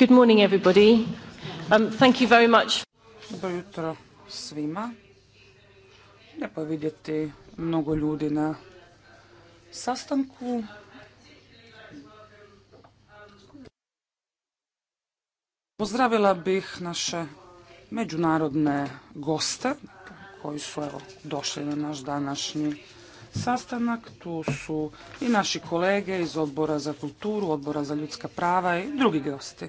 Good morning everybody. Um, Dobro jutro svima. Lijepo vidjeti mnogo ljudi na sastanku. Pozdravila bih naše međunarodne goste koji su evo, došli na naš današnji sastanak. Tu su i naši kolege iz Odbora za kulturu, Odbora za ljudska prava i drugi gosti.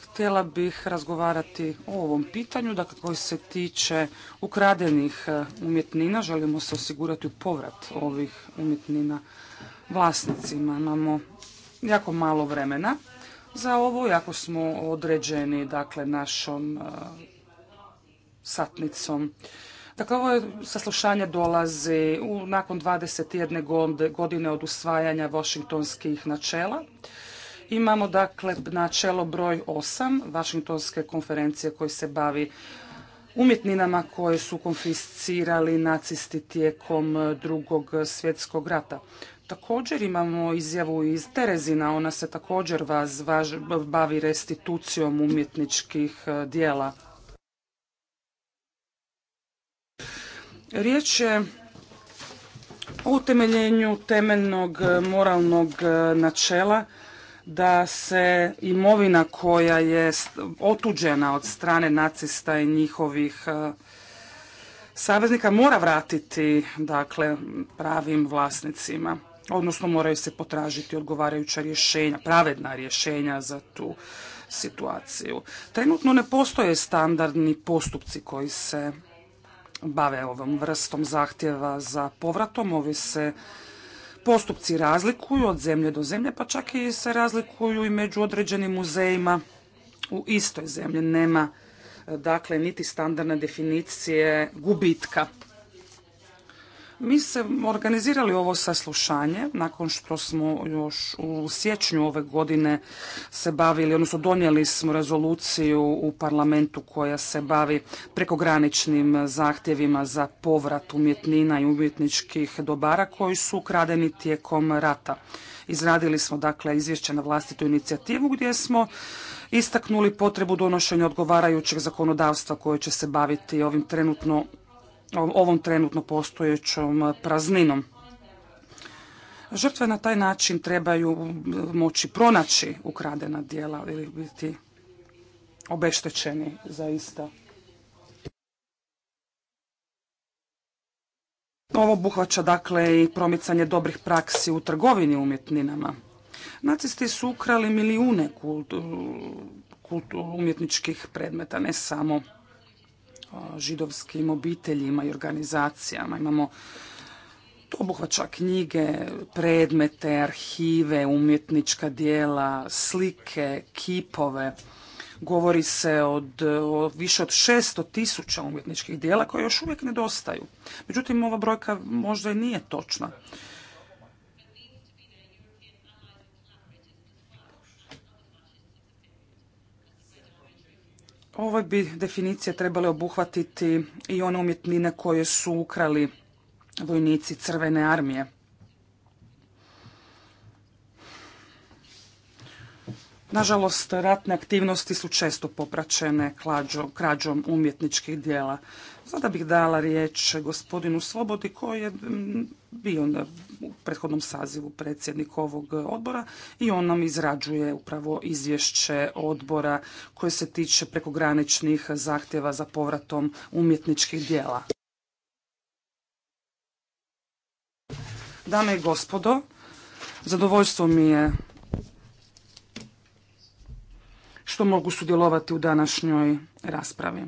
Htjela bih razgovarati o ovom pitanju, dakle koji se tiče ukradenih e, umjetnina. Želimo se osigurati u povrat ovih umjetnina vlasnicima. Imamo jako malo vremena za ovo, jako smo određeni dakle našom e, satnicom. Dakle, ovo je saslušanje dolazi u, nakon 21 godine od usvajanja vašingtonskih načela. Imamo dakle načelo broj 8 Vašingtonske konferencije koji se bavi umjetninama koje su konfiscirali nacisti tijekom drugog svjetskog rata. Također imamo izjavu iz Terezina, ona se također vas bavi restitucijom umjetničkih eh, dijela. Riječ je o utemeljenju temeljnog e, moralnog e, načela da se imovina koja je otuđena od strane nacista i njihovih e, saveznika mora vratiti dakle pravim vlasnicima odnosno moraju se potražiti odgovarajuća rješenja, pravedna rješenja za tu situaciju. Trenutno ne postoje standardni postupci koji se bave ovom vrstom zahtjeva za povratom. Ovi se postupci razlikuju od zemlje do zemlje, pa čak i se razlikuju i među određenim muzejima u istoj zemlji. Nema dakle niti standardne definicije gubitka. Mi smo organizirali ovo saslušanje nakon što smo još u siječnju ove godine se bavili, odnosno donijeli smo rezoluciju u parlamentu koja se bavi prekograničnim zahtjevima za povrat umjetnina i umjetničkih dobara koji su ukradeni tijekom rata. Izradili smo dakle izvješće na vlastitu inicijativu gdje smo istaknuli potrebu donošenja odgovarajućeg zakonodavstva koje će se baviti ovim trenutno ovom trenutno postojećom prazninom. Žrtve na taj način trebaju moći pronaći ukradena dijela ili biti obeštećeni zaista. Ovo obuhvaća dakle i promicanje dobrih praksi u trgovini umjetninama. Nacisti su ukrali milijune umjetničkih predmeta, ne samo židovskim obiteljima i organizacijama. Imamo to obuhvaća knjige, predmete, arhive, umjetnička dijela, slike, kipove. Govori se od, o više od 600 tisuća umjetničkih dijela koje još uvijek nedostaju. Međutim, ova brojka možda i nije točna. Ove bi definicije trebale obuhvatiti i one umjetnine koje su ukrali vojnici Crvene armije. Nažalost, ratne aktivnosti su često popraćene krađom umjetničkih dijela. Sada bih dala riječ gospodinu Slobodi koji je mm, bio u prethodnom sazivu predsjednik ovog odbora i on nam izrađuje upravo izvješće odbora koje se tiče prekograničnih zahtjeva za povratom umjetničkih djela. Dame i gospodo, zadovoljstvo mi je što mogu sudjelovati u današnjoj raspravi.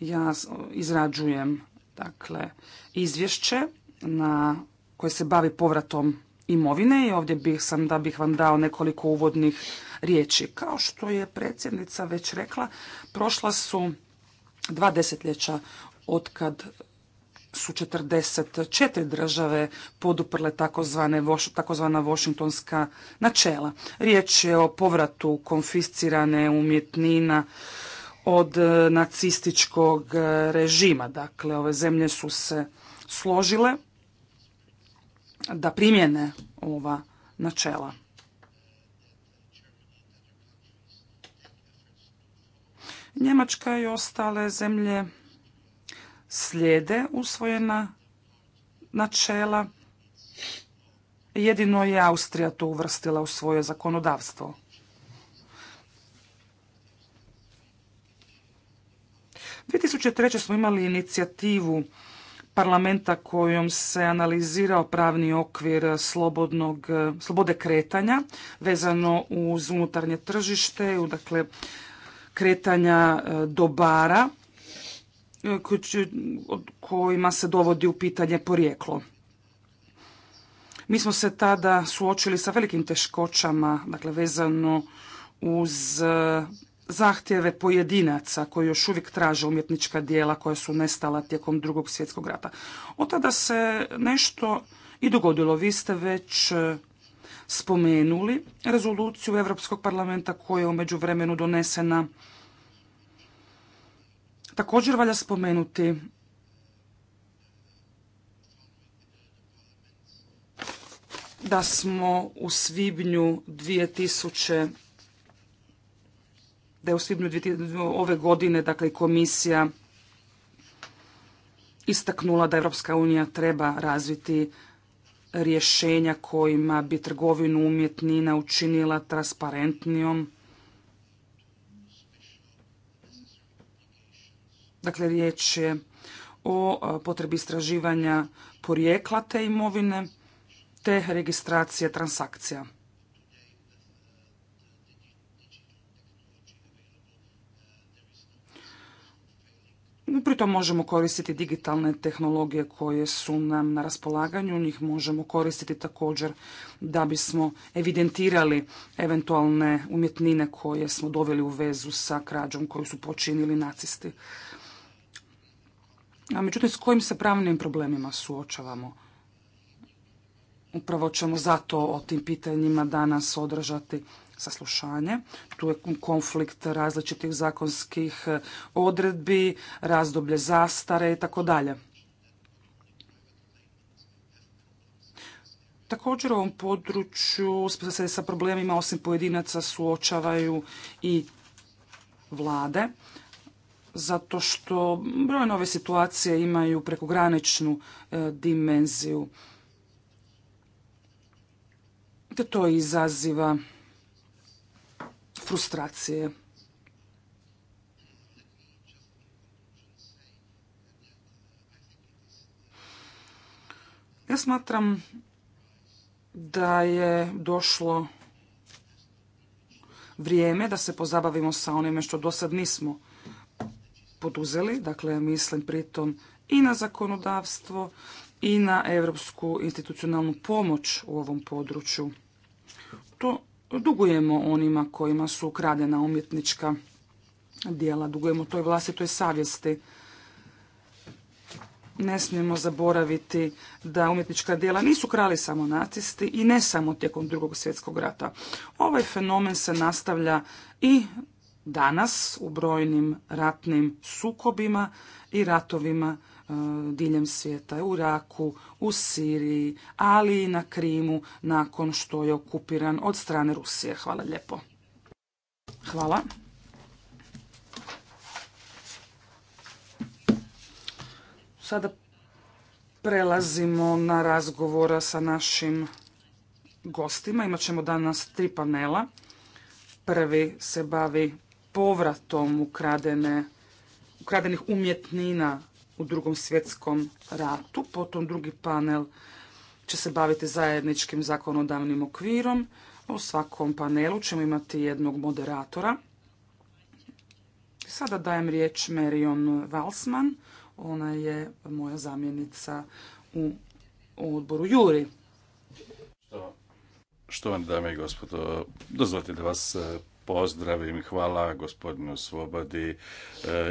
Ja izrađujem dakle izvješće na koje se bavi povratom imovine i ovdje bih sam da bih vam dao nekoliko uvodnih riječi. Kao što je predsjednica već rekla, prošla su dva desetljeća kad su 44 države poduprle takozvana Washingtonska načela. Riječ je o povratu konfiscirane umjetnina od e, nacističkog režima. Dakle, ove zemlje su se složile da primjene ova načela. Njemačka i ostale zemlje slijede usvojena načela. Jedino je Austrija to uvrstila u svoje zakonodavstvo. U 2003. smo imali inicijativu parlamenta kojom se analizirao pravni okvir slobodnog, slobode kretanja vezano uz unutarnje tržište, dakle kretanja e, dobara e, kojima se dovodi u pitanje porijeklo. Mi smo se tada suočili sa velikim teškoćama, dakle vezano uz zahtjeve pojedinaca koji još uvijek traže umjetnička dijela koja su nestala tijekom drugog svjetskog rata. Od tada se nešto i dogodilo. Vi ste već e, spomenuli rezoluciju Europskog parlamenta koja je u međuvremenu donesena. Također valja spomenuti da smo u svibnju 2000 da je u svibnju ove godine dakle, komisija istaknula da Europska unija treba razviti rješenja kojima bi trgovinu umjetnina učinila transparentnijom. Dakle, riječ je o potrebi istraživanja porijekla te imovine te registracije transakcija. Pritom možemo koristiti digitalne tehnologije koje su nam na raspolaganju, njih možemo koristiti također da bismo evidentirali eventualne umjetnine koje smo doveli u vezu sa krađom koju su počinili nacisti. A međutim, s kojim se pravnim problemima suočavamo? Upravo ćemo zato o tim pitanjima danas održati saslušanje. Tu je konflikt različitih zakonskih eh, odredbi, razdoblje zastare i tako dalje. Također u ovom području se sa problemima osim pojedinaca suočavaju i vlade, zato što brojne ove situacije imaju prekograničnu eh, dimenziju. Te to izaziva frustracije. Ja smatram da je došlo vrijeme da se pozabavimo sa onime što do sad nismo poduzeli, dakle mislim pritom i na zakonodavstvo i na europsku institucionalnu pomoć u ovom području. To dugujemo onima kojima su ukradena umjetnička djela, dugujemo toj vlastitoj savjesti. Ne smijemo zaboraviti da umjetnička djela nisu krali samo nacisti i ne samo tijekom drugog svjetskog rata. Ovaj fenomen se nastavlja i danas u brojnim ratnim sukobima i ratovima E, diljem svijeta, u Iraku, u Siriji, ali i na Krimu nakon što je okupiran od strane Rusije. Hvala lijepo. Hvala. Sada prelazimo na razgovora sa našim gostima. Imaćemo danas tri panela. Prvi se bavi povratom ukradene, ukradenih umjetnina u drugom svjetskom ratu. Potom drugi panel će se baviti zajedničkim zakonodavnim okvirom. U svakom panelu ćemo imati jednog moderatora. Sada dajem riječ Merion Valsman. Ona je moja zamjenica u odboru Juri. vam, dame i gospodo, dozvolite da vas pozdravim. Hvala gospodinu Svobodi. E,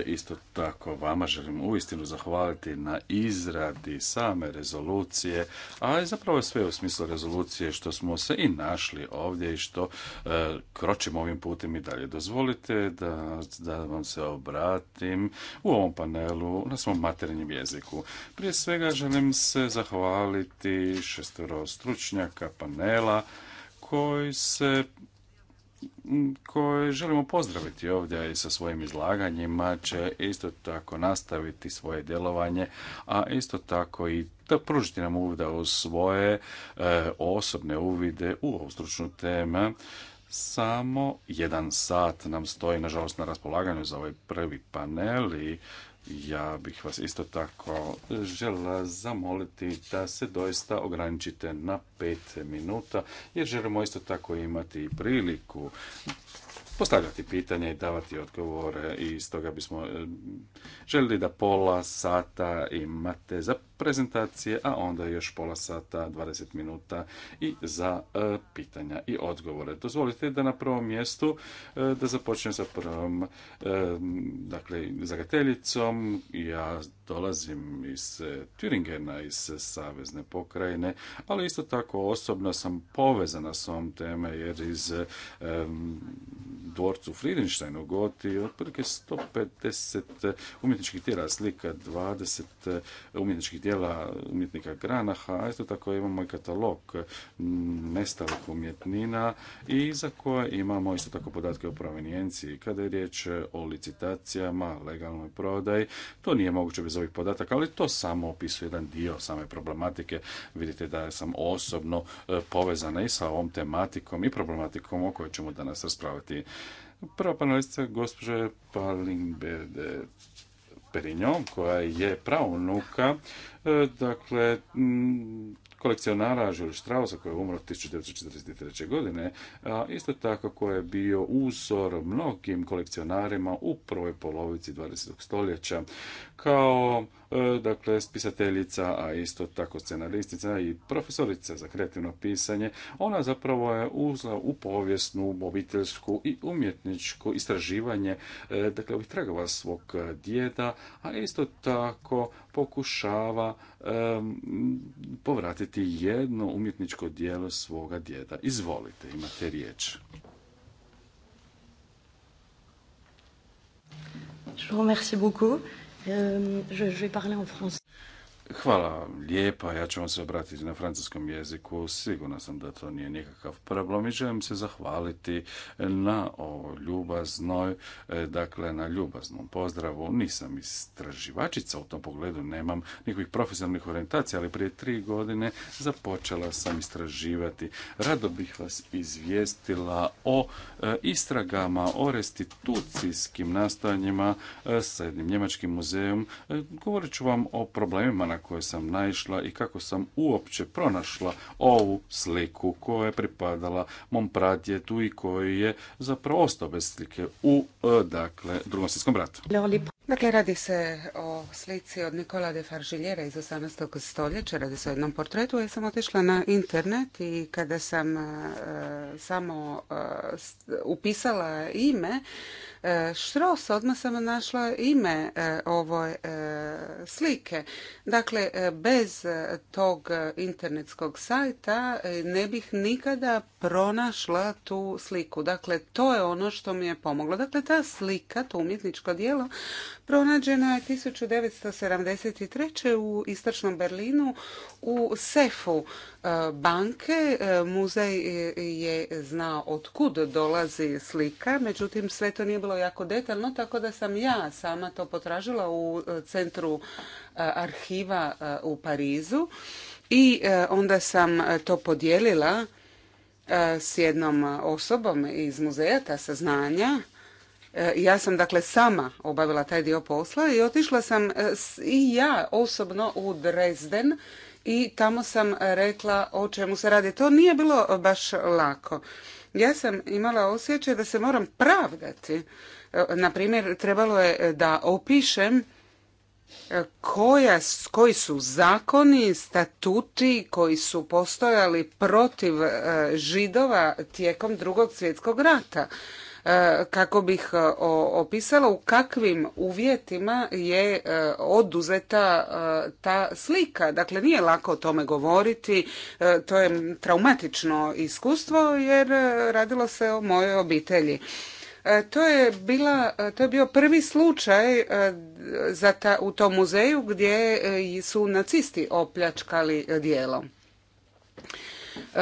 isto tako vama želim uistinu zahvaliti na izradi same rezolucije, a i zapravo sve u smislu rezolucije što smo se i našli ovdje i što e, kročimo ovim putem i dalje. Dozvolite da, da vam se obratim u ovom panelu na svom materinjem jeziku. Prije svega želim se zahvaliti šestero stručnjaka panela koji se koje želimo pozdraviti ovdje i sa svojim izlaganjima će isto tako nastaviti svoje djelovanje, a isto tako i da pružiti nam uvida u svoje e, osobne uvide u ovu stručnu temu. Samo jedan sat nam stoji, nažalost, na raspolaganju za ovaj prvi panel i ja bih vas isto tako žela zamoliti da se doista ograničite na pet minuta, jer želimo isto tako imati priliku postavljati pitanja i davati odgovore i stoga bismo eh, željeli da pola sata imate za prezentacije, a onda još pola sata, 20 minuta i za e, pitanja i odgovore. Dozvolite da na prvom mjestu e, da započnem sa prvom e, dakle, zagateljicom. Ja dolazim iz Turingena, iz Savezne pokrajine, ali isto tako osobno sam povezana s ovom teme jer iz dvorcu Friedensteinu goti otprilike 150 umjetničkih tijela slika, 20 umjetničkih tijela dijela umjetnika Granaha, a isto tako imamo i katalog nestalih umjetnina i za koje imamo isto tako podatke o provenijenci Kada je riječ o licitacijama, legalnoj prodaji, to nije moguće bez ovih podataka, ali to samo opisuje jedan dio same problematike. Vidite da sam osobno e, povezana i sa ovom tematikom i problematikom o kojoj ćemo danas raspravljati. Prva panelistica, gospođe Palinberde. Perinjo, koja je pravunuka e, dakle, kolekcionara Jules Strausa, koji je umro 1943. godine, isto tako koji je bio uzor mnogim kolekcionarima u prvoj polovici 20. stoljeća kao E, dakle spisateljica, a isto tako scenaristica i profesorica za kreativno pisanje. Ona zapravo je uzla u povijesnu, obiteljsku i umjetničku istraživanje e, dakle ovih tragova svog djeda, a isto tako pokušava e, povratiti jedno umjetničko dijelo svoga djeda. Izvolite, imate riječ. Je vous remercie beaucoup. Euh, je, je vais parler en français. Hvala lijepa, ja ću vam se obratiti na francuskom jeziku, sigurno sam da to nije nikakav problem i želim se zahvaliti na o ljubaznoj, e, dakle na ljubaznom pozdravu. Nisam istraživačica u tom pogledu, nemam nikakvih profesionalnih orijentacija, ali prije tri godine započela sam istraživati. Rado bih vas izvijestila o e, istragama, o restitucijskim nastojanjima e, sa jednim njemačkim muzejom. Govorit ću vam o problemima na koje sam naišla i kako sam uopće pronašla ovu sliku koja je pripadala mom pradjetu i koji je zapravo ostao bez slike u e, dakle, drugom svjetskom ratu. Dakle, radi se o slici od Nikola de Faržiljera iz 18. stoljeća. Radi se o jednom portretu. Ja sam otišla na internet i kada sam e, samo e, upisala ime, e, Štros, odmah sam našla ime ovoj slike. Dakle, bez tog internetskog sajta ne bih nikada pronašla tu sliku. Dakle, to je ono što mi je pomoglo. Dakle, ta slika, to umjetničko djelo. Pronađena je 1973. u Istočnom Berlinu u sefu e, banke. E, muzej je znao otkud dolazi slika, međutim sve to nije bilo jako detaljno, tako da sam ja sama to potražila u e, centru arhiva u Parizu i onda sam to podijelila s jednom osobom iz muzeja ta saznanja ja sam dakle sama obavila taj dio posla i otišla sam e, i ja osobno u Dresden i tamo sam rekla o čemu se radi. To nije bilo baš lako. Ja sam imala osjećaj da se moram pravdati. E, na primjer, trebalo je e, da opišem koja, koji su zakoni, statuti koji su postojali protiv židova tijekom drugog svjetskog rata. E, kako bih e, opisala u kakvim uvjetima je e, oduzeta ta slika. Dakle, nije lako o tome govoriti, to je traumatično iskustvo jer radilo se o mojoj obitelji. To je, bila, to je bio prvi slučaj za ta, u tom muzeju gdje su nacisti opljačkali dijelo. E,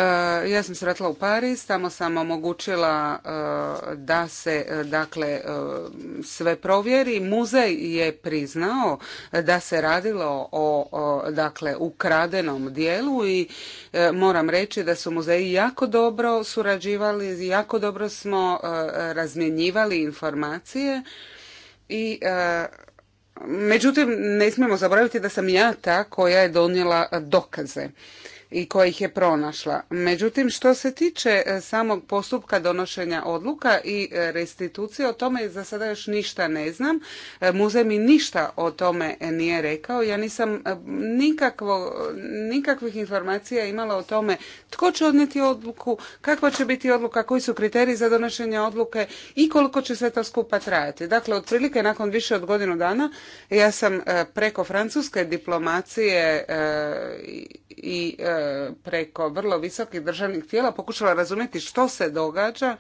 ja sam se u Pariz, tamo sam omogućila e, da se e, dakle sve provjeri. Muzej je priznao da se radilo o dakle ukradenom dijelu i moram reći da su muzeji jako dobro surađivali, jako dobro smo razmjenjivali informacije i međutim ne smijemo zaboraviti da sam ja ta koja je donijela dokaze i koja ih je pronašla. Međutim, što se tiče e, samog postupka donošenja odluka i e, restitucije, o tome za sada još ništa ne znam. E, muzej mi ništa o tome nije rekao. Ja nisam nikakvo, nikakvih informacija imala o tome tko će odnijeti odluku, kakva će biti odluka, koji su kriteriji za donošenje odluke i koliko će sve to skupa trajati. Dakle, otprilike nakon više od godinu dana ja sam preko francuske diplomacije i e, preko vrlo visokih državnih tijela pokušala razumjeti što se događa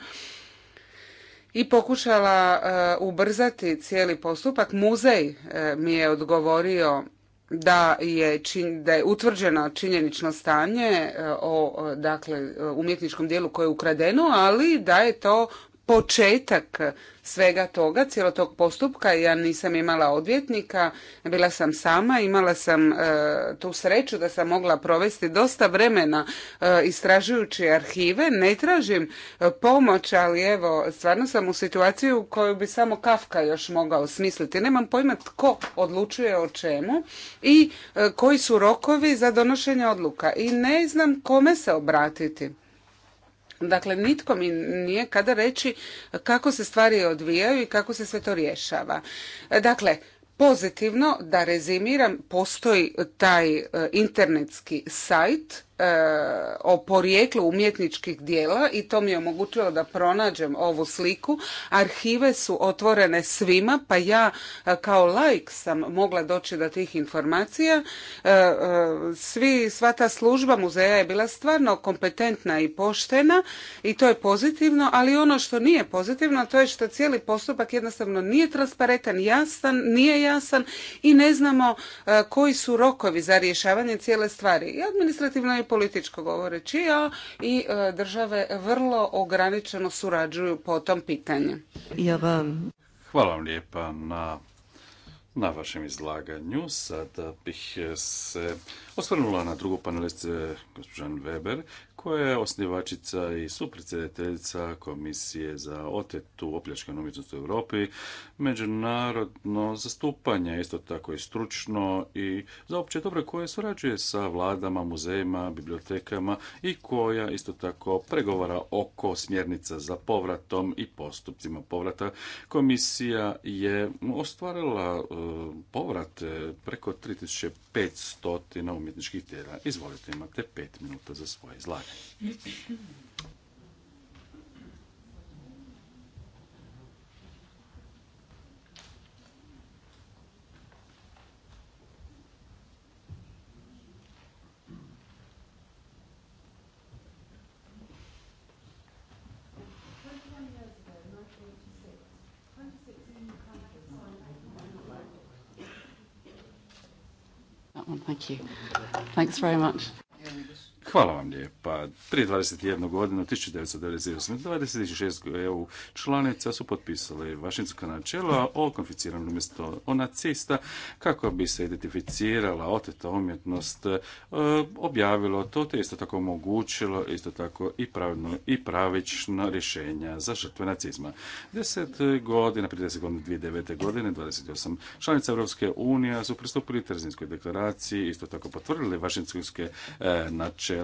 i pokušala e, ubrzati cijeli postupak. Muzej e, mi je odgovorio da je, da je utvrđeno činjenično stanje o dakle, umjetničkom dijelu koje je ukradeno, ali da je to početak svega toga, cijelo tog postupka. Ja nisam imala odvjetnika, bila sam sama, imala sam e, tu sreću da sam mogla provesti dosta vremena e, istražujući arhive. Ne tražim e, pomoć, ali evo, stvarno sam u situaciji u kojoj bi samo Kafka još mogao smisliti. Nemam pojma tko odlučuje o čemu i koji su rokovi za donošenje odluka. I ne znam kome se obratiti. Dakle, nitko mi nije kada reći kako se stvari odvijaju i kako se sve to rješava. Dakle, pozitivno, da rezimiram, postoji taj e, internetski sajt E, o porijeklu umjetničkih dijela i to mi je omogućilo da pronađem ovu sliku. Arhive su otvorene svima, pa ja e, kao laik sam mogla doći do tih informacija. E, svi, sva ta služba muzeja je bila stvarno kompetentna i poštena i to je pozitivno, ali ono što nije pozitivno to je što cijeli postupak jednostavno nije transparentan, jasan, nije jasan i ne znamo koji su rokovi za rješavanje cijele stvari. I administrativno je političko govoreći, a i e, države vrlo ograničeno surađuju po tom pitanju. Ja vam... Hvala vam lijepa na na vašem izlaganju. Sada bih se osvrnula na drugu panelistice, gospođan Weber, koja je osnivačica i supredsjedateljica Komisije za otetu opljačkanu umjetnost u Europi, međunarodno zastupanje, isto tako i stručno i za opće dobro koje surađuje sa vladama, muzejima, bibliotekama i koja isto tako pregovara oko smjernica za povratom i postupcima povrata. Komisija je ostvarila e, povrat e, preko 3500 umjetnosti umjetničkih tijela. Izvolite, imate pet minuta za svoje izlaganje. Thank you. Thanks very much. Hvala vam lijepa. Prije 21 godinu, 1998. 26 EU članica su potpisali vašinska načela o konficiranom o nacista kako bi se identificirala oteta umjetnost, e, objavilo to te isto tako omogućilo isto tako i pravno i pravično rješenja za žrtve nacizma. 10 godina, prije 10 godina, 2009. godine, 28 članica Europske unije su pristupili Trzinskoj deklaraciji, isto tako potvrdili vašinske načela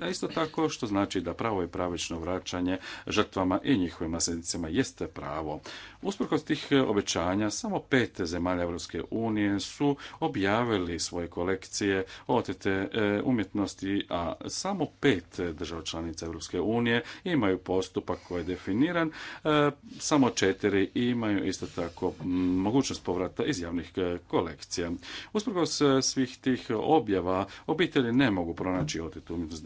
a isto tako što znači da pravo i pravično vraćanje žrtvama i njihovim nasljednicima jeste pravo. Usprkos tih obećanja, samo pet zemalja Europske unije su objavili svoje kolekcije otete e, umjetnosti, a samo pet država članica Europske unije imaju postupak koji je definiran, e, samo četiri imaju isto tako mogućnost povrata iz javnih e, kolekcija. Usprkos svih tih objava, obitelji ne mogu pronaći otetu umjetnost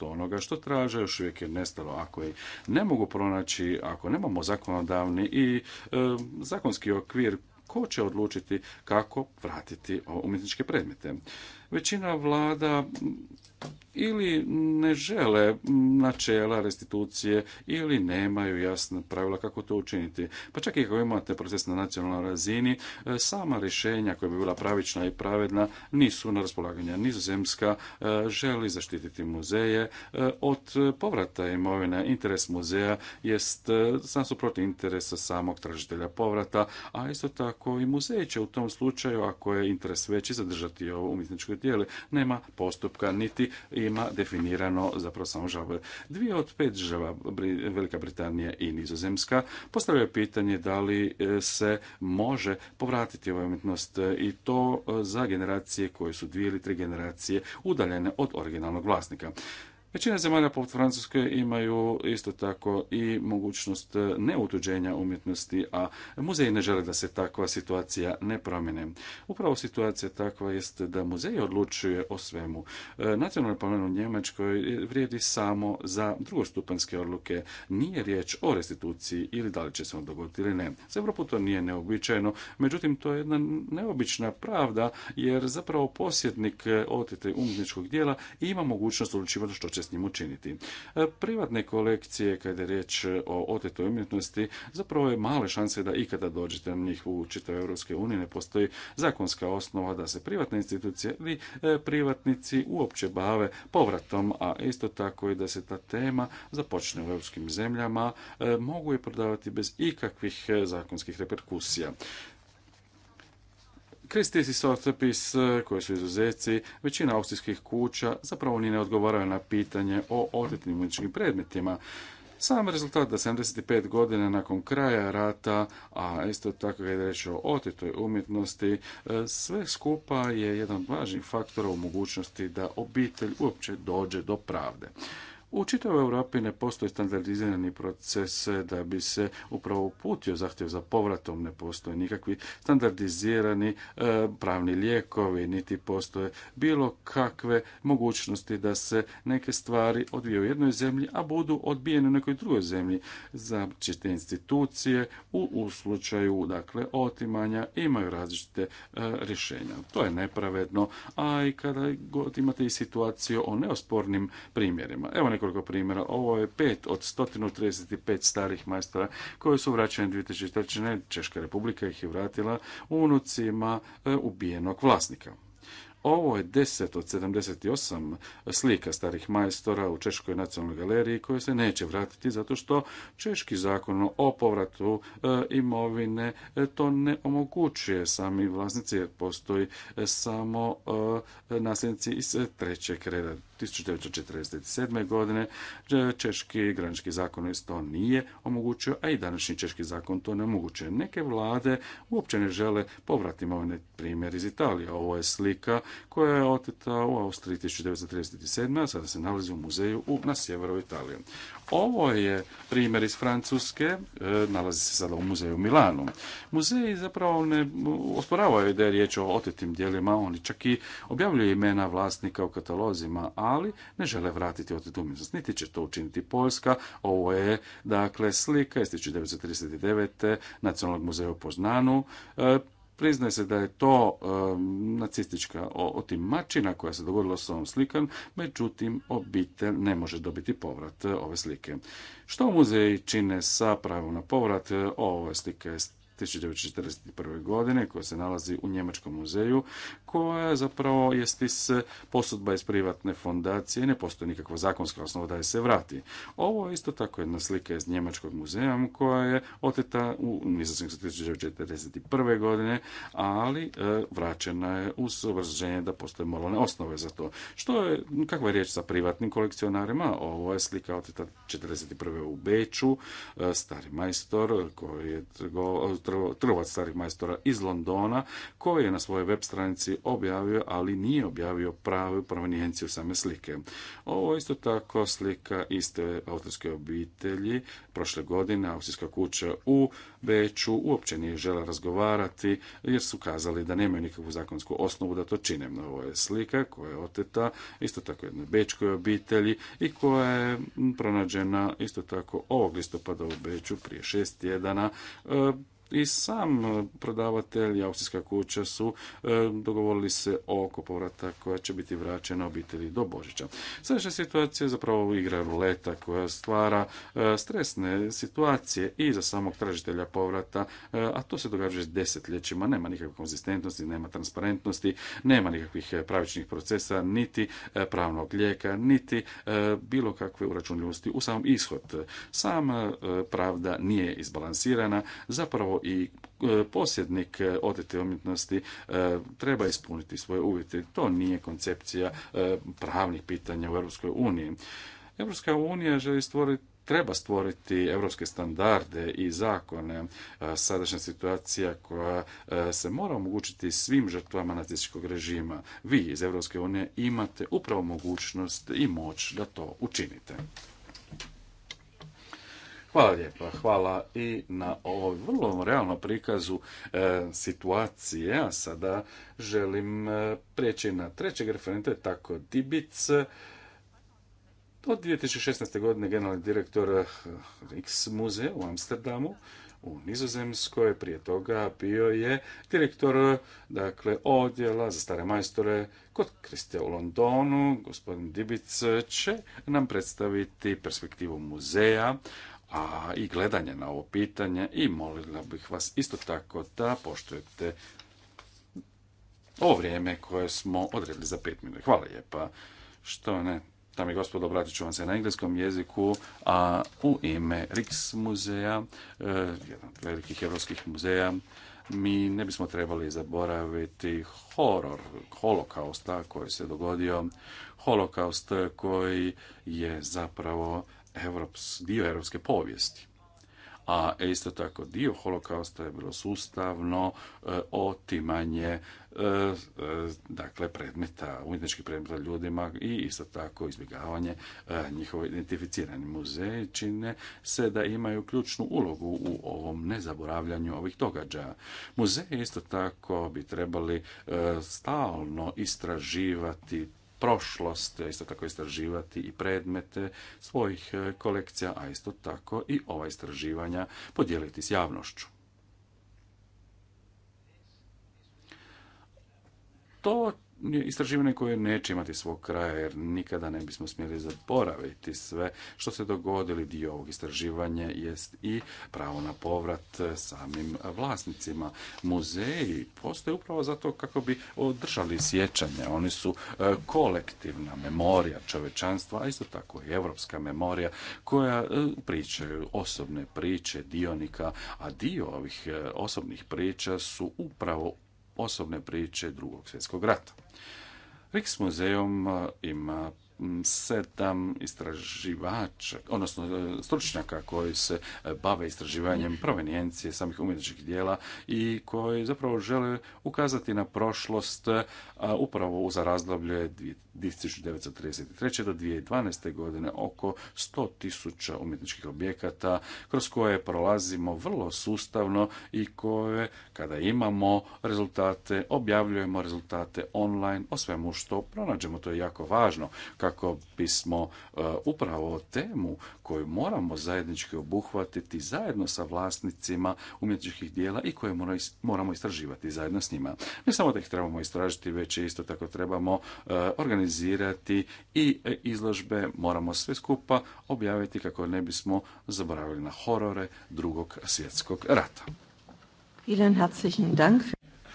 90% onoga što traže još uvijek je nestalo. Ako je ne mogu pronaći, ako nemamo zakonodavni i e, zakonski okvir ko će odlučiti kako vratiti umjetničke predmete većina vlada ili ne žele načela restitucije ili nemaju jasna pravila kako to učiniti. Pa čak i ako imate proces na nacionalnoj razini, e, sama rješenja koja bi bila pravična i pravedna nisu na raspolaganju. Nizozemska e, želi zaštititi muzeje e, od povrata imovine. Interes muzeja jest sam suprotni interesa samog tražitelja povrata, a isto tako i muzej će u tom slučaju, ako je interes veći, zadržati ovo djeluje, nema postupka, niti ima definirano zapravo samo žalbe. Dvije od pet država, Velika Britanija i Nizozemska, postavljaju pitanje da li e, se može povratiti ova umjetnost e, i to e, za generacije koje su dvije ili tri generacije udaljene od originalnog vlasnika. Većina zemalja poput Francuske imaju isto tako i mogućnost e, neutuđenja umjetnosti, a muzeji ne žele da se takva situacija ne promjene. Upravo situacija takva jest da muzej odlučuje o svemu. E, nacionalni pomenu u Njemačkoj vrijedi samo za drugostupanske odluke. Nije riječ o restituciji ili da li će se on dogoditi ili ne. Za Europu to nije neobičajeno, međutim to je jedna neobična pravda jer zapravo posjednik e, otete umjetničkog dijela ima mogućnost odlučivati što će s njim učiniti. E, privatne kolekcije, kada je riječ o otetoj umjetnosti, zapravo je male šanse da ikada dođete na njih u čitavoj Europske unije. Ne postoji zakonska osnova da se privatne institucije ili e, privatnici uopće bave povratom, a isto tako i da se ta tema započne u europskim zemljama, e, mogu je prodavati bez ikakvih zakonskih reperkusija. Kristis i Sortepis, e, koji su izuzeci, većina austrijskih kuća zapravo ni ne odgovaraju na pitanje o umjetničkim predmetima. Sam rezultat da 75 godina nakon kraja rata, a isto tako je reč o otetoj umjetnosti, e, sve skupa je jedan važnijih faktora u mogućnosti da obitelj uopće dođe do pravde. U čitavoj Europi ne postoji standardizirani proces da bi se upravo uputio zahtjev za povratom, ne postoje nikakvi standardizirani e, pravni lijekovi, niti postoje bilo kakve mogućnosti da se neke stvari odvije u jednoj zemlji, a budu odbijene u nekoj drugoj zemlji. za institucije u, slučaju dakle, otimanja imaju različite e, rješenja. To je nepravedno, a i kada god imate i situaciju o neospornim primjerima. Evo nekoliko primjera. Ovo je pet od 135 starih majstora koji su vraćeni 2003. Češka republika ih je vratila unucima e, ubijenog vlasnika. Ovo je 10 od 78 slika starih majstora u Češkoj nacionalnoj galeriji koje se neće vratiti zato što Češki zakon o povratu e, imovine e, to ne omogućuje sami vlasnici jer postoji samo nasljednici iz trećeg reda. 1947. godine e, češki granički zakon to nije omogućio, a i današnji češki zakon to ne omogućuje. Neke vlade uopće ne žele povrati imovine primjer iz Italije. Ovo je slika koja je oteta u Austriji 1937. a sada se nalazi u muzeju na sjeveru Italije. Ovo je primjer iz Francuske, e, nalazi se sada u muzeju u Milanu. Muzeji zapravo ne osporavaju da je riječ o otetim dijelima, oni čak i objavljuju imena vlasnika u katalozima, ali ne žele vratiti otetu umjetnost, niti će to učiniti Poljska. Ovo je, dakle, slika iz 1939. Nacionalnog muzeja u Poznanu, e, priznaje se da je to nacistička otimačina koja se dogodila s ovom slikom, međutim obitelj ne može dobiti povrat eh, ove slike. Što muzej čine sa pravom na povrat? Eh, ove slike 1941. godine koja se nalazi u Njemačkom muzeju koja zapravo jesti stis eh, posudba iz privatne fondacije ne postoji nikakva zakonska osnova da je se vrati. Ovo je isto tako jedna slika iz Njemačkog muzeja koja je oteta u nizasnog 1941. godine, ali eh, vraćena je uz obrazženje da postoje moralne osnove za to. Što je, kakva je riječ sa privatnim kolekcionarima? Ovo je slika oteta 1941. u Beču, eh, stari majstor koji je trgovac starih majstora iz Londona koji je na svojoj web stranici objavio, ali nije objavio pravu provenijenciju same slike. Ovo isto tako slika iste autorske obitelji. Prošle godine austrijska kuća u Beću uopće nije žela razgovarati jer su kazali da nemaju nikakvu zakonsku osnovu da to čine. Ovo je slika koja je oteta isto tako jednoj bečkoj obitelji i koja je pronađena isto tako ovog listopada u Beću prije šest tjedana e, i sam e, prodavatelj i austrijska kuća su e, dogovorili se oko povrata koja će biti vraćena obitelji do Božića. Sadašnja situacija je zapravo igra ruleta koja stvara e, stresne situacije i za samog tražitelja povrata, a to se događa s desetljećima. Nema nikakve konzistentnosti, nema transparentnosti, nema nikakvih pravičnih procesa, niti pravnog lijeka, niti bilo kakve uračunljivosti u sam ishod. Sama pravda nije izbalansirana, zapravo i e, posjednik e, odete umjetnosti e, treba ispuniti svoje uvjete. To nije koncepcija pravnih pitanja u Europskoj uniji. Europska unija želi stvoriti treba stvoriti europske standarde i zakone. Sadašnja situacija koja se mora omogućiti svim žrtvama nacističkog režima. Vi iz Europske unije imate upravo mogućnost i moć da to učinite. Hvala lijepa, hvala i na ovom vrlo realnom prikazu e, situacije, a sada želim e, prijeći na trećeg referenta, tako Dibic, od 2016. godine generalni direktor X muzeja u Amsterdamu, u Nizozemskoj, prije toga bio je direktor dakle, odjela za stare majstore kod Kriste u Londonu. Gospodin Dibic će nam predstaviti perspektivu muzeja, a i gledanje na ovo pitanje i molila bih vas isto tako da poštujete ovo vrijeme koje smo odredili za pet minuta. Hvala lijepa. Što ne, Tam i gospodo, obratit ću vam se na engleskom jeziku, a u ime Riks muzeja, e, jedan od velikih evropskih muzeja, mi ne bismo trebali zaboraviti horor holokausta koji se dogodio, holokaust koji je zapravo dio europske povijesti a isto tako dio holokausta je bilo sustavno e, otimanje e, e, dakle predmeta, umjetničkih predmeta ljudima i isto tako izbjegavanje njihovo identificirani. Muzeje čine se da imaju ključnu ulogu u ovom nezaboravljanju ovih događaja. Muzeje isto tako bi trebali stalno istraživati prošlost, isto tako istraživati i predmete svojih e, kolekcija, a isto tako i ova istraživanja podijeliti s javnošću. To istraživanje koje neće imati svog kraja jer nikada ne bismo smjeli zaboraviti sve što se dogodili dio ovog istraživanja jest i pravo na povrat samim vlasnicima. Muzeji postoje upravo zato kako bi održali sjećanje. Oni su e, kolektivna memorija čovečanstva, a isto tako i evropska memorija koja e, pričaju osobne priče dionika, a dio ovih e, osobnih priča su upravo osobne priče drugog svjetskog rata. Riks muzejom e, ima sedam istraživača, odnosno e, stručnjaka koji se e, bave istraživanjem provenijencije samih umjetničkih dijela i koji zapravo žele ukazati na prošlost upravo za razdoblje 1933. do 2012. godine oko 100.000 umjetničkih objekata kroz koje prolazimo vrlo sustavno i koje kada imamo rezultate objavljujemo rezultate online o svemu što pronađemo. To je jako važno kako bismo e, upravo temu koju moramo zajednički obuhvatiti zajedno sa vlasnicima umjetničkih dijela i koje moramo istraživati zajedno s njima. Ne samo da ih trebamo istražiti, već isto tako trebamo e, organizirati organizirati i e, izložbe moramo sve skupa objaviti kako ne bismo zaboravili na horore drugog svjetskog rata.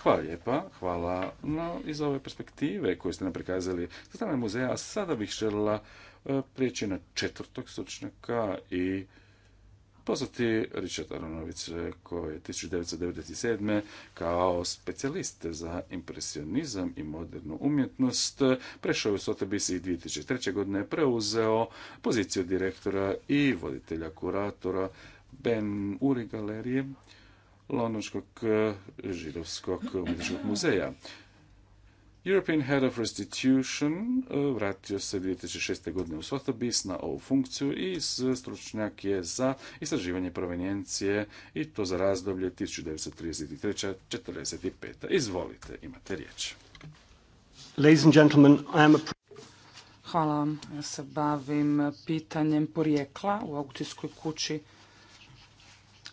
Hvala lijepa, hvala no, iz ove perspektive koju ste nam prikazali za strane muzeja, sada bih željela e, prijeći na četvrtog stručnjaka i pozvati Richard Aronović koji je 1997. kao specijalist za impresionizam i modernu umjetnost prešao u Sotheby's i 2003. godine preuzeo poziciju direktora i voditelja kuratora Ben Uri galerije Londonskog eh, židovskog umjetničkog muzeja. European Head of Restitution e, vratio se 2006. godine u Sotheby's na ovu funkciju i stručnjak je za istraživanje provenjencije i to za razdoblje 1933. 1945 Izvolite, imate riječ. Hvala vam. Ja se bavim pitanjem porijekla u aukcijskoj kući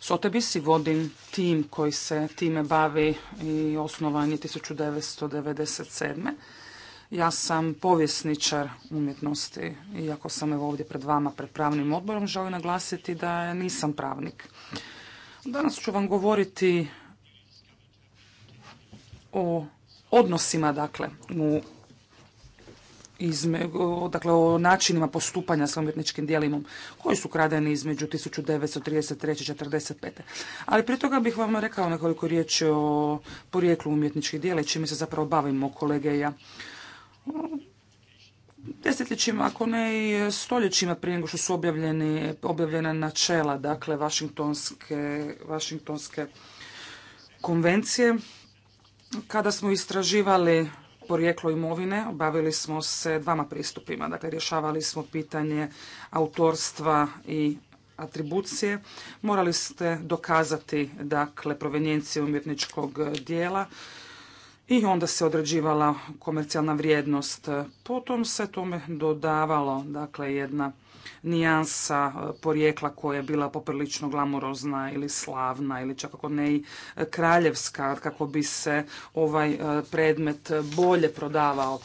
Sotebis vodim tim koji se time bavi i osnovan je 1997. Ja sam povjesničar umjetnosti, iako sam evo ovdje pred vama, pred pravnim odborom, želim naglasiti da nisam pravnik. Danas ću vam govoriti o odnosima, dakle, u dakle, o načinima postupanja s umjetničkim dijelima koji su kradeni između 1933. i 1945. Ali prije toga bih vam rekao nekoliko riječi o porijeklu umjetničkih dijela i čime se zapravo bavimo kolege i ja. Desetljećima, ako ne i stoljećima prije nego što su objavljeni, objavljena načela, dakle, Vašingtonske, Vašingtonske konvencije, kada smo istraživali porijeklo imovine bavili smo se dvama pristupima. Dakle, rješavali smo pitanje autorstva i atribucije. Morali ste dokazati dakle, provenjenciju umjetničkog dijela i onda se određivala komercijalna vrijednost. Potom se tome dodavalo dakle, jedna nijansa e, porijekla koja je bila poprilično glamorozna ili slavna ili čak ako ne i e, kraljevska kako bi se ovaj e, predmet bolje prodavao.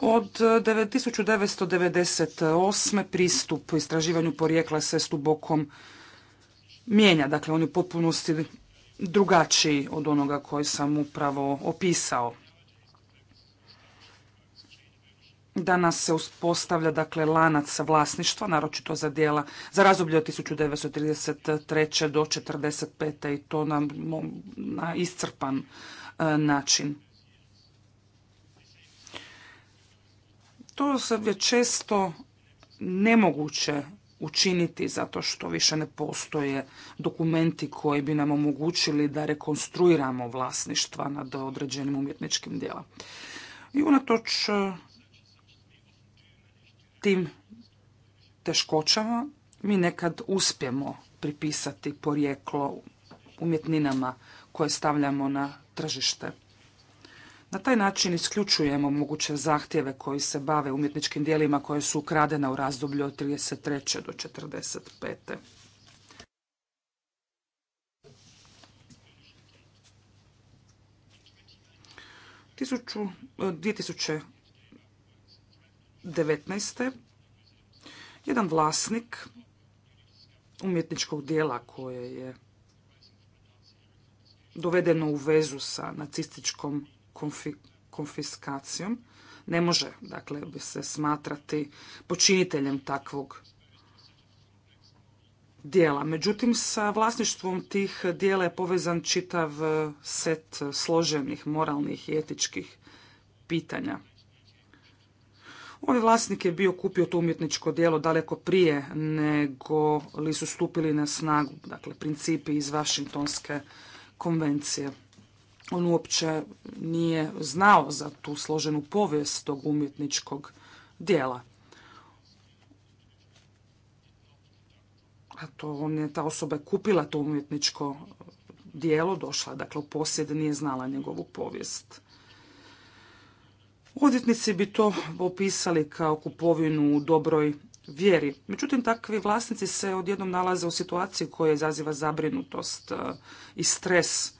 Od 1998. pristup istraživanju porijekla se s dubokom mijenja, dakle on je u potpunosti drugačiji od onoga koji sam upravo opisao. Danas se uspostavlja dakle lanac vlasništva, naročito za dijela za razdoblje od 1933. do 45. i to na, na iscrpan e, način. To se je često nemoguće učiniti zato što više ne postoje dokumenti koji bi nam omogućili da rekonstruiramo vlasništva nad određenim umjetničkim djelom. I unatoč tim teškoćama mi nekad uspijemo pripisati porijeklo umjetninama koje stavljamo na tržište. Na taj način isključujemo moguće zahtjeve koji se bave umjetničkim dijelima koje su ukradena u razdoblju od 1933. do 1945. pet 2000 19. jedan vlasnik umjetničkog dijela koje je dovedeno u vezu sa nacističkom konfiskacijom ne može dakle bi se smatrati počiniteljem takvog dijela. Međutim, sa vlasništvom tih dijela je povezan čitav set složenih moralnih i etičkih pitanja. Ovaj vlasnik je bio kupio to umjetničko djelo daleko prije nego li su stupili na snagu, dakle principi iz Vašingtonske konvencije. On uopće nije znao za tu složenu povijest tog umjetničkog dijela. A to on je, ta osoba je kupila to umjetničko djelo, došla dakle u posjed, nije znala njegovu povijest. Odvjetnici bi to opisali kao kupovinu u dobroj vjeri. Međutim, takvi vlasnici se odjednom nalaze u situaciji koja izaziva zabrinutost e, i stres.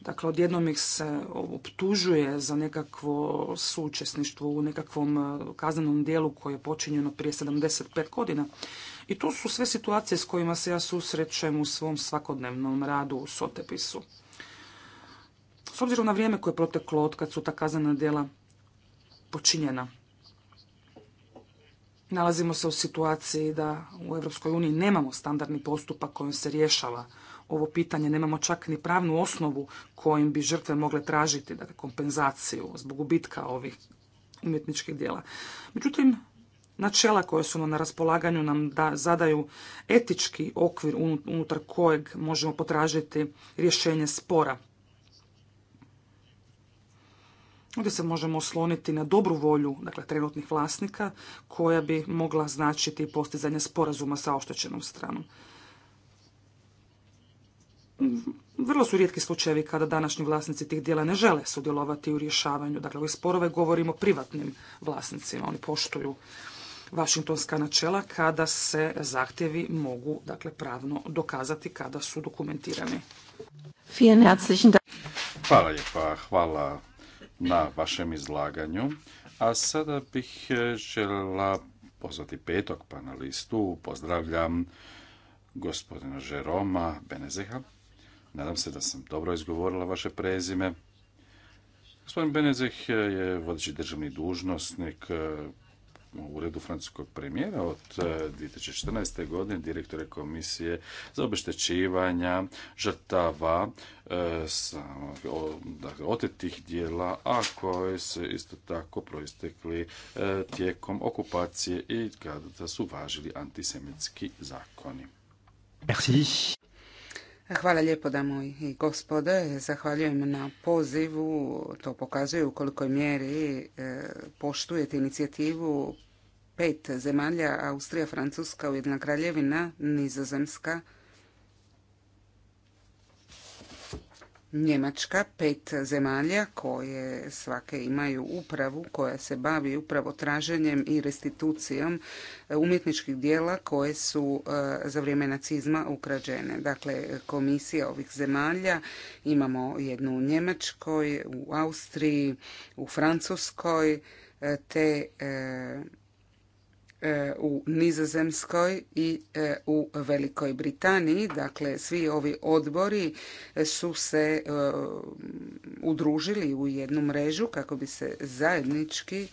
Dakle, odjednom ih se optužuje za nekakvo sučesništvo u nekakvom e, kaznenom dijelu koje je počinjeno prije 75 godina. I to su sve situacije s kojima se ja susrećem u svom svakodnevnom radu u Sotepisu. S obzirom na vrijeme koje je proteklo od kad su ta kaznena djela počinjena. Nalazimo se u situaciji da u EU nemamo standardni postupak kojim se rješava ovo pitanje, nemamo čak ni pravnu osnovu kojim bi žrtve mogle tražiti dakle, kompenzaciju zbog gubitka ovih umjetničkih djela. Međutim, načela koje su nam na raspolaganju nam da zadaju etički okvir unutar kojeg možemo potražiti rješenje spora. Ovdje se možemo osloniti na dobru volju dakle, trenutnih vlasnika koja bi mogla značiti postizanje sporazuma sa oštećenom stranom. Vrlo su rijetki slučajevi kada današnji vlasnici tih dijela ne žele sudjelovati u rješavanju. Dakle, ove sporove govorimo privatnim vlasnicima. Oni poštuju vašingtonska načela kada se zahtjevi mogu dakle, pravno dokazati kada su dokumentirani. Hvala na vašem izlaganju. A sada bih e, žela pozvati petog panelistu. Pozdravljam gospodina Žeroma Benezeha. Nadam se da sam dobro izgovorila vaše prezime. Gospodin Benezeh je vodeći državni dužnosnik e, u uredu francuskog premijera od 2014. E, godine direktore komisije za obeštećivanja žrtava e, dakle, otetih dijela, a koje se isto tako proistekli e, tijekom okupacije i kada su važili antisemitski zakoni. Hvala lijepo damo i gospode. Zahvaljujem na pozivu. To pokazuje u kolikoj mjeri e, poštujete inicijativu pet zemalja, Austrija, Francuska, Ujedna Kraljevina, Nizozemska Njemačka, pet zemalja koje svake imaju upravu koja se bavi upravo traženjem i restitucijom e, umjetničkih dijela koje su e, za vrijeme nacizma ukrađene. Dakle, komisija ovih zemalja imamo jednu u Njemačkoj, u Austriji, u Francuskoj e, te E, u Nizozemskoj i e, u Velikoj Britaniji. Dakle, svi ovi odbori e, su se udružili u jednu mrežu kako bi se zajednički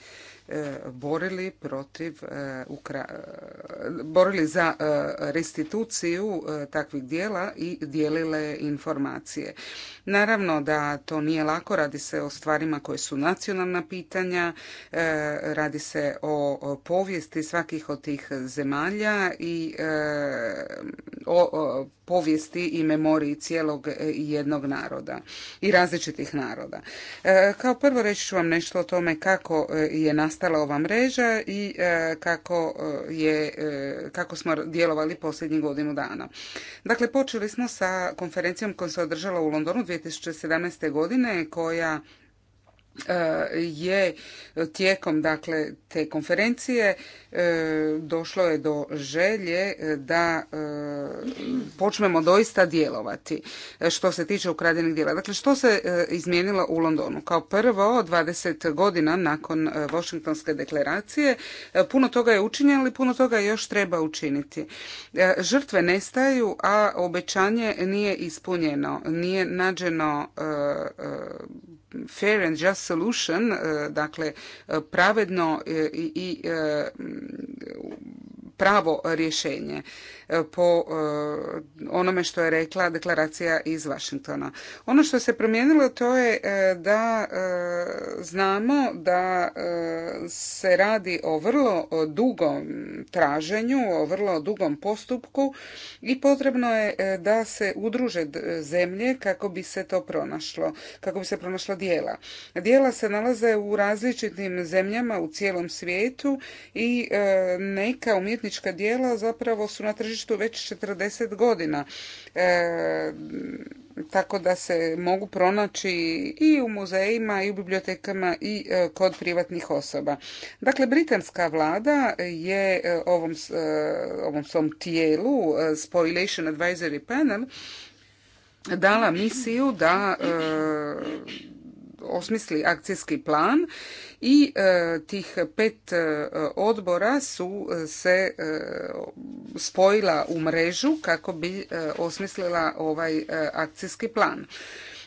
borili protiv e, e, borili za e, restituciju takvih dijela i dijelile informacije. Naravno da to nije lako, radi se o stvarima koje su nacionalna pitanja, radi se o povijesti svakih od tih zemalja i o povijesti i memoriji cijelog jednog naroda i različitih naroda. Kao prvo reći ću vam nešto o tome kako je nastala nastala ova mreža i e, kako, e, je, e, kako smo djelovali posljednjih godinu dana. Dakle, počeli smo sa konferencijom koja se održala u Londonu 2017. godine koja je tijekom dakle te konferencije e, došlo je do želje da e, počnemo doista djelovati e, što se tiče ukradenih djela. Dakle, što se izmijenilo u Londonu? Kao prvo, 20 godina nakon Washingtonske deklaracije, puno toga je učinjeno, ali puno toga još treba učiniti. Žrtve nestaju, a obećanje nije ispunjeno, nije nađeno fair and just solution, e, dakle e, pravedno e, i pravo rješenje po onome što je rekla deklaracija iz Washingtona. Ono što se promijenilo to je da znamo da se radi o vrlo dugom traženju, o vrlo dugom postupku i potrebno je da se udruže zemlje kako bi se to pronašlo, kako bi se pronašla dijela. Dijela se nalaze u različitim zemljama u cijelom svijetu i e, neka umjetnička dijela zapravo su na tržištu već 40 godina. E, tako da se mogu pronaći i u muzejima i u bibliotekama i e, kod privatnih osoba. Dakle, britanska vlada je ovom, svom tijelu Spoilation Advisory Panel dala misiju da osmisli akcijski plan i e, tih pet e, odbora su e, se spojila u mrežu kako bi osmislila ovaj akcijski plan.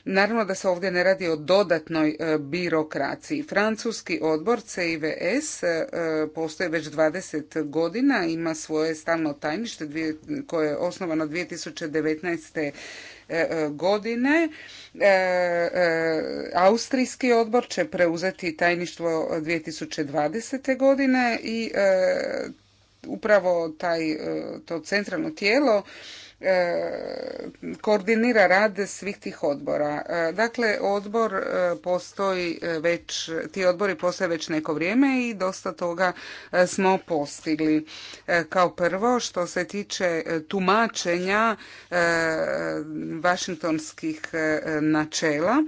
Naravno da se ovdje ne radi o dodatnoj birokraciji. Francuski odbor CIVS postoje već 20 godina, ima svoje stalno tajnište koje je osnovano 2019 E, e, godine e, Austrijski odbor će preuzeti tajništvo 2020. godine i upravo taj, to centralno tijelo koordinira rad svih tih odbora. E, dakle, odbor e, postoji e, već, ti odbori postoje već neko vrijeme i dosta toga smo postigli. Kao prvo, što se tiče tumačenja vašingtonskih načela,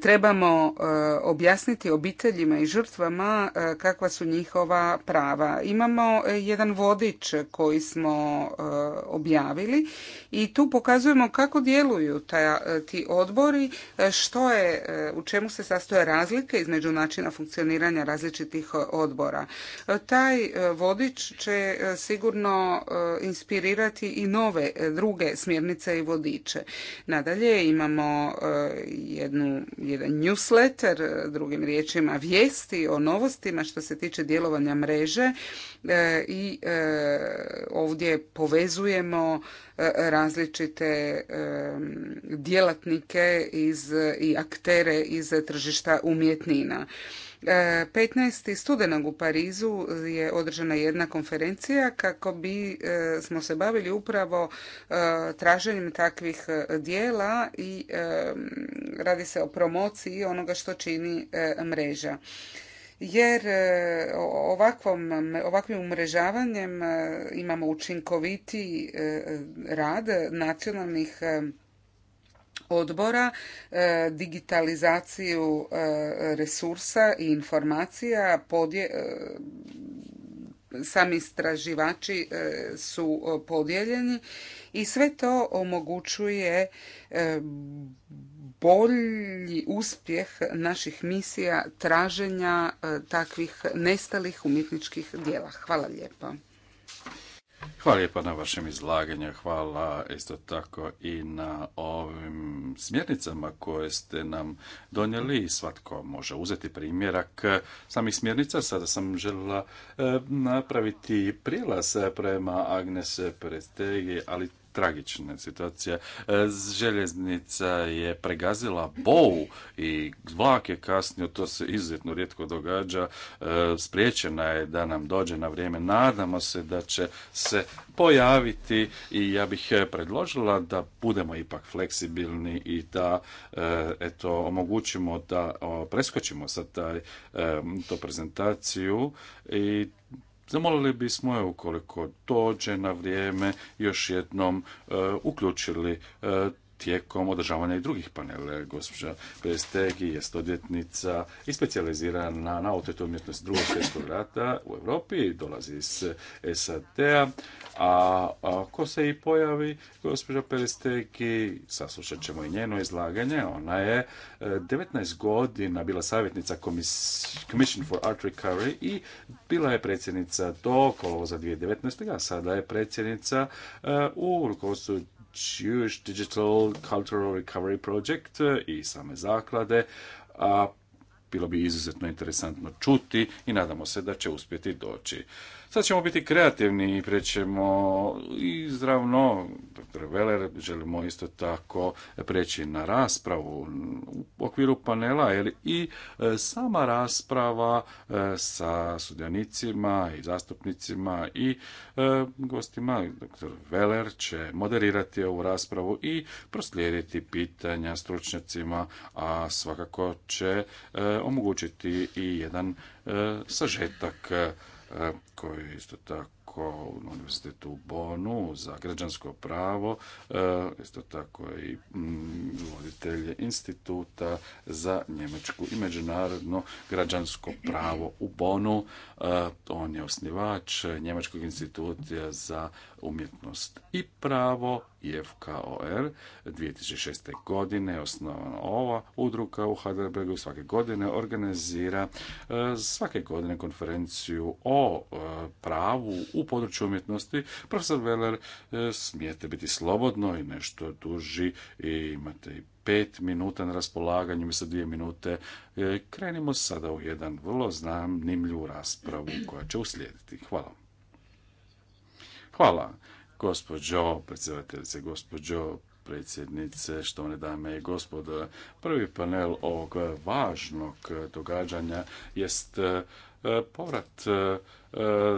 trebamo e, objasniti obiteljima i žrtvama e, kakva su njihova prava. Imamo e, jedan vodič koji smo objavili i tu pokazujemo kako djeluju ta, ti odbori, što je, u čemu se sastoje razlike između načina funkcioniranja različitih odbora. Taj vodič će sigurno inspirirati i nove druge smjernice i vodiče. Nadalje imamo jednu jedan newsletter, e, drugim riječima vijesti o novostima što se tiče djelovanja mreže e, i e, ovdje povezujemo različite djelatnike iz, i aktere iz tržišta umjetnina. 15. studenog u Parizu je održana jedna konferencija kako bi e, smo se bavili upravo e, traženjem takvih e, dijela i radi se o promociji onoga što čini mreža jer ovakvom, ovakvim umrežavanjem imamo učinkoviti rad nacionalnih odbora e, digitalizaciju e, resursa i informacija podje, e, sami istraživači su podijeljeni i sve to omogućuje bolji uspjeh naših misija traženja takvih nestalih umjetničkih djela. Hvala lijepa. Hvala lijepa na vašem izlaganju, hvala isto tako i na ovim smjernicama koje ste nam donijeli. Svatko može uzeti primjerak samih smjernica. Sada sam željela e, napraviti prilaz prema Agnes Prestegi, ali tragična situacija. E, željeznica je pregazila bou i vlak je kasnio, to se izuzetno rijetko događa. E, spriječena je da nam dođe na vrijeme. Nadamo se da će se pojaviti i ja bih e, predložila da budemo ipak fleksibilni i da eto, omogućimo da preskočimo sad taj, to prezentaciju i Zamolili bismo je ukoliko dođe na vrijeme još jednom e, uključili e, tijekom održavanja i drugih panela. Gospođa Prestegi je stodjetnica i specijalizirana na otetu umjetnosti drugog svjetskog rata u Europi, dolazi iz SAD-a, a ako se i pojavi gospođa Peristeki, saslušat ćemo i njeno izlaganje, ona je 19 e, godina bila savjetnica Commission for Art Recovery i bila je predsjednica do kolovoza 2019. a sada je predsjednica e, u rukovodstvu Jewish Digital Cultural Recovery Project i same zaklade, a bilo bi izuzetno interesantno čuti i nadamo se da će uspjeti doći. Sad ćemo biti kreativni i prećemo izravno, dr. Veler, želimo isto tako preći na raspravu u okviru panela, i e, sama rasprava e, sa sudjanicima i zastupnicima i e, gostima, dr. Veler će moderirati ovu raspravu i proslijediti pitanja stručnjacima, a svakako će omogućiti i jedan sažetak koji je isto tako u univerzitetu u Bonu za građansko pravo, e, isto tako i mm, voditelj instituta za njemačku i međunarodno građansko pravo u Bonu. E, on je osnivač Njemačkog instituta za umjetnost i pravo i FKOR 2006. godine osnovana ova udruga u Heidelbergu svake godine organizira e, svake godine konferenciju o e, pravu u području umjetnosti. Profesor Veler, e, smijete biti slobodno i nešto duži i imate i pet minuta na raspolaganju, mislim dvije minute. Krenimo sada u jedan vrlo znamnimlju raspravu koja će uslijediti. Hvala. Hvala, gospođo predsjedateljice, gospođo predsjednice, štovane dame i gospodo. Prvi panel ovog važnog događanja jest e, povrat e,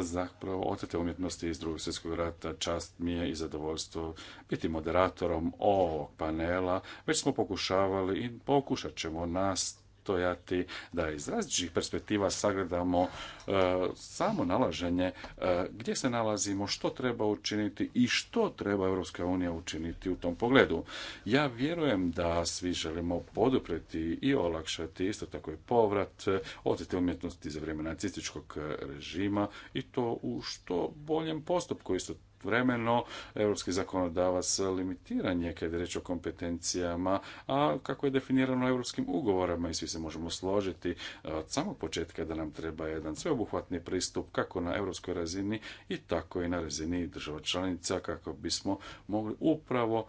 zapravo otete umjetnosti iz drugog svjetskog rata. Čast mi je i zadovoljstvo biti moderatorom ovog panela. Već smo pokušavali i pokušat ćemo nas nastojati da iz različitih perspektiva sagledamo e, samo nalaženje e, gdje se nalazimo, što treba učiniti i što treba Europska unija učiniti u tom pogledu. Ja vjerujem da svi želimo podupreti i olakšati isto tako i povrat e, otete umjetnosti za vrijeme nacističkog režima i to u što boljem postupku isto vremeno europski zakonodavac limitira je kad je reč o kompetencijama, a kako je definirano europskim ugovorama i svi se možemo složiti e, od samog početka da nam treba jedan sveobuhvatni pristup kako na europskoj razini i tako i na razini država članica kako bismo mogli upravo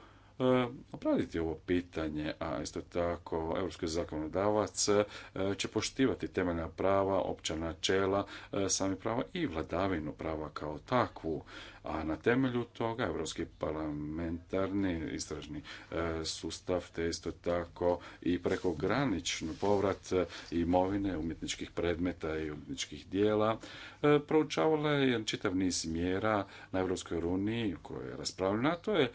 opraviti e, ovo pitanje, a isto tako europski zakonodavac e, će poštivati temeljna prava, opća načela, sami prava i vladavinu prava kao takvu a na temelju toga Europski parlamentarni istražni e, sustav, te isto tako i prekogranični povrat e, imovine umjetničkih predmeta i umjetničkih dijela, e, proučavala je čitav niz mjera na Europskoj uniji koja je raspravljena, to je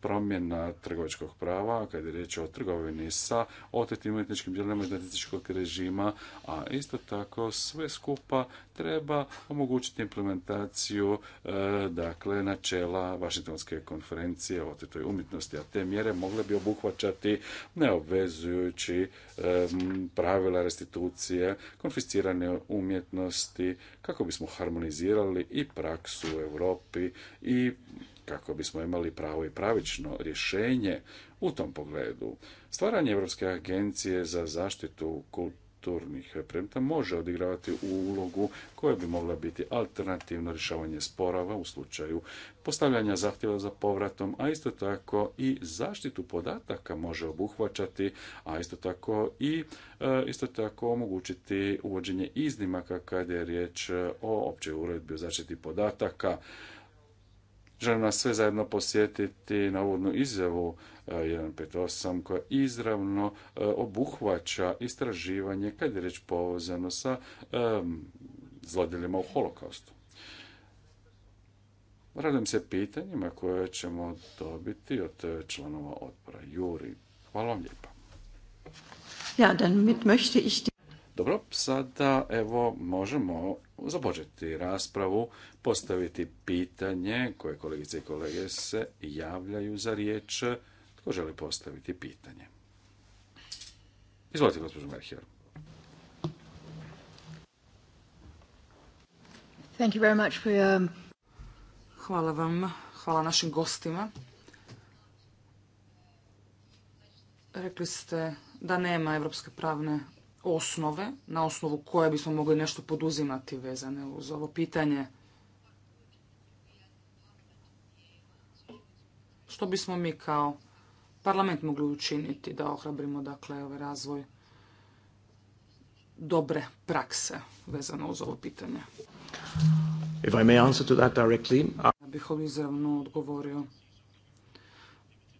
promjena trgovačkog prava kad je riječ o trgovini sa otetim umjetničkim djelima umjetničkog režima, a isto tako sve skupa treba omogućiti implementaciju e, dakle načela Vašingtonske konferencije o otetoj umjetnosti, a te mjere mogle bi obuhvaćati neobvezujući e, pravila restitucije, konfiscirane umjetnosti, kako bismo harmonizirali i praksu u Europi i kako bismo imali pravo i pravično rješenje u tom pogledu. Stvaranje Europske agencije za zaštitu kulturnih turnih premta može odigravati ulogu koja bi mogla biti alternativno rješavanje sporava u slučaju postavljanja zahtjeva za povratom, a isto tako i zaštitu podataka može obuhvaćati, a isto tako i e, isto tako omogućiti uvođenje iznimaka kada je riječ e, o općoj uredbi o zaštiti podataka Želim nas sve zajedno posjetiti na uvodnu izjavu 158 e, koja izravno e, obuhvaća istraživanje kad je reč povezano sa e, zlodjelima u holokaustu. Radim se pitanjima koje ćemo dobiti od članova odbora Juri. Hvala vam lijepa. Ja, mit dobro, sada evo možemo započeti raspravu, postaviti pitanje koje kolegice i kolege se javljaju za riječ. Tko želi postaviti pitanje? Izvolite, gospođo Thank you very much for your... Um, hvala vam, hvala našim gostima. Rekli ste da nema evropske pravne osnove na osnovu koje bismo mogli nešto poduzimati vezane uz ovo pitanje. Što bismo mi kao parlament mogli učiniti da ohrabrimo dakle ovaj razvoj dobre prakse vezano uz ovo pitanje? If I may answer to that directly, bih ovdje izravno odgovorio.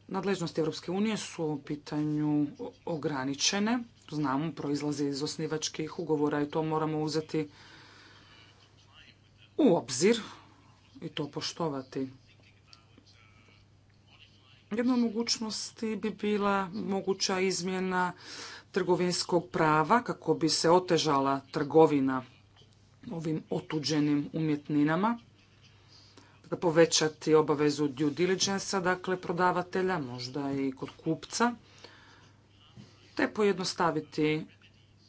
Nadležnosti Europske unije su u pitanju ograničene znamo proizlazi iz osnivačkih ugovora i to moramo uzeti u obzir i to poštovati. Jedna mogućnosti bi bila moguća izmjena trgovinskog prava kako bi se otežala trgovina ovim otuđenim umjetninama. Da dakle, povećati obavezu due diligence dakle prodavatelja, možda i kod kupca te pojednostaviti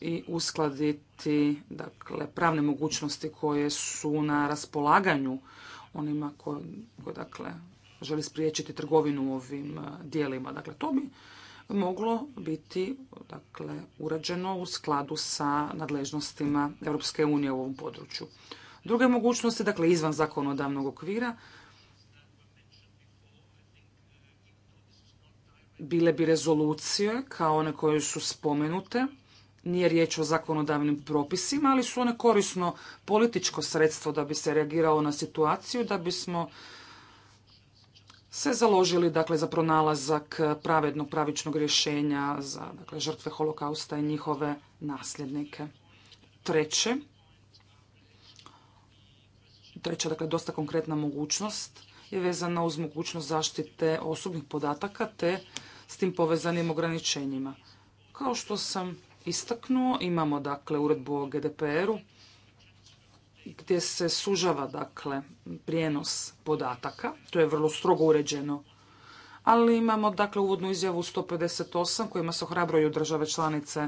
i uskladiti dakle, pravne mogućnosti koje su na raspolaganju onima koji dakle, želi spriječiti trgovinu ovim e, dijelima. Dakle, to bi moglo biti dakle, urađeno u skladu sa nadležnostima Europske unije u ovom području. Druge mogućnosti, dakle, izvan zakonodavnog okvira, bile bi rezolucije kao one koje su spomenute. Nije riječ o zakonodavnim propisima, ali su one korisno političko sredstvo da bi se reagiralo na situaciju, da bismo se založili dakle, za pronalazak pravednog, pravičnog rješenja za dakle, žrtve holokausta i njihove nasljednike. Treće, treća dakle, dosta konkretna mogućnost je vezana uz mogućnost zaštite osobnih podataka te s tim povezanim ograničenjima. Kao što sam istaknuo, imamo dakle uredbu o GDPR-u gdje se sužava dakle prijenos podataka, to je vrlo strogo uređeno, ali imamo dakle uvodnu izjavu 158 kojima se ohrabruju države članice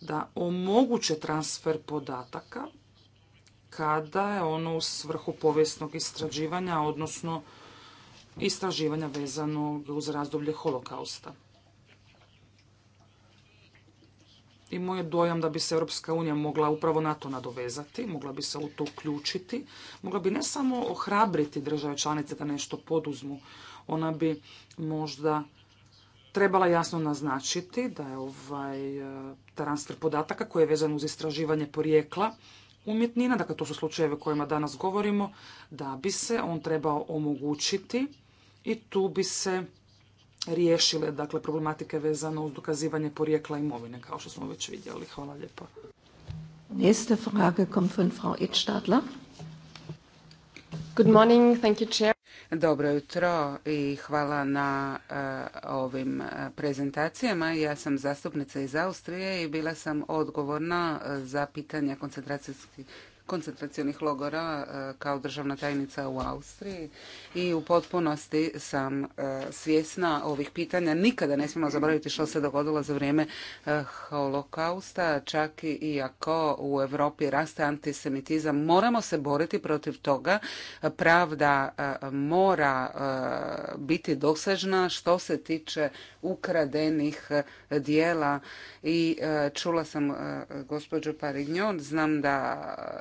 da omoguće transfer podataka kada je ono u svrhu povijesnog istraživanja, odnosno istraživanja vezanog uz razdoblje holokausta. I moj je dojam da bi se Europska unija mogla upravo na to nadovezati, mogla bi se u to uključiti, mogla bi ne samo ohrabriti države članice da nešto poduzmu, ona bi možda trebala jasno naznačiti da je ovaj e, transfer podataka koji je vezan uz istraživanje porijekla umjetnina, dakle to su slučajeve o kojima danas govorimo, da bi se on trebao omogućiti i tu bi se riješile dakle, problematike vezano uz dokazivanje porijekla imovine, kao što smo već vidjeli. Hvala lijepa. Frage kommt von Frau Dobro jutro i hvala na eh, ovim eh, prezentacijama. Ja sam zastupnica iz Austrije i bila sam odgovorna eh, za pitanja koncentracijskih koncentracionih logora e, kao državna tajnica u Austriji i u potpunosti sam e, svjesna ovih pitanja. Nikada ne smijemo zaboraviti što se dogodilo za vrijeme e, holokausta, čak i ako u Europi raste antisemitizam. Moramo se boriti protiv toga. Pravda mora biti dosežna što se tiče ukradenih dijela i čula sam gospođu Parignon, znam da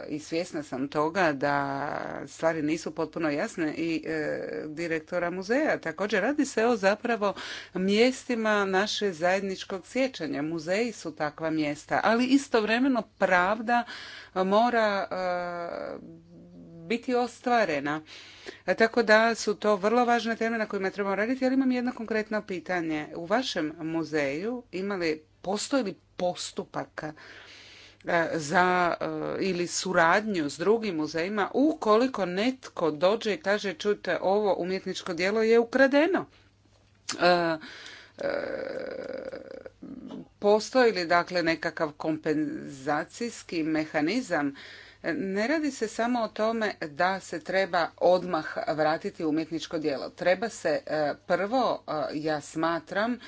i svjesna sam toga da stvari nisu potpuno jasne i e, direktora muzeja. Također radi se o zapravo mjestima naše zajedničkog sjećanja. Muzeji su takva mjesta, ali istovremeno pravda mora e, biti ostvarena. E, tako da su to vrlo važne teme na kojima trebamo raditi, ali imam jedno konkretno pitanje. U vašem muzeju imali, postoji li postupaka E, za e, ili suradnju s drugim muzejima ukoliko netko dođe i kaže čujte ovo umjetničko djelo je ukradeno e, postoji li dakle nekakav kompenzacijski mehanizam ne radi se samo o tome da se treba odmah vratiti umjetničko djelo. Treba se e, prvo, e, ja smatram, e,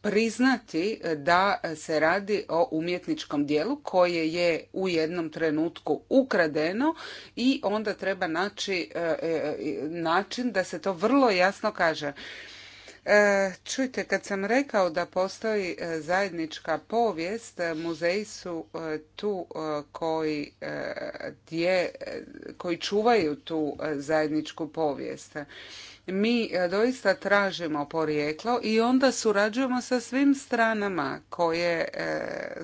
priznati da se radi o umjetničkom dijelu koje je u jednom trenutku ukradeno i onda treba naći način da se to vrlo jasno kaže. E, čujte, kad sam rekao da postoji e, zajednička povijest, e, muzeji su tu koji, dje, koji čuvaju tu zajedničku povijest mi e, doista tražimo porijeklo i onda surađujemo sa svim stranama koje e,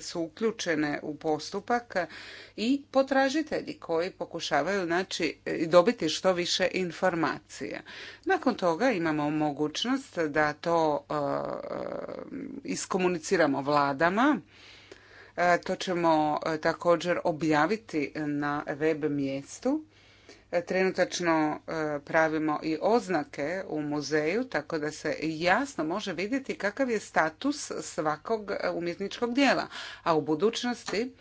su uključene u postupak i potražitelji koji pokušavaju naći e, i dobiti što više informacija. Nakon toga imamo mogućnost da to iskomuniciramo vladama. To ćemo također objaviti na web mjestu Trenutačno e, pravimo i oznake u muzeju, tako da se jasno može vidjeti kakav je status svakog umjetničkog dijela. A u budućnosti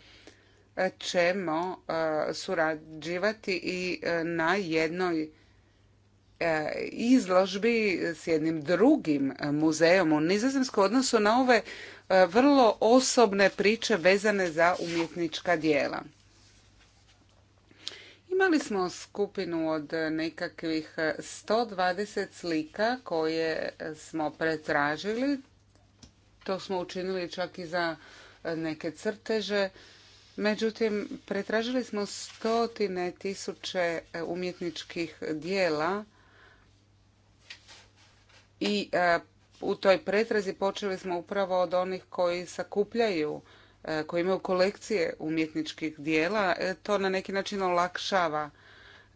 e, ćemo e, surađivati i na jednoj izložbi s jednim drugim muzejom u Nizozemsku odnosu na ove vrlo osobne priče vezane za umjetnička dijela. Imali smo skupinu od nekakvih 120 slika koje smo pretražili. To smo učinili čak i za neke crteže. Međutim, pretražili smo stotine tisuće umjetničkih dijela i e, u toj pretrazi počeli smo upravo od onih koji sakupljaju E, koji imaju kolekcije umjetničkih dijela, e, to na neki način olakšava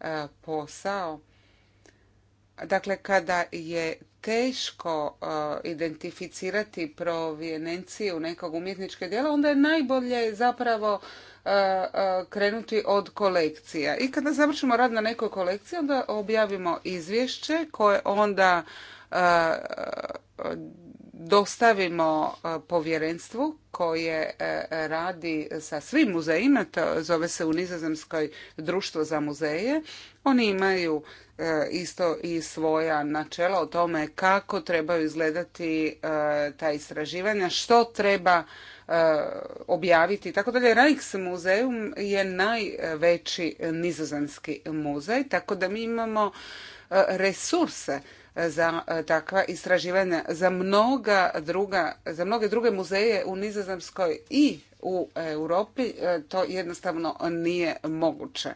e, posao. Dakle, kada je teško identificirati provjenenciju nekog umjetničkog dijela, onda je najbolje zapravo krenuti od kolekcija. I kada završimo rad na nekoj kolekciji, onda objavimo izvješće koje onda dostavimo e, povjerenstvu koje e, radi sa svim muzejima, to zove se u Nizozemskoj društvo za muzeje. Oni imaju e, isto i svoja načela o tome kako trebaju izgledati ta istraživanja, što treba objaviti i tako dalje. muzeum je najveći nizozemski muzej, tako da mi imamo resurse za e, takva istraživanja. Za, mnoga druga, za mnoge druge muzeje u Nizozemskoj i u Europi e, to jednostavno nije moguće.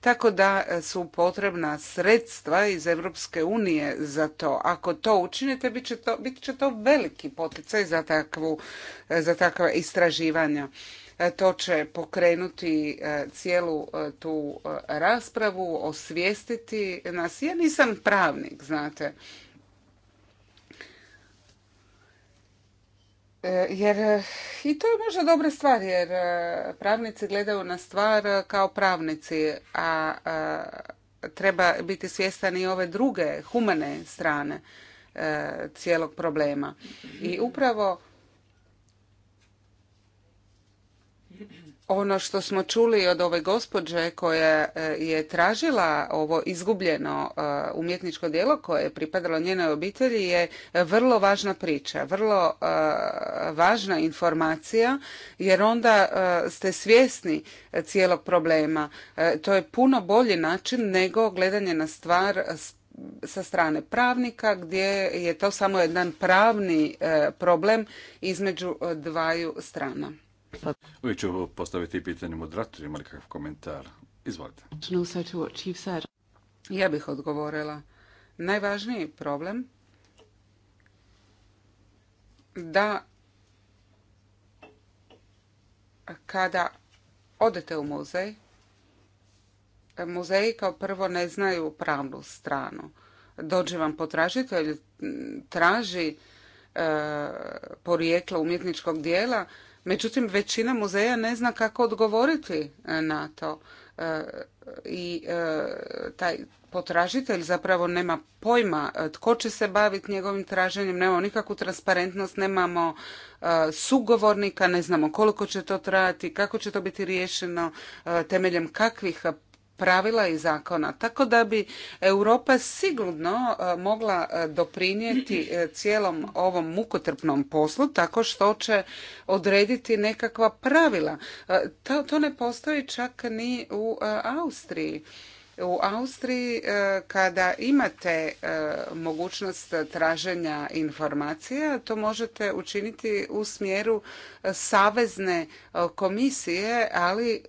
Tako da su potrebna sredstva iz Europske unije za to. Ako to učinite, bit će to, bit će to veliki poticaj za, takvu, e, za takva istraživanja. E, to će pokrenuti e, cijelu e, tu raspravu, osvijestiti nas. Ja nisam pravnik, znate. Jer i to je možda dobra stvar, jer pravnici gledaju na stvar kao pravnici, a treba biti svjestan i ove druge humane strane cijelog problema. I upravo ono što smo čuli od ove gospođe koja e, je tražila ovo izgubljeno e, umjetničko djelo koje je pripadalo njenoj obitelji je vrlo važna priča, vrlo e, važna informacija jer onda ste svjesni cijelog problema. To je puno bolji način nego gledanje na stvar sa strane pravnika gdje je to samo jedan pravni problem između dvaju strana. Uvijek ću postaviti pitanje moderatorima imali kakav komentar. Izvolite. Ja bih odgovorila. Najvažniji problem da kada odete u muzej, muzeji kao prvo ne znaju pravnu stranu. Dođe vam potražitelj, traži e, umjetničkog dijela, Međutim, većina muzeja ne zna kako odgovoriti e, na to e, i e, taj potražitelj zapravo nema pojma tko će se baviti njegovim traženjem, nemamo nikakvu transparentnost, nemamo sugovornika, ne znamo koliko će to trajati, kako će to biti riješeno, temeljem kakvih pravila i zakona. Tako da bi Europa sigurno e, mogla e, doprinijeti e, cijelom ovom mukotrpnom poslu tako što će odrediti nekakva pravila. To ne postoji čak ni u Austriji. U Austriji e, kada imate e, mogućnost traženja informacija, to možete učiniti u smjeru savezne e, komisije, ali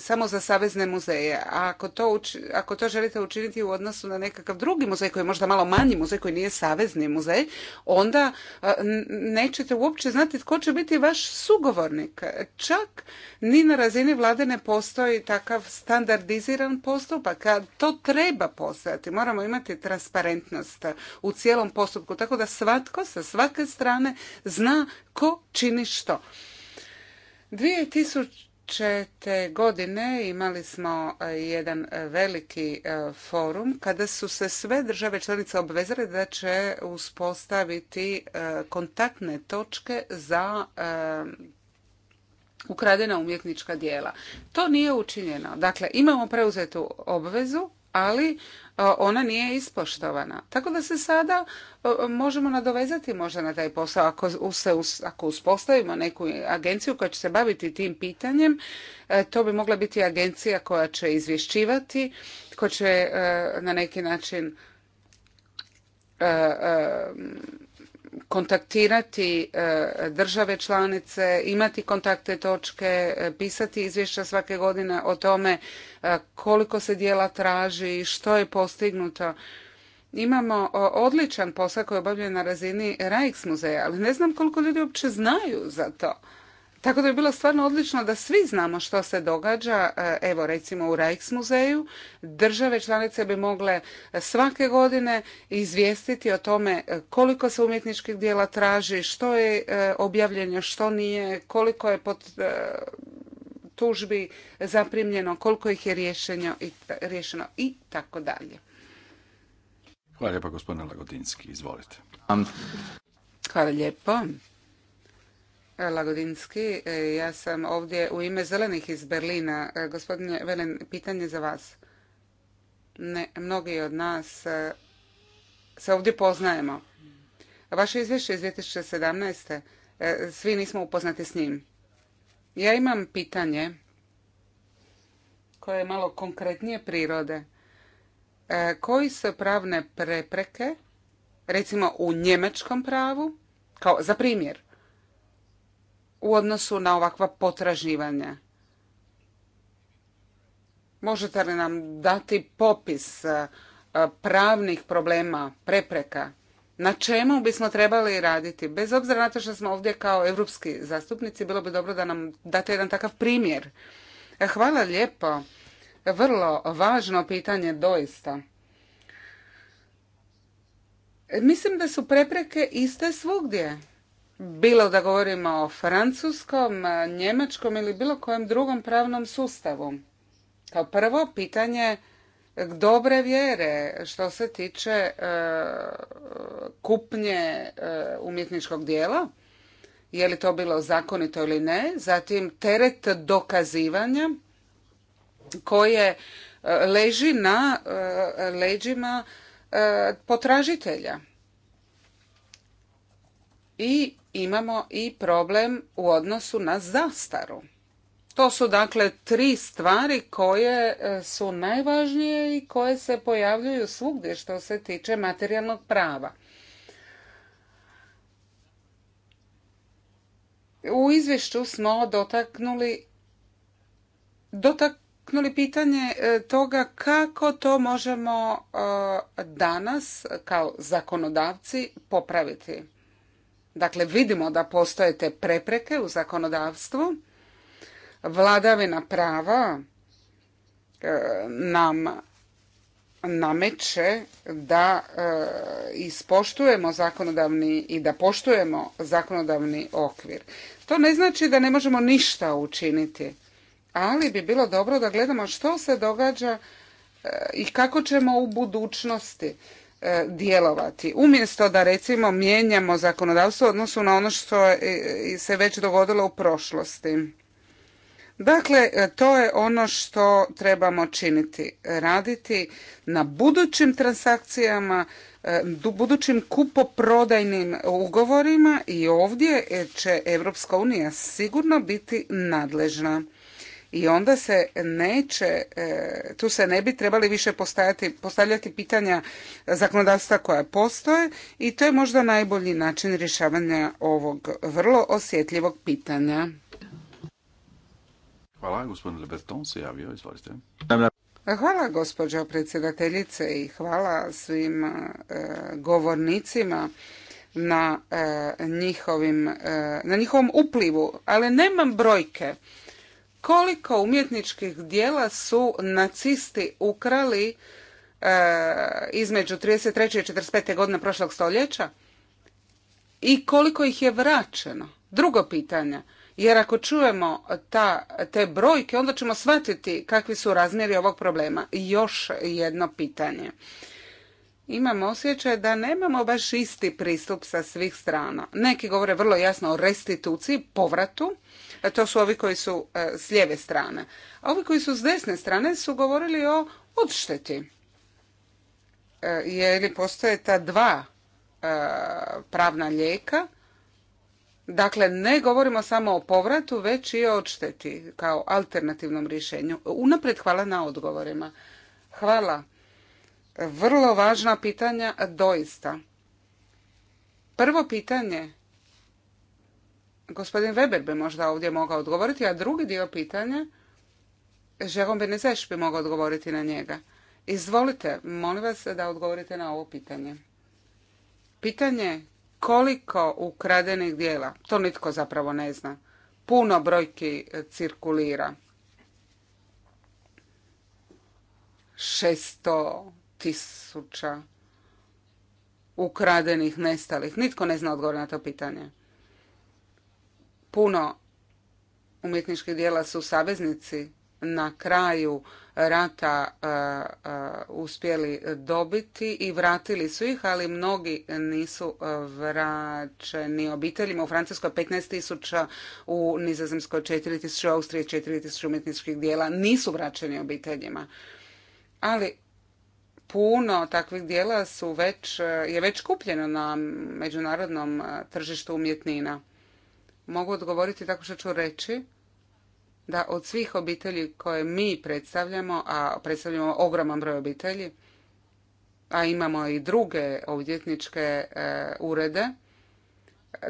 samo za savezne muzeje. A ako to, ako to želite učiniti u odnosu na nekakav drugi muzej koji je možda malo manji muzej koji nije savezni muzej, onda nećete uopće znati tko će biti vaš sugovornik. Čak ni na razini vlade ne postoji takav standardiziran postupak Dakle, to treba postojati. Moramo imati transparentnost u cijelom postupku, tako da svatko sa svake strane zna ko čini što. 2000. godine imali smo e, jedan e, veliki e, forum kada su se sve države članice obvezale da će uspostaviti kontaktne točke za ukradena umjetnička dijela. To nije učinjeno. Dakle, imamo preuzetu obvezu, ali e, ona nije ispoštovana. Tako da se sada e, možemo nadovezati možda na taj posao. Ako, ako uspostavimo neku agenciju koja će se baviti tim pitanjem, e, to bi mogla biti agencija koja će izvješćivati, koja će na neki način kontaktirati e, države članice, imati kontakte točke, e, pisati izvješća svake godine o tome e, koliko se dijela traži, što je postignuto. Imamo odličan posao koji je obavljen na razini Rijeks muzeja, ali ne znam koliko ljudi uopće znaju za to. Tako da je bilo stvarno odlično da svi znamo što se događa, e, evo recimo u Rijeks muzeju. Države članice bi mogle svake godine izvijestiti o tome e, koliko se umjetničkih dijela traži, što je e, objavljeno, što nije, koliko je pod tužbi zaprimljeno, koliko ih je riješeno i tako dalje. Hvala lijepa gospodine Lagodinski, izvolite. Um, Hvala lijepo. Lagodinski. E, ja sam ovdje u ime zelenih iz Berlina. E, gospodine Velen, pitanje za vas. Ne, mnogi od nas e, se ovdje poznajemo. Vaše izvješće iz 2017. Svi nismo upoznati s njim. Ja imam pitanje koje je malo konkretnije prirode. Koji su pravne prepreke, recimo u njemačkom pravu, kao za primjer, u odnosu na ovakva potraživanja. Možete li nam dati popis e, pravnih problema, prepreka? Na čemu bismo trebali raditi? Bez obzira na to što smo ovdje kao europski zastupnici, bilo bi dobro da nam date jedan takav primjer. E, hvala lijepo. Vrlo važno pitanje doista. E, mislim da su prepreke iste svugdje bilo da govorimo o francuskom, njemačkom ili bilo kojem drugom pravnom sustavu. Kao prvo, pitanje dobre vjere što se tiče e, kupnje e, umjetničkog dijela, je li to bilo zakonito ili ne, zatim teret dokazivanja koje e, leži na leđima potražitelja i imamo i problem u odnosu na zastaru. To su dakle tri stvari koje e, su najvažnije i koje se pojavljuju svugdje što se tiče materijalnog prava. U izvješću smo dotaknuli dotaknuli pitanje e, toga kako to možemo e, danas kao zakonodavci popraviti. Dakle, vidimo da postoje te prepreke u zakonodavstvu. Vladavina prava e, nam nameće da e, ispoštujemo zakonodavni i da poštujemo zakonodavni okvir. To ne znači da ne možemo ništa učiniti, ali bi bilo dobro da gledamo što se događa e, i kako ćemo u budućnosti E, djelovati. Umjesto da recimo mijenjamo zakonodavstvo u odnosu na ono što e, se već dogodilo u prošlosti. Dakle, e, to je ono što trebamo činiti. Raditi na budućim transakcijama, budućim kupoprodajnim ugovorima i ovdje će Europska unija sigurno biti nadležna i onda se neće, e, tu se ne bi trebali više postavljati pitanja zakonodavstva koja postoje i to je možda najbolji način rješavanja ovog vrlo osjetljivog pitanja. Hvala, se javio, Hvala gospođo predsjedateljice i hvala svim e, govornicima na, e, njihovim, na njihovom uplivu, ali nemam brojke koliko umjetničkih dijela su nacisti ukrali e, između 33. i 45. godine prošlog stoljeća i koliko ih je vraćeno? Drugo pitanje, jer ako čujemo ta, te brojke, onda ćemo shvatiti kakvi su razmjeri ovog problema. Još jedno pitanje. Imamo osjećaj da nemamo baš isti pristup sa svih strana. Neki govore vrlo jasno o restituciji, povratu, E, to su ovi koji su e, s lijeve strane. A ovi koji su s desne strane su govorili o odšteti. E, Je postoje ta dva pravna lijeka? Dakle, ne govorimo samo o povratu, već i o odšteti kao alternativnom rješenju. Unaprijed hvala na odgovorima. Hvala. Vrlo važna pitanja, doista. Prvo pitanje Gospodin Weber bi možda ovdje mogao odgovoriti, a drugi dio pitanja ne Benezeš bi mogao odgovoriti na njega. Izvolite, molim vas da odgovorite na ovo pitanje. Pitanje koliko ukradenih dijela, to nitko zapravo ne zna. Puno brojki cirkulira. 600 tisuća ukradenih, nestalih. Nitko ne zna odgovor na to pitanje puno umjetničkih dijela su saveznici na kraju rata e, e, uspjeli dobiti i vratili su ih, ali mnogi nisu e, vraćeni obiteljima. U Francuskoj 15.000, u Nizozemskoj 4.000, u Austriji 4.000 umjetničkih dijela nisu vraćeni obiteljima. Ali puno takvih dijela su već, je već kupljeno na međunarodnom tržištu umjetnina mogu odgovoriti tako što ću reći da od svih obitelji koje mi predstavljamo, a predstavljamo ogroman broj obitelji, a imamo i druge odvjetničke e, urede,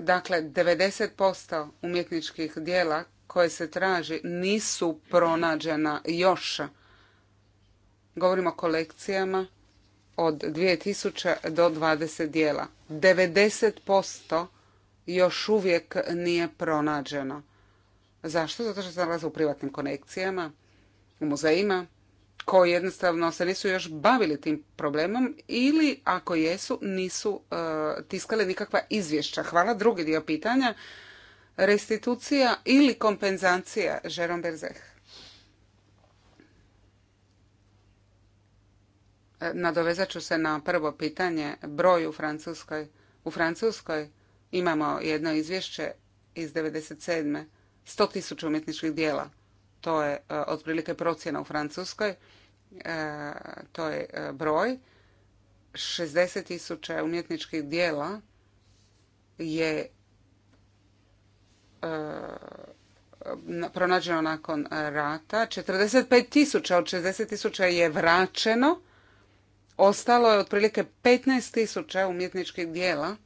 dakle 90% umjetničkih dijela koje se traži nisu pronađena još. Govorimo o kolekcijama od 2000 do 20 dijela. 90% još uvijek nije pronađeno. Zašto? Zato što se nalaze u privatnim konekcijama, u muzejima, koji jednostavno se nisu još bavili tim problemom ili ako jesu, nisu uh, tiskali nikakva izvješća. Hvala. Drugi dio pitanja. Restitucija ili kompenzacija, Žerom Berzeh. E, nadovezat ću se na prvo pitanje broj u Francuskoj. U Francuskoj Imamo jedno izvješće iz 1997. 100.000 umjetničkih dijela. To je e, otprilike procjena u Francuskoj. E, to je e, broj. 60 umjetničkih dijela je pronađeno nakon rata. 45 tisuća od 60 je vraćeno. Ostalo je otprilike 15 umjetničkih dijela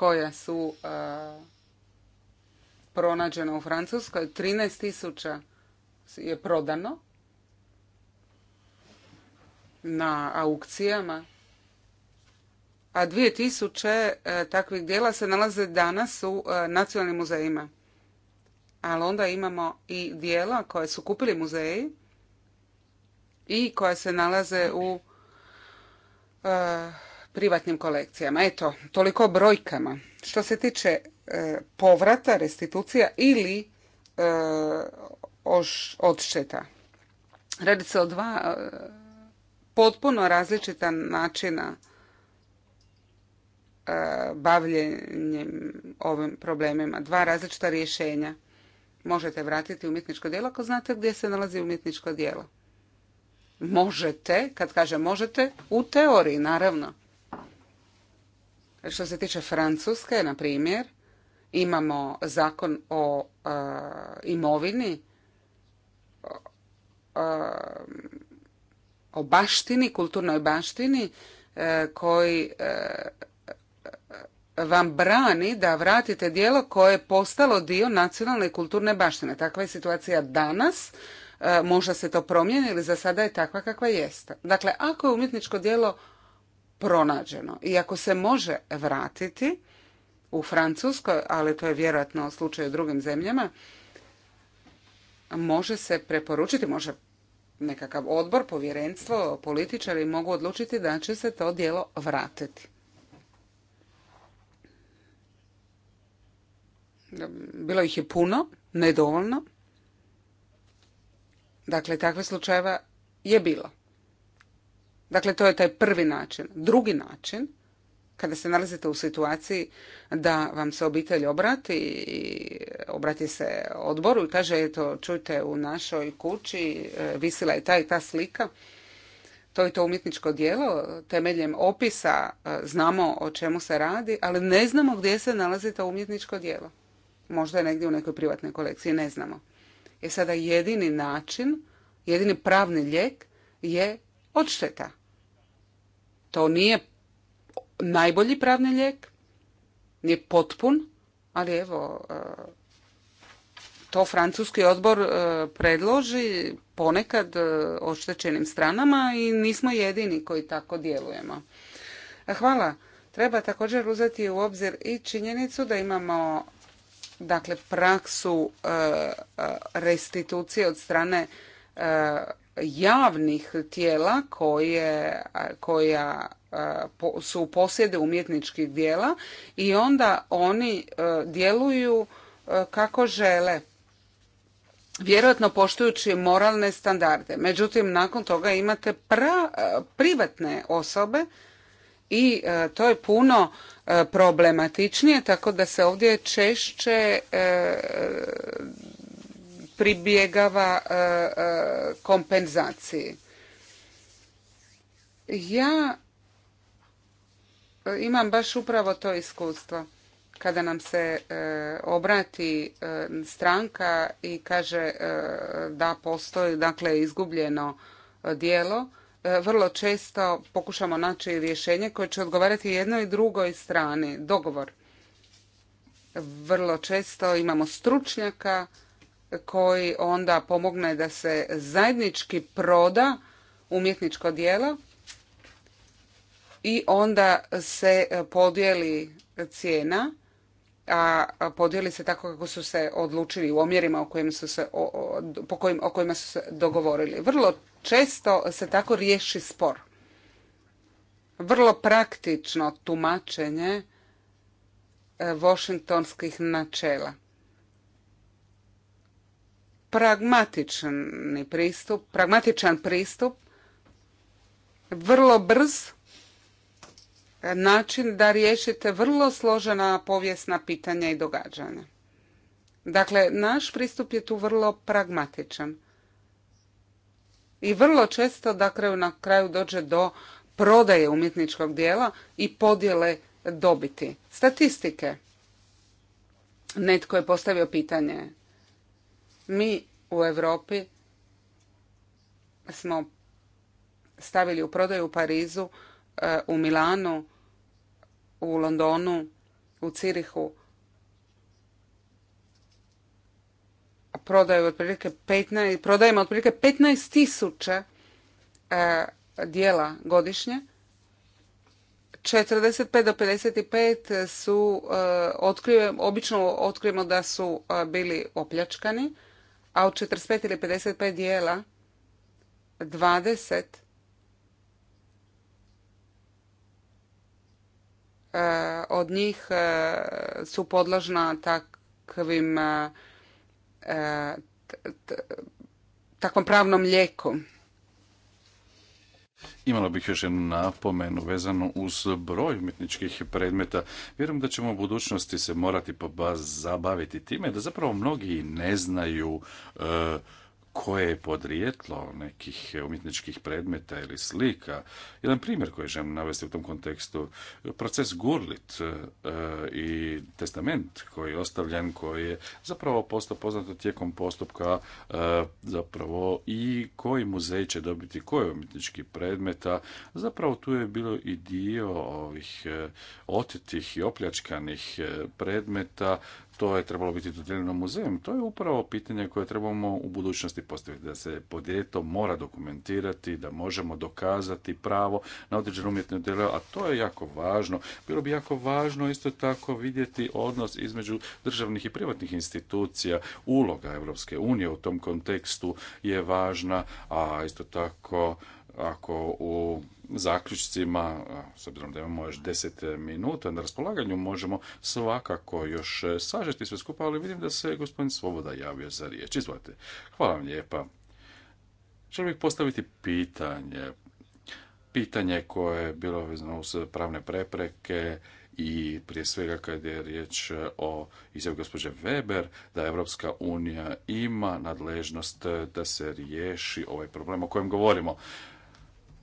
koja su e, pronađena u Francuskoj. 13.000 je prodano na aukcijama, a 2000 e, takvih dijela se nalaze danas u e, nacionalnim muzejima. Ali onda imamo i dijela koje su kupili muzeji i koja se nalaze u privatnim kolekcijama. Eto, toliko brojkama. Što se tiče e, povrata, restitucija ili e, odšteta. Radi se o dva e, potpuno različita načina bavljenjem ovim problemima. Dva različita rješenja. Možete vratiti umjetničko djelo ako znate gdje se nalazi umjetničko djelo. Možete, kad kažem možete, u teoriji naravno. Što se tiče Francuske, na primjer, imamo zakon o e, imovini, e, o baštini, kulturnoj baštini, e, koji vam brani da vratite dijelo koje je postalo dio nacionalne i kulturne baštine. Takva je situacija danas, možda se to promijeni ili za sada je takva kakva jeste. Dakle, ako je umjetničko djelo pronađeno. I ako se može vratiti u Francuskoj, ali to je vjerojatno slučaj u drugim zemljama, može se preporučiti, može nekakav odbor, povjerenstvo, političari mogu odlučiti da će se to djelo vratiti. Bilo ih je puno, nedovoljno. Dakle, takve slučajeva je bilo. Dakle, to je taj prvi način. Drugi način, kada se nalazite u situaciji da vam se obitelj obrati i obrati se odboru i kaže, eto, čujte, u našoj kući e, visila je ta i ta slika, to je to umjetničko djelo, temeljem opisa e, znamo o čemu se radi, ali ne znamo gdje se nalazi to umjetničko djelo. Možda je negdje u nekoj privatnoj kolekciji, ne znamo. Je sada jedini način, jedini pravni lijek je odšteta. To nije najbolji pravni lijek, nije potpun, ali evo, e, to francuski odbor e, predloži ponekad e, oštećenim stranama i nismo jedini koji tako djelujemo. Hvala. Treba također uzeti u obzir i činjenicu da imamo dakle praksu restitucije od strane javnih tijela koje, koja su u posjede umjetničkih dijela i onda oni djeluju kako žele vjerojatno poštujući moralne standarde. Međutim, nakon toga imate privatne osobe i to je puno problematičnije, tako da se ovdje češće pribjegava e, e, kompenzaciji. Ja e, imam baš upravo to iskustvo kada nam se obrati stranka i kaže da postoji dakle izgubljeno djelo vrlo često pokušamo naći rješenje koje će odgovarati jednoj i drugoj strani dogovor vrlo često imamo stručnjaka koji onda pomogne da se zajednički proda umjetničko djelo i onda se podijeli cijena, a podijeli se tako kako su se odlučili u omjerima o kojima su se, po kojim, o kojima su se dogovorili. Vrlo često se tako riješi spor. Vrlo praktično tumačenje e, Washingtonskih načela pragmatični pristup, pragmatičan pristup, vrlo brz način da riješite vrlo složena povijesna pitanja i događanja. Dakle, naš pristup je tu vrlo pragmatičan. I vrlo često da kraju na kraju dođe do prodaje umjetničkog dijela i podjele dobiti. Statistike. Netko je postavio pitanje mi u Europi smo stavili u prodaju u Parizu, eh, u Milanu, u Londonu, u Cirihu. Prodaju otprilike 15, prodajemo otprilike 15 tisuća eh, dijela godišnje. 45 do 55 su, eh, obično otkrijemo da su bili opljačkani a od 45 ili 55 dijela 20 e, od njih e, su podložna takvim e, takvom pravnom lijeku. Imala bih još jednu napomenu vezano uz broj umjetničkih predmeta. Vjerujem da ćemo u budućnosti se morati zabaviti time da zapravo mnogi ne znaju e, koje je podrijetlo nekih umjetničkih predmeta ili slika. Jedan primjer koji želim navesti u tom kontekstu, proces Gurlit e, i testament koji je ostavljen, koji je zapravo postao poznato tijekom postupka e, zapravo i koji muzej će dobiti koje umjetnički predmeta. Zapravo tu je bilo i dio ovih e, otetih i opljačkanih predmeta to je trebalo biti dodijeljeno muzejem. To je upravo pitanje koje trebamo u budućnosti postaviti, da se podjeto mora dokumentirati, da možemo dokazati pravo na određeno umjetno djelo, a to je jako važno. Bilo bi jako važno isto tako vidjeti odnos između državnih i privatnih institucija. Uloga Europske unije u tom kontekstu je važna, a isto tako ako u zaključcima, s obzirom da imamo još deset minuta na raspolaganju, možemo svakako još e, sažeti sve skupa, ali vidim da se gospodin Svoboda javio za riječ. Izvolite. Hvala vam lijepa. Želim bih postaviti pitanje. Pitanje koje je bilo vezano uz pravne prepreke, i prije svega kad je riječ e, o izjavu gospođe Weber da Europska unija ima nadležnost e, da se riješi ovaj problem o kojem govorimo.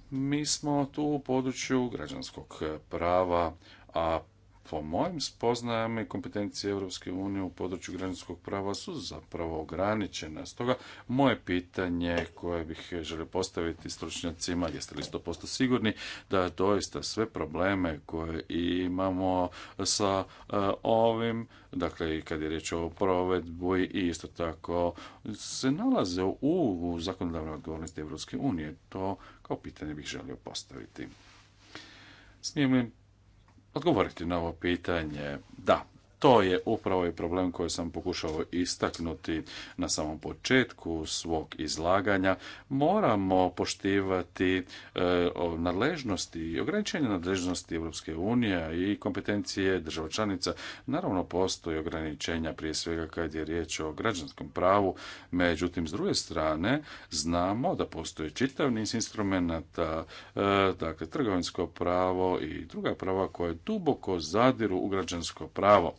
Mi smo tu u području građanskog prava, a po mojim spoznajama i kompetencije Europske unije u području građanskog prava su zapravo ograničene. Stoga moje pitanje koje bih želio postaviti stručnjacima, jeste li 100% sigurni da doista sve probleme koje imamo sa eh, ovim, dakle i kad je riječ o provedbu i isto tako se nalaze u zakonodavnoj odgovornosti Europske unije. To kao pitanje bih želio postaviti. Smijem li odgovoriti na ovo pitanje? Da, to je upravo i problem koji sam pokušao istaknuti na samom početku svog izlaganja. Moramo poštivati e, nadležnosti i ograničenje nadležnosti Europske unije i kompetencije država članica. Naravno, postoje ograničenja prije svega kad je riječ o građanskom pravu, međutim, s druge strane, znamo da postoje čitav niz instrumenta, e, dakle, trgovinsko pravo i druga prava koja duboko zadiru u građansko pravo.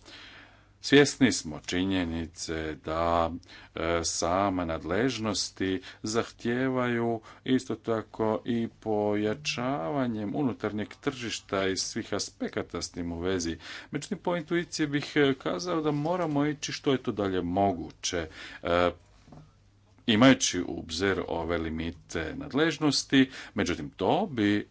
Svjesni smo činjenice da e, same nadležnosti zahtijevaju isto tako i pojačavanjem unutarnjeg tržišta i svih aspekata s tim u vezi. Međutim, po intuiciji bih e, kazao da moramo ići što je to dalje moguće. E, imajući u obzir ove limite nadležnosti, međutim to bi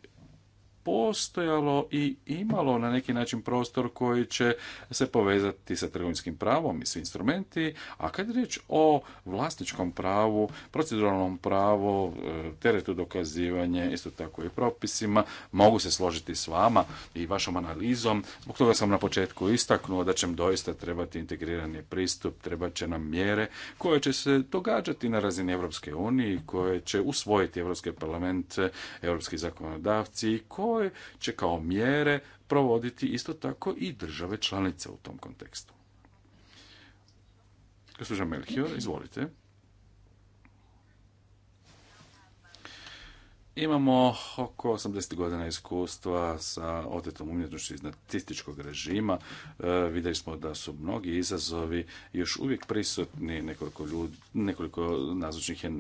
postojalo i imalo na neki način prostor koji će se povezati sa trgovinskim pravom i svi instrumenti, a kad je riječ o vlasničkom pravu, proceduralnom pravu, e, teretu dokazivanje, isto tako i propisima, mogu se složiti s vama i vašom analizom. Zbog toga sam na početku istaknuo da će doista trebati integrirani pristup, treba će nam mjere koje će se događati na razini Europske unije, koje će usvojiti Europske parlamente, europski zakonodavci i koje koje će kao mjere provoditi isto tako i države članice u tom kontekstu. Gospođa Melchior, izvolite. Imamo oko 80 godina iskustva sa otetom umjetnošću iz nacističkog režima. E, vidjeli smo da su mnogi izazovi još uvijek prisutni. Nekoliko, ljudi, nekoliko nazočnih je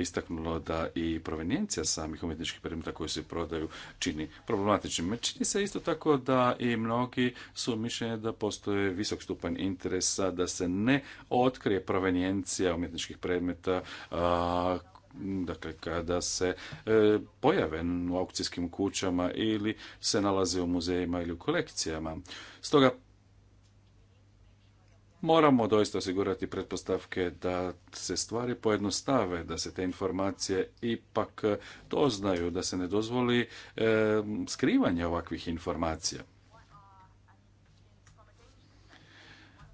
istaknulo da i provenjencija samih umjetničkih predmeta koji se prodaju čini problematičnim. Čini se isto tako da i mnogi su mišljeni da postoje visok stupanj interesa da se ne otkrije provenjencija umjetničkih predmeta dakle kada se e, pojave u aukcijskim kućama ili se nalaze u muzejima ili u kolekcijama. Stoga moramo doista osigurati pretpostavke da se stvari pojednostave, da se te informacije ipak doznaju, da se ne dozvoli e, skrivanje ovakvih informacija.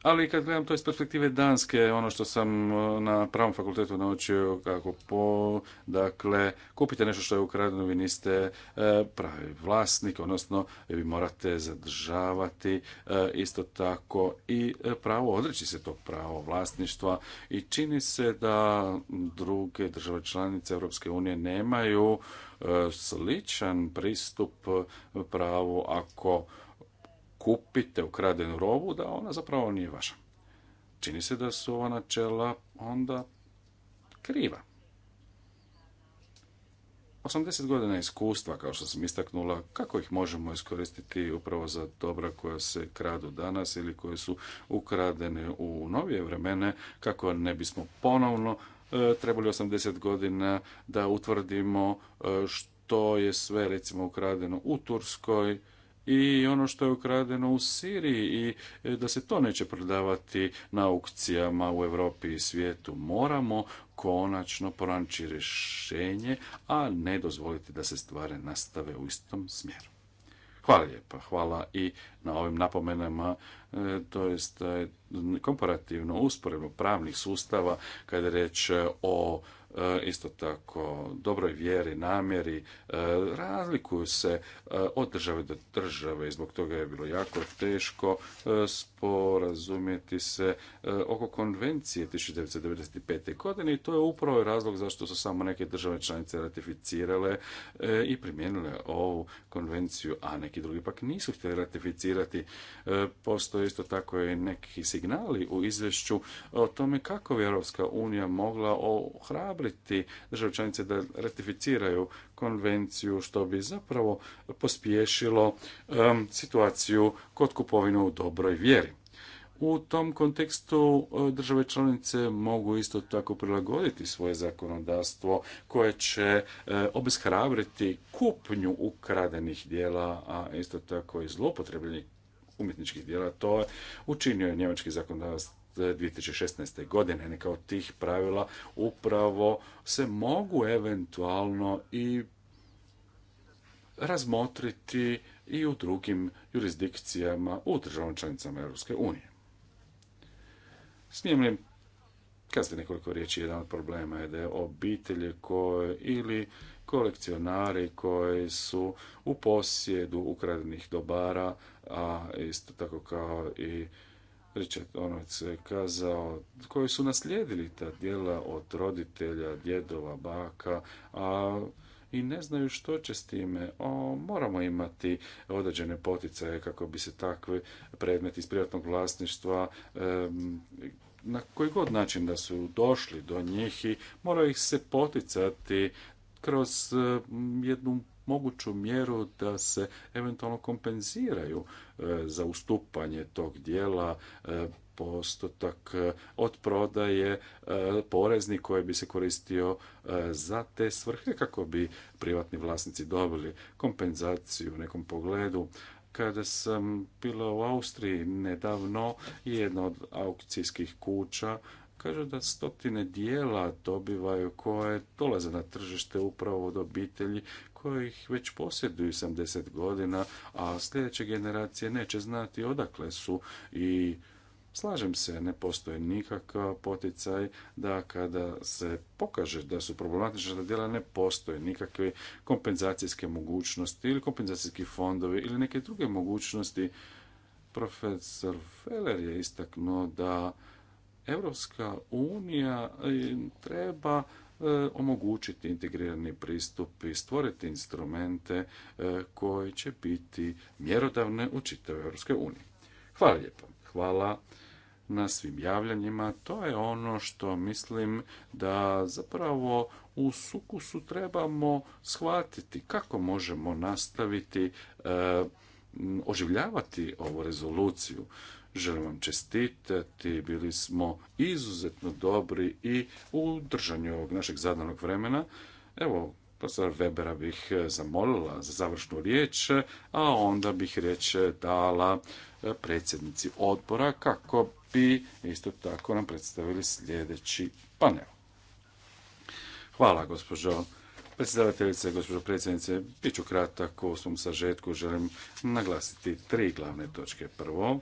Ali kad gledam to iz perspektive Danske, ono što sam e, na pravom fakultetu naučio kako po, dakle, kupite nešto što je ukradeno, vi niste e, pravi vlasnik, odnosno vi morate zadržavati e, isto tako i pravo, odreći se to pravo vlasništva i čini se da druge države članice Europske unije nemaju sličan pristup pravu ako kupite ukradenu robu, da ona zapravo nije vaša. Čini se da su ova načela onda kriva. 80 godina iskustva, kao što sam istaknula, kako ih možemo iskoristiti upravo za dobra koja se kradu danas ili koje su ukradene u novije vremene, kako ne bismo ponovno e, trebali 80 godina da utvrdimo e, što je sve recimo ukradeno u Turskoj, i ono što je ukradeno u Siriji i e, da se to neće prodavati na aukcijama u Europi i svijetu. Moramo konačno pronaći rješenje, a ne dozvoliti da se stvari nastave u istom smjeru. Hvala lijepa, hvala i na ovim napomenama, e, to jest e, komparativno usporedno pravnih sustava kada je reč o E, isto tako dobroj vjeri, namjeri, e, razlikuju se e, od države do države i zbog toga je bilo jako teško sporazumjeti se e, oko konvencije 1995. godine i to je upravo razlog zašto su samo neke države članice ratificirale e, i primijenile ovu konvenciju, a neki drugi pak nisu htjeli ratificirati. E, postoje isto tako i neki signali u izvješću o tome kako bi Europska unija mogla ohrabriti države članice da ratificiraju konvenciju što bi zapravo pospješilo situaciju kod kupovine u dobroj vjeri. U tom kontekstu e, države članice mogu isto tako prilagoditi svoje zakonodavstvo koje će e, obeshrabriti kupnju ukradenih dijela, a isto tako i zlopotrebljenih umjetničkih dijela. To je učinio je njemački zakonodavstvo. 2016. godine. Neka od tih pravila upravo se mogu eventualno i razmotriti i u drugim jurisdikcijama u državama članicama Europske unije. Smijem li kasnije nekoliko riječi, jedan od problema je da je obitelje koje ili kolekcionari koji su u posjedu ukradenih dobara, a isto tako kao i ono je kazao, koji su naslijedili ta djela od roditelja, djedova, baka, a i ne znaju što će s time. O, moramo imati određene poticaje kako bi se takvi predmeti iz privatnog vlasništva na koji god način da su došli do njih i mora ih se poticati kroz jednu moguću mjeru da se eventualno kompenziraju e, za ustupanje tog dijela e, postotak e, od prodaje porezni koji bi se koristio za te svrhe kako bi privatni vlasnici dobili kompenzaciju u nekom pogledu kada sam bila u Austriji nedavno, jedna od aukcijskih kuća kažu da stotine dijela dobivaju koje dolaze na tržište upravo od obitelji koji ih već posjeduju 70 godina, a sljedeće generacije neće znati odakle su i Slažem se, ne postoji nikakav poticaj da kada se pokaže da su problematična djela ne postoje nikakve kompenzacijske mogućnosti ili kompenzacijski fondovi ili neke druge mogućnosti. Profesor Feller je istaknuo da Europska unija e, treba e, omogućiti integrirani pristup i stvoriti instrumente e, koji će biti mjerodavne u čitavoj Europskoj uniji. Hvala lijepo. Hvala na svim javljanjima. To je ono što mislim da zapravo u sukusu trebamo shvatiti kako možemo nastaviti oživljavati ovu rezoluciju. Želim vam čestitati, bili smo izuzetno dobri i u držanju ovog našeg zadanog vremena. Evo, profesora Webera bih e, zamolila za završnu riječ, a onda bih riječ e, dala e, predsjednici odbora kako bi isto tako nam predstavili sljedeći panel. Hvala, gospođo predsjedavateljice, gospođo predsjednice. Biću kratak u svom sažetku. Želim naglasiti tri glavne točke. Prvo,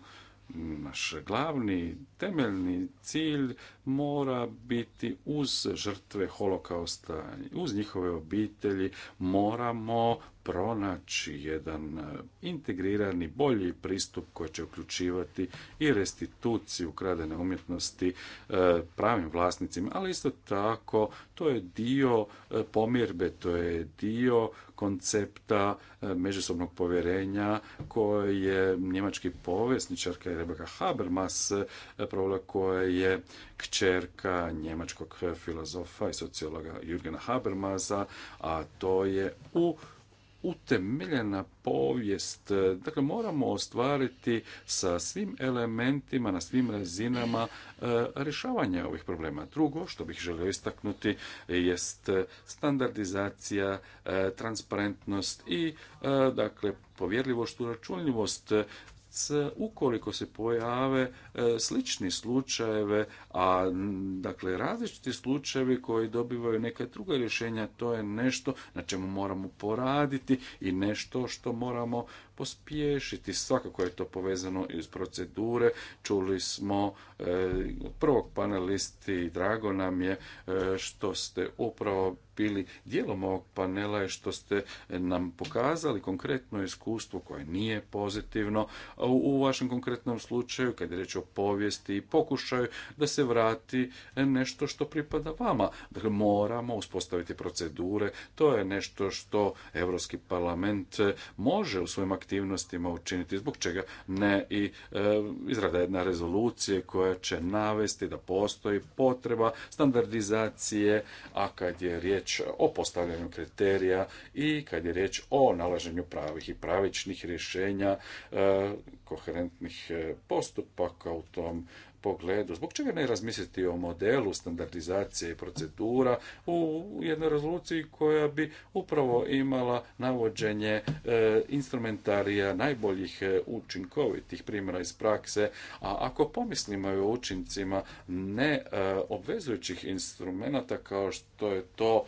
naš glavni temeljni cilj mora biti uz žrtve holokausta, uz njihove obitelji moramo pronaći jedan e, integrirani, bolji pristup koji će uključivati i restituciju ukradene umjetnosti e, pravim vlasnicima, ali isto tako to je dio e, pomirbe, to je dio koncepta međusobnog povjerenja koje je njemački povjesničarka Rebeka Habermas provela koja je kćerka njemačkog filozofa i sociologa Jürgena Habermasa, a to je u utemeljena povijest. Dakle, moramo ostvariti sa svim elementima, na svim razinama e, rješavanja ovih problema. Drugo, što bih želio istaknuti, jest standardizacija, e, transparentnost i e, dakle povjerljivost, uračunljivost ukoliko se pojave e, slični slučajeve, a dakle različiti slučajevi koji dobivaju neka druga rješenja, to je nešto na čemu moramo poraditi i nešto što moramo pospješiti. Svakako je to povezano iz procedure. Čuli smo e, prvog panelisti, drago nam je e, što ste upravo bili dijelom ovog panela i što ste nam pokazali konkretno iskustvo koje nije pozitivno u vašem konkretnom slučaju kad je reč o povijesti i pokušaju da se vrati nešto što pripada vama. Dakle, moramo uspostaviti procedure, to je nešto što Europski parlament može u svojim aktivnostima učiniti, zbog čega ne i e, izrada jedne rezolucije koja će navesti da postoji potreba standardizacije, a kad je riječ o postavljanju kriterija i kad je riječ o nalaženju pravih i pravičnih rješenja, e, koherentnih e, postupaka u tom pogledu, zbog čega ne razmisliti o modelu standardizacije i procedura u jednoj rezoluciji koja bi upravo imala navođenje e, instrumentarija najboljih e, učinkovitih primjera iz prakse, a ako pomislimo o učincima ne e, obvezujućih instrumenata kao što je to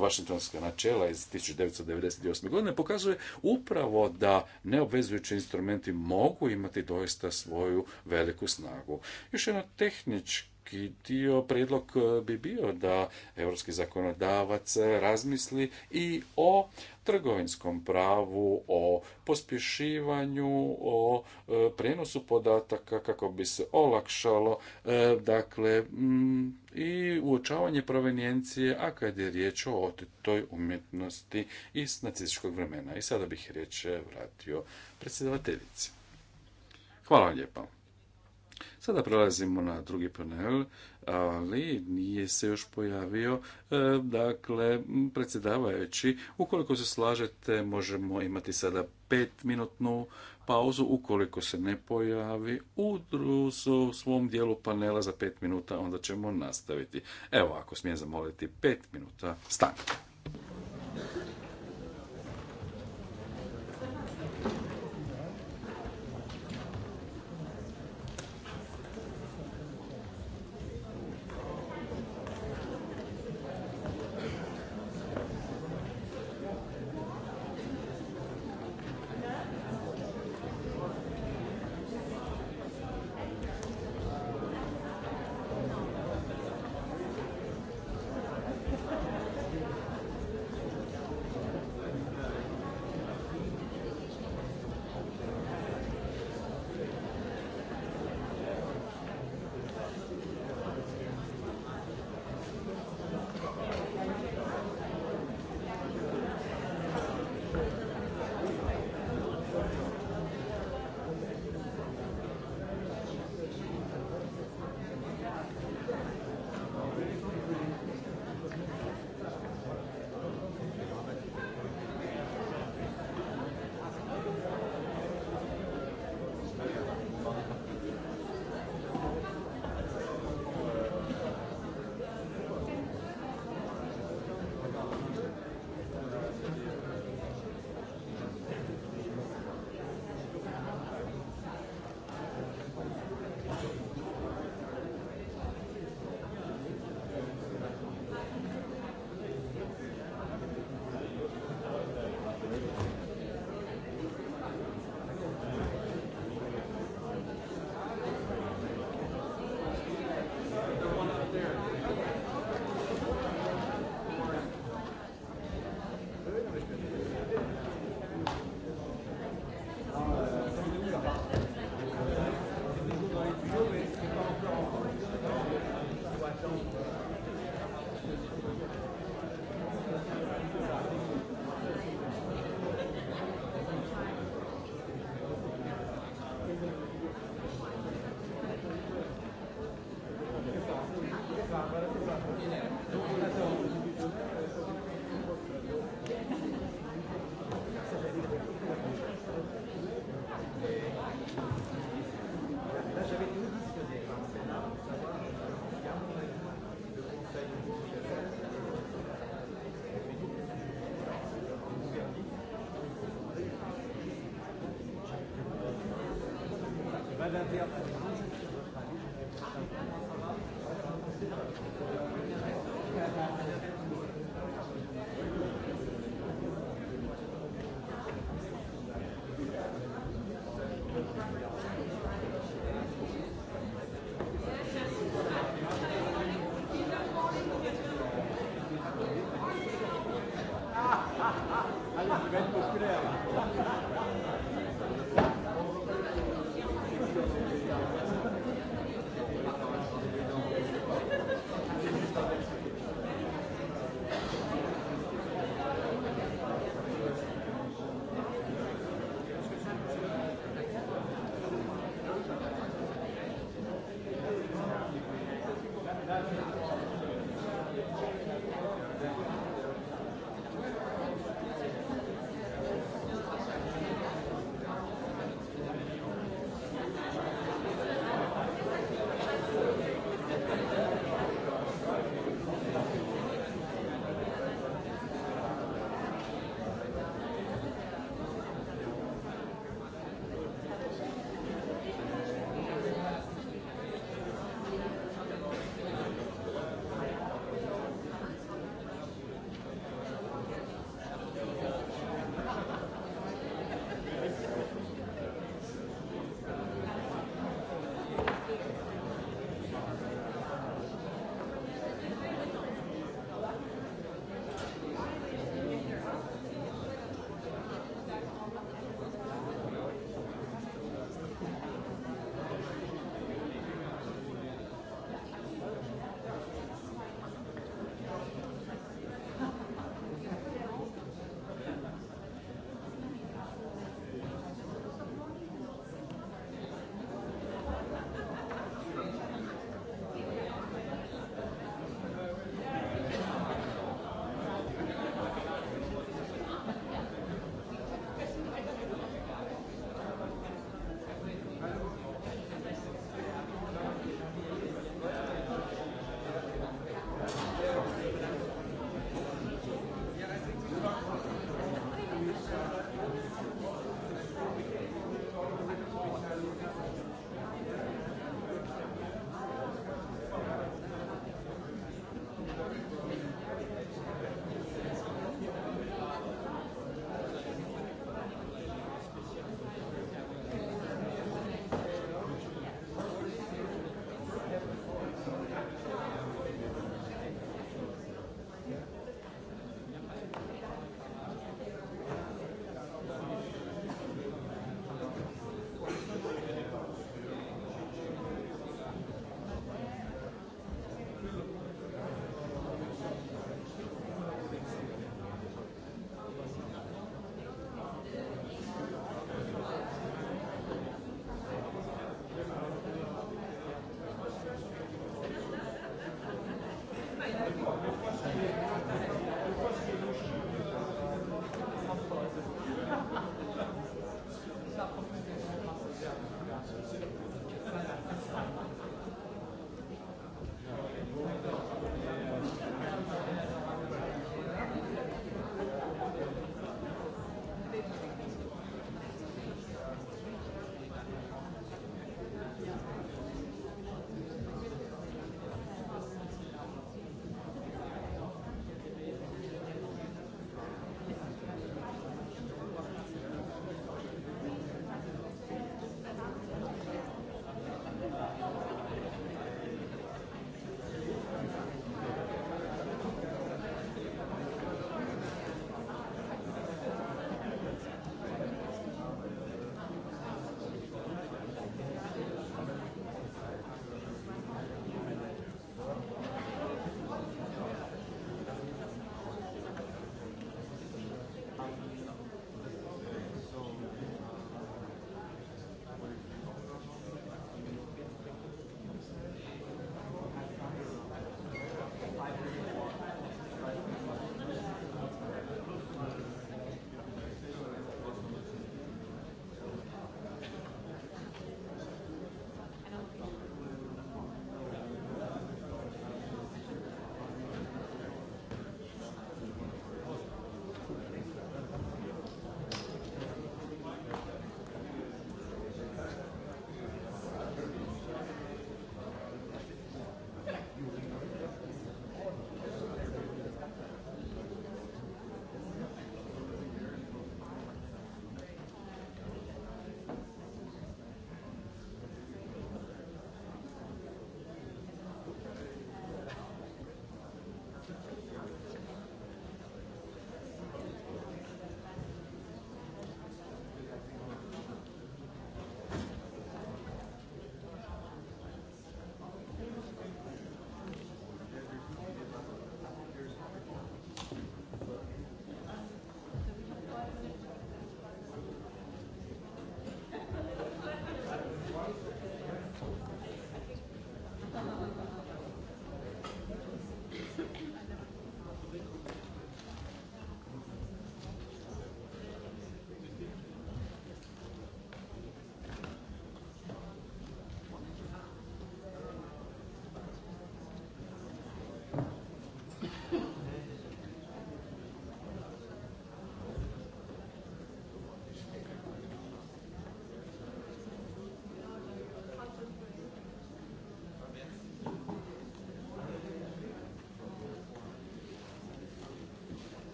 Vašingtonska načela iz 1998. godine pokazuje upravo da neobvezujući instrumenti mogu imati doista svoju veliku snagu. Više na tehnički dio predlog e, bi bio da europski zakonodavac razmisli i o trgovinskom pravu, o pospješivanju, o e, prenosu podataka kako bi se olakšalo e, dakle i uočavanje provenjencije, a kad je riječ o toj umjetnosti iz nacističkog vremena. I sada bih riječ vratio predsjedavateljici. Hvala vam lijepa. Sada prelazimo na drugi panel, ali nije se još pojavio. E, dakle, predsjedavajući, ukoliko se slažete, možemo imati sada petminutnu pauzu. Ukoliko se ne pojavi u, u svom dijelu panela za pet minuta, onda ćemo nastaviti. Evo, ako smijem zamoliti, pet minuta stanke.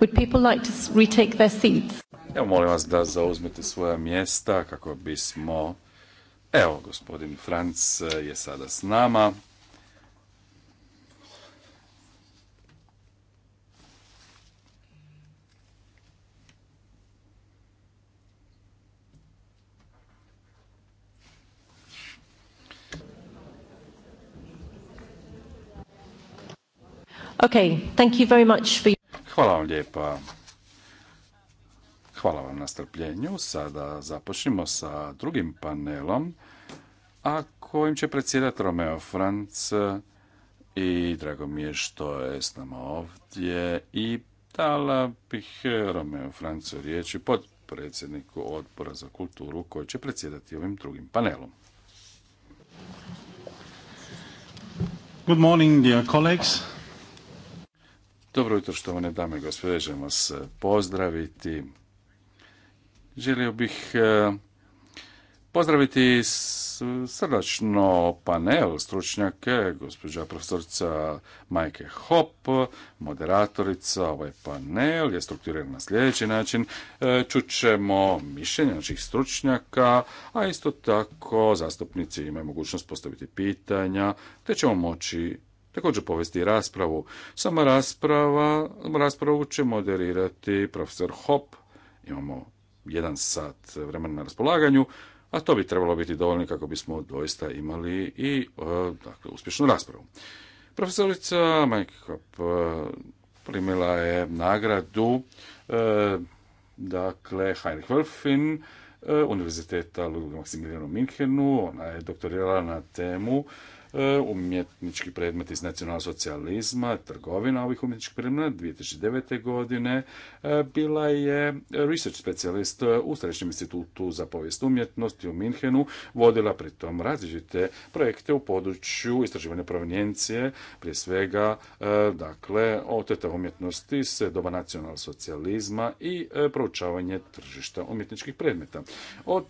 Would people like to retake their seats? Evo molim vas da zauzmete svoja mjesta kako bismo... Evo, gospodin Franc eh, je sada s nama. Okay, thank you very much for lijepa. Hvala vam na strpljenju. Sada započnimo sa drugim panelom, a kojim će predsjedati Romeo Franc. I drago mi je što je s nama ovdje i dala bih Romeo Francu riječi pod predsjedniku odbora za kulturu koji će predsjedati ovim drugim panelom. Good morning, dear colleagues. Dobro jutro, štovane dame i gospode, želim vas e, pozdraviti. Želio bih e, pozdraviti srdačno panel stručnjake, gospođa profesorica Majke Hop, moderatorica. Ovaj panel je strukturiran na sljedeći način. E, Čućemo mišljenja naših stručnjaka, a isto tako zastupnici imaju mogućnost postaviti pitanja, te ćemo moći također povesti raspravu. Sama rasprava, raspravu će moderirati profesor Hop. Imamo jedan sat vremena na raspolaganju, a to bi trebalo biti dovoljno kako bismo doista imali i e, dakle, uspješnu raspravu. Profesorica Mike Hop e, primila je nagradu e, dakle Heinrich Wölfin Univerziteta Ludwig Maximiliana u Minhenu. Ona je doktorirala na temu E, umjetnički predmet iz nacionalnog socijalizma, trgovina ovih umjetničkih predmeta 2009. godine e, bila je research specijalist u Središnjem institutu za povijest umjetnosti u Minhenu, vodila pritom različite projekte u području istraživanja provenjencije, prije svega e, dakle oteta umjetnosti s doba nacionalnog socijalizma i proučavanje tržišta umjetničkih predmeta. Od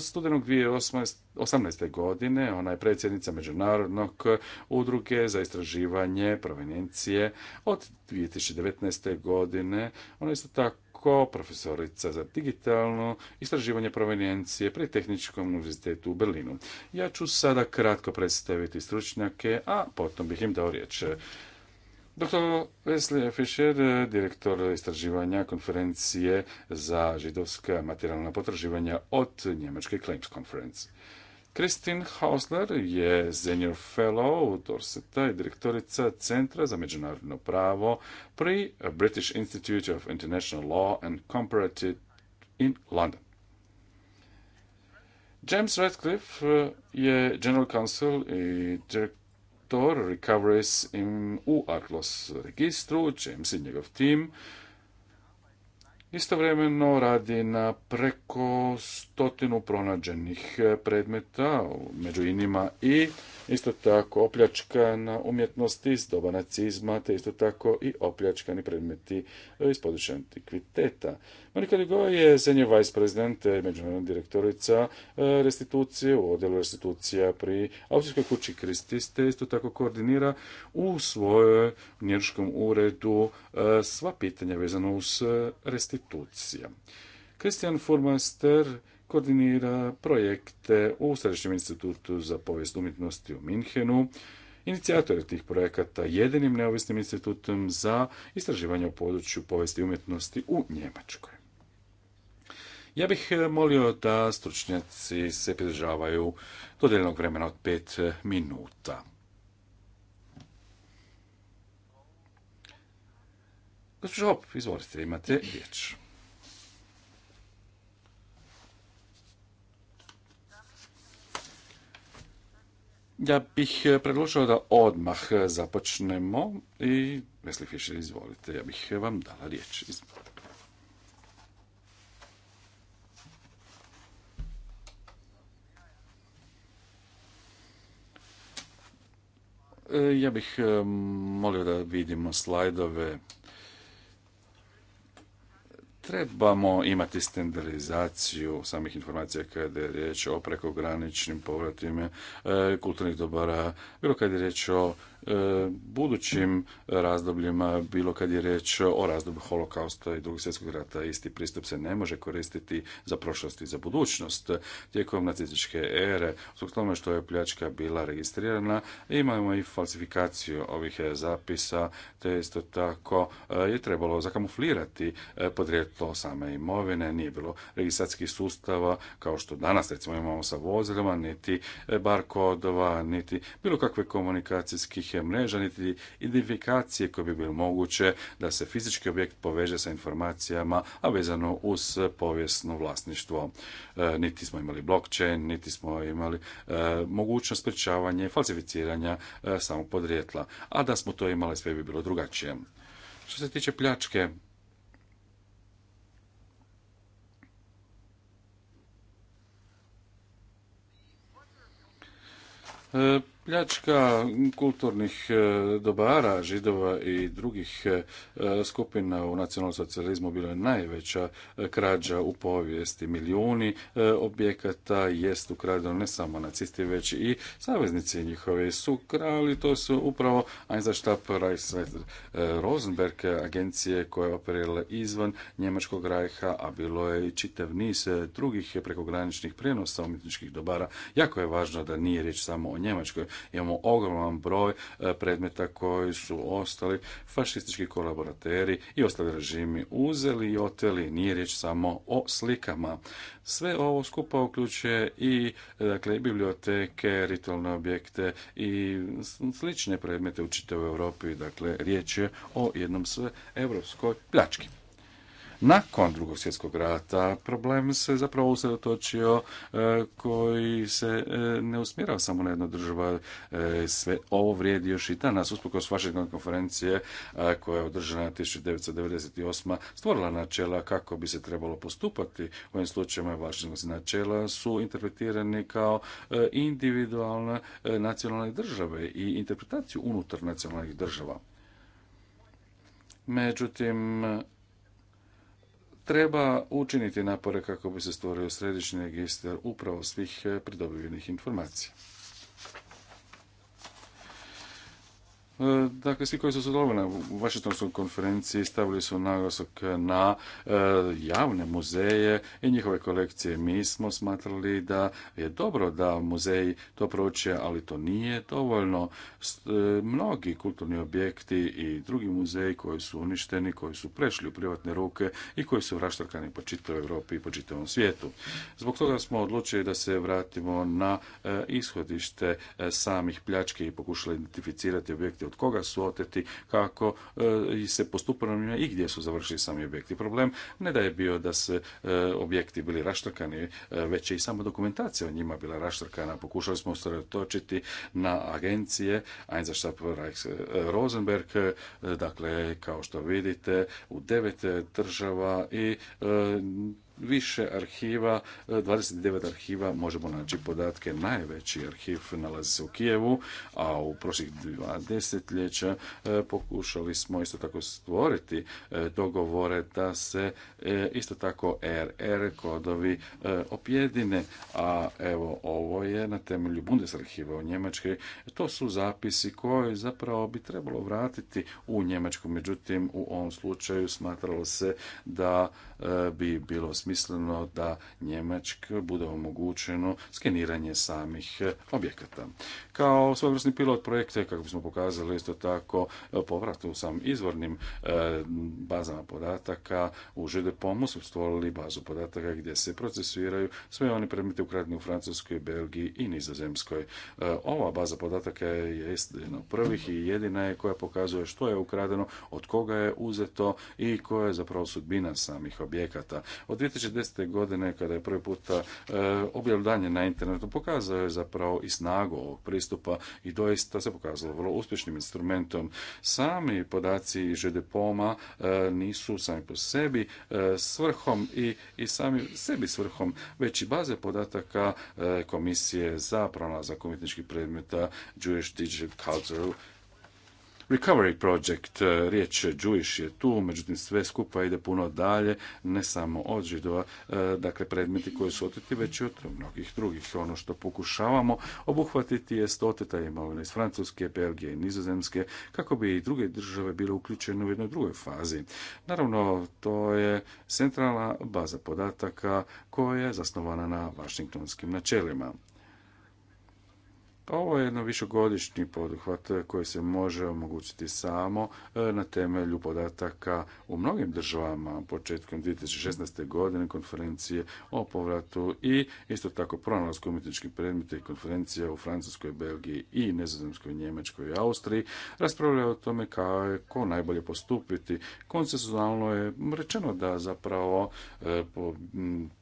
studenog 2018. godine ona je predsjednica međunarodnog međunarodnog udruge za istraživanje provenencije od 2019. godine. Ona je isto tako profesorica za digitalno istraživanje provenjencije pri Tehničkom univerzitetu u Berlinu. Ja ću sada kratko predstaviti stručnjake, a potom bih im dao riječ. Dr. Wesley Fischer, direktor istraživanja konferencije za židovska materijalna potraživanja od Njemačke Claims Conference. Kristin Hausler je senior fellow Dorseta i direktorica Centra za međunarodno pravo pri British Institute of International Law and Comparative in London. James Radcliffe eh, je general counsel i direktor Recoveries u Atlas registru. James i njegov tim Istovremeno radi na preko stotinu pronađenih predmeta, među inima i isto tako opljačkana umjetnost iz doba nacizma, te isto tako i opljačkani predmeti e, iz područja antikviteta. Monika Ligo je zemlje vice prezident, e, međunarodna direktorica e, restitucije u odjelu restitucija pri Austrijskoj kući Kristis, te isto tako koordinira u svojoj njemačkom uredu sva pitanja vezana uz restitucija. Kristijan Furmaster koordinira projekte u Središnjem institutu za povijest umjetnosti u Minhenu, inicijator tih projekata jedinim neovisnim institutom za istraživanje u području povijesti umjetnosti u Njemačkoj. Ja bih eh, molio da stručnjaci se pridržavaju dodijeljenog vremena od pet eh, minuta. Gospođo Hop, izvolite, imate riječ. Ja bih e, predložio da odmah e, započnemo i Wesley Fisher, izvolite, ja bih e, vam dala riječ. Ja bih molio da vidimo slajdove Trebamo imati standardizaciju samih informacija kada je riječ o prekograničnim povratima e, kulturnih dobara, bilo kada je riječ o budućim razdobljima, bilo kad je riječ o razdoblju holokausta i drugog svjetskog rata, isti pristup se ne može koristiti za prošlost i za budućnost. Tijekom nacističke ere, zbog tome što je pljačka bila registrirana, imamo i falsifikaciju ovih e, zapisa, te isto tako e, je trebalo zakamuflirati e, podrijetlo same imovine, nije bilo registracijskih sustava, kao što danas recimo imamo sa vozilima, niti bar kodova, niti bilo kakve komunikacijskih mreža, niti identifikacije koje bi bilo moguće da se fizički objekt poveže sa informacijama, a vezano uz povijesno vlasništvo. E, niti smo imali blockchain, niti smo imali e, mogućnost sprječavanja i falsificiranja e, samog podrijetla. A da smo to imali, sve bi bilo drugačije. Što se tiče pljačke, Pljačka kulturnih e, dobara, židova i drugih e, skupina u nacionalsocijalizmu bila je najveća e, krađa u povijesti. Milijuni objekata jest ukradeno ne samo nacisti, već i saveznici njihove su krali. To su upravo Einsatzstab Reichswetter Rosenberg, agencije koje operirale izvan Njemačkog rajha, a bilo je i čitav niz drugih prekograničnih prijenosa umjetničkih dobara. Jako je važno da nije riječ samo o Njemačkoj Imamo ogroman broj e, predmeta koji su ostali fašistički kolaborateri i ostali režimi uzeli i oteli. Nije riječ samo o slikama. Sve ovo skupa uključuje i e, dakle, biblioteke, ritualne objekte i slične predmete u Europi. Dakle, riječ je o jednom sve Evropskoj pljački. Nakon drugog svjetskog rata problem se zapravo usredotočio e, koji se e, ne usmjerao samo na jednu državu. E, sve ovo vrijedi još i danas usprkos vaše konferencije koja je održana 1998. stvorila načela kako bi se trebalo postupati. U ovim slučajima vaše načela su interpretirani kao individualne nacionalne države i interpretaciju unutar nacionalnih država. Međutim, treba učiniti napore kako bi se stvorio središnji registar upravo svih pridobivenih informacija. E, dakle, svi koji su sudjelovali u Vašingtonskoj konferenciji stavili su naglasak na e, javne muzeje i njihove kolekcije. Mi smo smatrali da je dobro da muzeji to proće, ali to nije dovoljno. E, mnogi kulturni objekti i drugi muzeji koji su uništeni, koji su prešli u privatne ruke i koji su raštrkani po čitavoj Europi i po čitavom svijetu. Zbog toga smo odlučili da se vratimo na ishodište samih pljački i pokušali identificirati objekte od koga su oteti, kako e, se postupano njima i gdje su završili sami objekti. Problem ne da je bio da se e, objekti bili raštrkani, e, već je i sama dokumentacija o njima bila raštrkana. Pokušali smo usredotočiti na agencije Einsatzstab Rosenberg, e, dakle, kao što vidite, u devet država i više arhiva, 29 e, arhiva možemo naći podatke. Najveći arhiv nalazi se u Kijevu, a u prošlih dva desetljeća e, pokušali smo isto tako stvoriti e, dogovore da se isto tako RR kodovi opjedine, a evo ovo je na temelju Bundesarhiva u Njemačkoj. To su zapisi koje zapravo bi trebalo vratiti u Njemačku, međutim u ovom slučaju smatralo se da bi bilo smisleno da Njemačka bude omogućeno skeniranje samih e, objekata. Kao svojevrsni pilot projekte, kako bismo pokazali isto tako e, povratu u sam izvornim e, bazama podataka, u ŽDPOM-u su stvorili bazu podataka gdje se procesuiraju sve oni predmete ukradeni u Francuskoj, Belgiji i Nizozemskoj. Ova baza podataka je jedna od prvih i jedina je koja pokazuje što je ukradeno, od koga je uzeto i koja je zapravo sudbina samih objekata. Od 2010. godine kada je prvi puta e, objavljanje na internetu pokazao je zapravo i snagu ovog pristupa i doista se pokazalo vrlo uspješnim instrumentom. Sami podaci e, nisu sami po sebi e, svrhom i, i sami sebi svrhom, već i baze podataka e, Komisije za pronalazak umjetničkih predmeta Jewish Digital Culture Recovery Project, e, riječ Jewish je tu, međutim sve skupa ide puno dalje, ne samo od židova, e, dakle predmeti koji su oteti, već i od mnogih drugih. Ono što pokušavamo obuhvatiti je stoteta imovina iz Francuske, Belgije i Nizozemske, kako bi i druge države bile uključene u jednoj drugoj fazi. Naravno, to je centralna baza podataka koja je zasnovana na vašingtonskim načelima. Pa ovo je jedan višegodišnji poduhvat koji se može omogućiti samo e, na temelju podataka u mnogim državama početkom 2016. godine konferencije o povratu i isto tako pronalasku umjetničkih predmeta i konferencija u Francuskoj, Belgiji i Nezazemskoj, Njemačkoj i Austriji raspravljaju o tome kako najbolje postupiti. koncesualno je rečeno da zapravo e,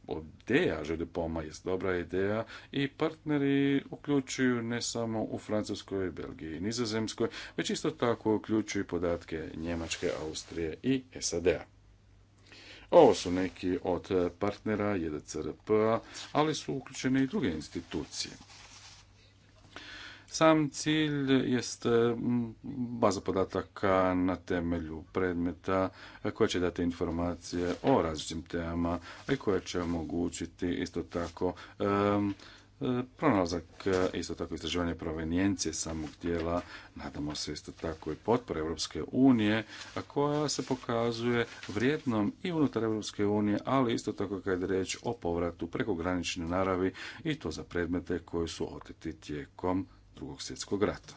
ideja je Poma je dobra ideja i partneri uključuju ne samo u Francuskoj, Belgiji i Nizozemskoj, već isto tako uključuju podatke Njemačke, Austrije i SAD-a. Ovo su neki od partnera JDCRP-a, ali su uključene i druge institucije. Sam cilj jest baza podataka na temelju predmeta koja će dati informacije o različitim temama i koja će omogućiti isto tako e, pronalazak, isto tako istraživanje provenijencije samog dijela, nadamo se isto tako i potpore Europske unije, a koja se pokazuje vrijednom i unutar Europske unije, ali isto tako kad je riječ o povratu preko prekogranične naravi i to za predmete koji su oteti tijekom drugog svjetskog rata.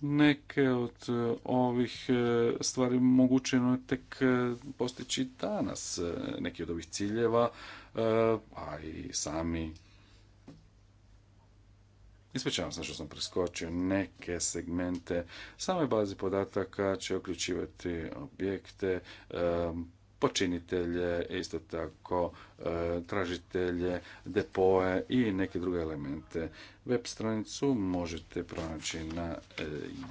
Neke od e, ovih e, stvari moguće je ono tek e, postići danas. Neki od ovih ciljeva, a i sami Ispričavam se što sam preskočio neke segmente. Same baze podataka će uključivati objekte, počinitelje, isto tako e, tražitelje, depoje i neke druge elemente. Web stranicu možete pronaći na e,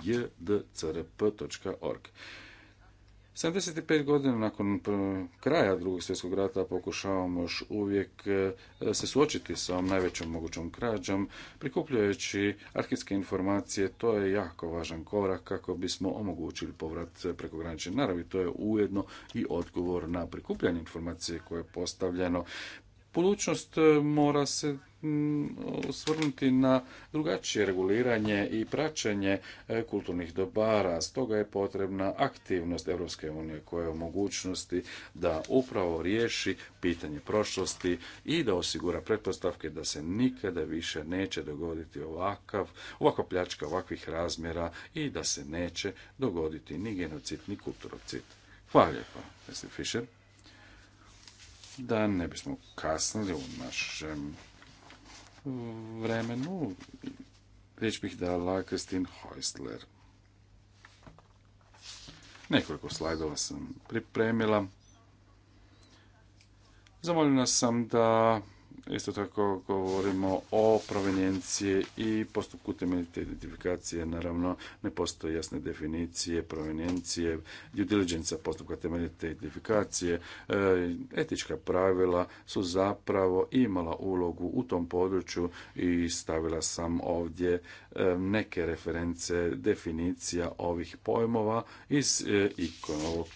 jdcrp.org. 75 godina nakon eh, kraja drugog svjetskog rata pokušavamo još uvijek eh, se suočiti sa ovom najvećom mogućom krađom, prikupljajući arhivske informacije, to je jako važan korak kako bismo omogućili povrat eh, prekogranične naravi. To je ujedno i odgovor na prikupljanje informacije koje je postavljeno budućnost e, mora se mm, osvrnuti na drugačije reguliranje i praćenje e, kulturnih dobara. Stoga je potrebna aktivnost Europske unije koja je u mogućnosti da upravo riješi pitanje prošlosti i da osigura pretpostavke da se nikada više neće dogoditi ovakav, ovakva pljačka ovakvih razmjera i da se neće dogoditi ni genocid ni kulturocid. Hvala lijepa, Mr. Fischer da ne bismo kasnili u našem vremenu. Riječ bih dala Kristin Heusler. Nekoliko slajdova sam pripremila. Zamolila sam da Isto tako govorimo o provenjenciji i postupku temeljite identifikacije. Naravno, ne postoje jasne definicije provenjencije, due diligence postupka temeljite identifikacije. E, etička pravila su zapravo imala ulogu u tom području i stavila sam ovdje e, neke reference definicija ovih pojmova iz e, ikonovog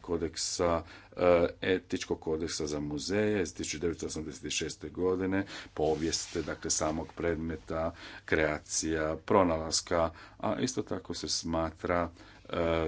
kodeksa E, etičkog kodeksa za muzeje iz 1986. godine, povijeste, dakle, samog predmeta, kreacija, pronalaska, a isto tako se smatra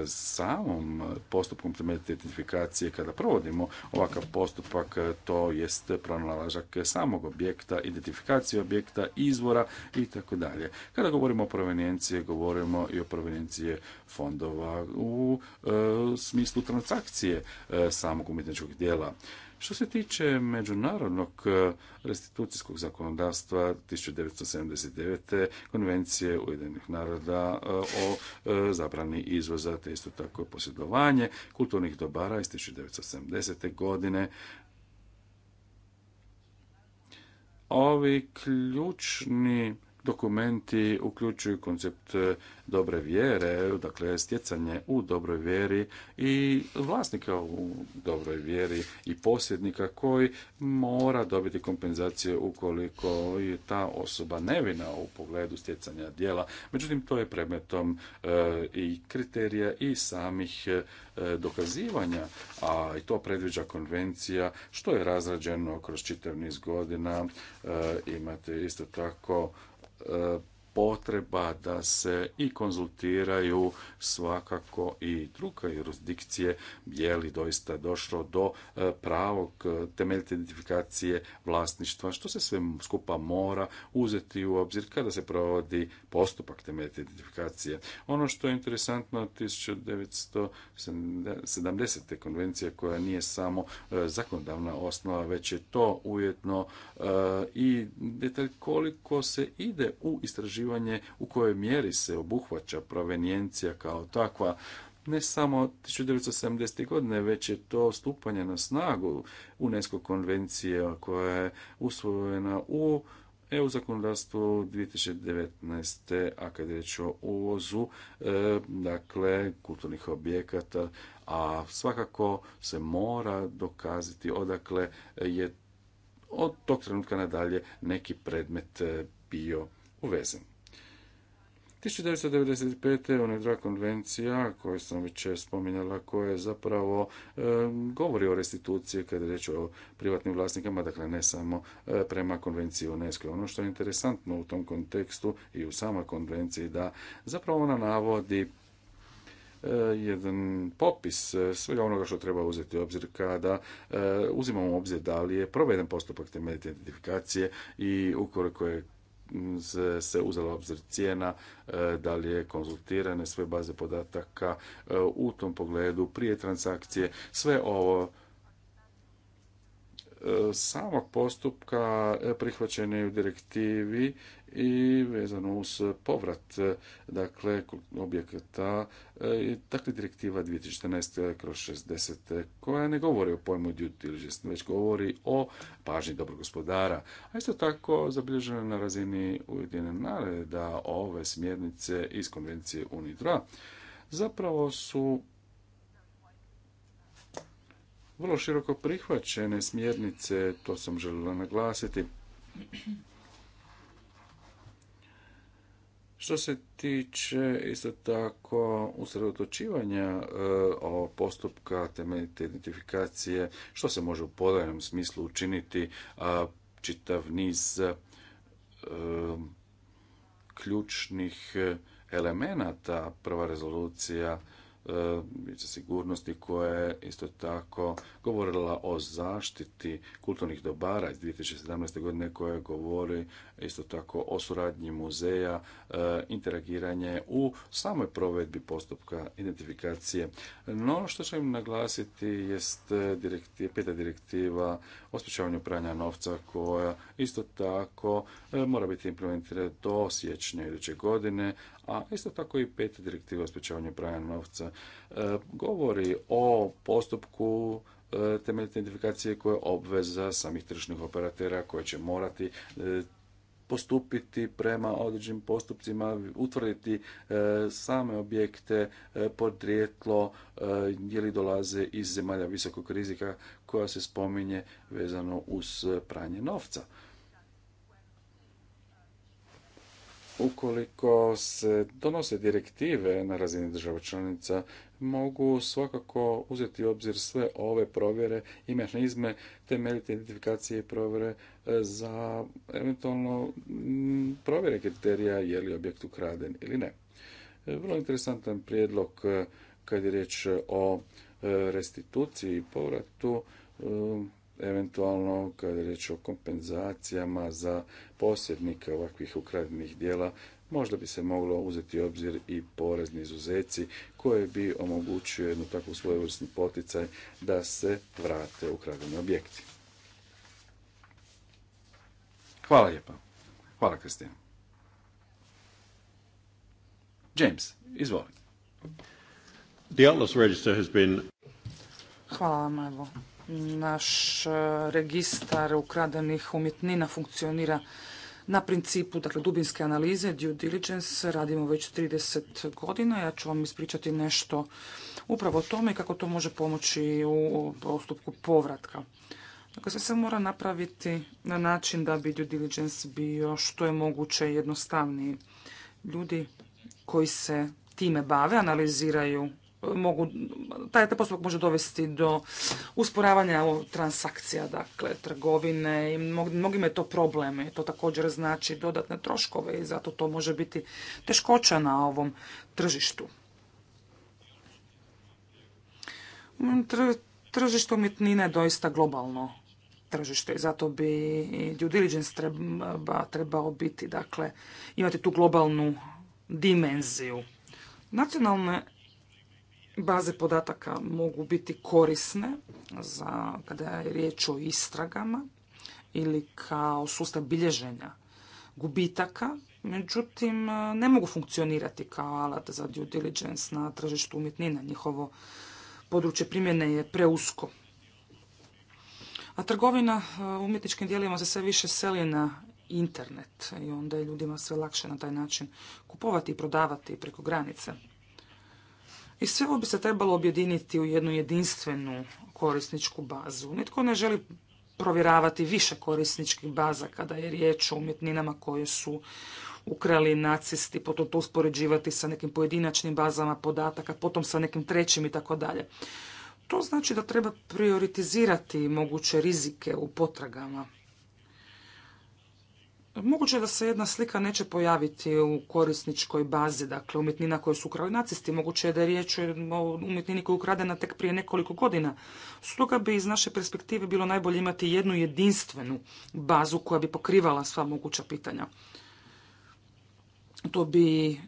samom postupkom temeljite identifikacije kada provodimo ovakav postupak, to jest pronalažak samog objekta, identifikacije objekta, izvora i tako dalje. Kada govorimo o provenjencije, govorimo i o provenjencije fondova u e, smislu transakcije e, samog umjetničkog dijela. Što se tiče međunarodnog e, restitucijskog zakonodavstva 1979. konvencije Ujedinih naroda e, o e, zabrani izvoza, te isto tako posjedovanje kulturnih dobara iz 1970. godine, ovi ključni dokumenti uključuju koncept e, dobre vjere, dakle stjecanje u dobroj vjeri i vlasnika u dobroj vjeri i posjednika koji mora dobiti kompenzacije ukoliko je ta osoba nevina u pogledu stjecanja dijela. Međutim, to je predmetom e, i kriterija i samih e, dokazivanja, a i to predviđa konvencija što je razrađeno kroz čitav niz godina. Imate isto tako uh, potreba da se i konzultiraju svakako i druga jurisdikcije je li doista došlo do e, pravog e, temeljite identifikacije vlasništva što se sve skupa mora uzeti u obzir kada se provodi postupak temeljite identifikacije. Ono što je interesantno 1970. konvencija koja nije samo e, zakonodavna osnova već je to ujedno i detalj koliko se ide u istraživanje istraživanje u kojoj mjeri se obuhvaća provenijencija kao takva ne samo 1970. godine, već je to stupanje na snagu UNESCO konvencije koja je usvojena u EU zakonodavstvu 2019. a kad je reč o uvozu e, dakle, kulturnih objekata, a svakako se mora dokazati odakle je od tog trenutka nadalje neki predmet e, bio uvezen. 1995. druga konvencija koju sam već spominjala koja zapravo eh, govori o restituciji kada je riječ o privatnim vlasnikama, dakle ne samo eh, prema konvenciji UNESCO. Ono što je interesantno u tom kontekstu i u sama konvenciji da zapravo ona navodi eh, jedan popis svega onoga što treba uzeti u obzir kada uzimamo u obzir da li je proveden postupak temeljite identifikacije i ukoliko je se uzela obzir cijena, e, da li je konzultirane sve baze podataka e, u tom pogledu prije transakcije. Sve ovo samog postupka prihvaćene u direktivi i vezano uz povrat dakle objekata dakle direktiva 2014 kroz 60 koja ne govori o pojmu due diligence već govori o pažnji dobrog gospodara a isto tako zabilježeno na razini ujedine nareda ove smjernice iz konvencije UNIDRA zapravo su vrlo široko prihvaćene smjernice, to sam željela naglasiti. Što se tiče isto tako usredotočivanja e, ovog postupka temeljite identifikacije, što se može u podajnom smislu učiniti, a čitav niz e, ključnih elemenata, prva rezolucija E, vijeća sigurnosti koja je isto tako govorila o zaštiti kulturnih dobara iz 2017. godine koja govori isto tako o suradnji muzeja, e, interagiranje u samoj provedbi postupka identifikacije. No što želim naglasiti jest e, direktiv, peta direktiva o sprječavanju pranja novca koja isto tako mora biti implementirana do siječnja iduće godine, a isto tako i pet direktiva o sprečavanju pranja novca e, govori o postupku e, temeljne identifikacije koja je obveza samih tržišnih operatera koje će morati e, postupiti prema određenim postupcima, utvrditi same objekte, podrijetlo, je li dolaze iz zemalja visokog rizika koja se spominje vezano uz pranje novca. Ukoliko se donose direktive na razini država članica, mogu svakako uzeti u obzir sve ove provjere i mehanizme temeljite identifikacije i provjere e, za eventualno provjere kriterija je li objekt ukraden ili ne. E, vrlo interesantan prijedlog e, kad je riječ o restituciji i povratu eventualno kada je riječ o kompenzacijama za posjednike ovakvih ukradenih dijela, možda bi se moglo uzeti u obzir i porezni izuzeci koji bi omogućio jednu takvu svojevrsni poticaj da se vrate ukradeni objekti. Hvala lijepa. Hvala, Kristina. James, izvolite. Hvala vam, naš e, registar ukradenih umjetnina funkcionira na principu dakle, dubinske analize, due diligence, radimo već 30 godina. Ja ću vam ispričati nešto upravo o tome kako to može pomoći u postupku povratka. Dakle, sve se mora napraviti na način da bi due diligence bio što je moguće jednostavniji. Ljudi koji se time bave, analiziraju mogu, taj postupak može dovesti do usporavanja transakcija, dakle trgovine i mnogima je to problem i to također znači dodatne troškove i zato to može biti teškoća na ovom tržištu. Mm, tržište umjetnine je doista globalno tržište i zato bi due diligence trebao biti, dakle imati tu globalnu dimenziju. Nacionalne baze podataka mogu biti korisne za kada je riječ o istragama ili kao sustav bilježenja gubitaka, međutim ne mogu funkcionirati kao alat za due diligence na tržištu umjetnina. Njihovo područje primjene je preusko. A trgovina e, umjetničkim dijelima se sve više seli na internet i onda je ljudima sve lakše na taj način kupovati i prodavati preko granice. I sve ovo bi se trebalo objediniti u jednu jedinstvenu korisničku bazu. Nitko ne želi provjeravati više korisničkih baza kada je riječ o umjetninama koje su ukrali nacisti, potom to uspoređivati sa nekim pojedinačnim bazama podataka, potom sa nekim trećim i tako dalje. To znači da treba prioritizirati moguće rizike u potragama. Moguće je da se jedna slika neće pojaviti u korisničkoj bazi, dakle umjetnina koje su ukrali nacisti. Moguće je da je riječ o umjetnini koja je ukradena tek prije nekoliko godina. Stoga bi iz naše perspektive bilo najbolje imati jednu jedinstvenu bazu koja bi pokrivala sva moguća pitanja. To bi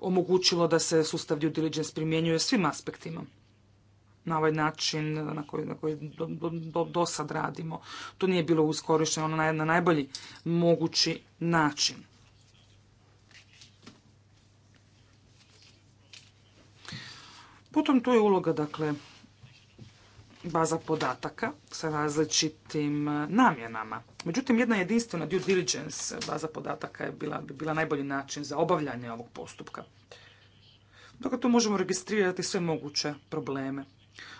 omogućilo da se sustav due diligence primjenjuje svim aspektima na ovaj način na koji, na koji do, sad radimo. To nije bilo uskorišteno na, na najbolji mogući način. Potom tu je uloga, dakle, baza podataka sa različitim e, namjenama. Međutim, jedna jedinstvena due diligence baza podataka je bila, bi bila najbolji način za obavljanje ovog postupka. Dakle, tu možemo registrirati sve moguće probleme.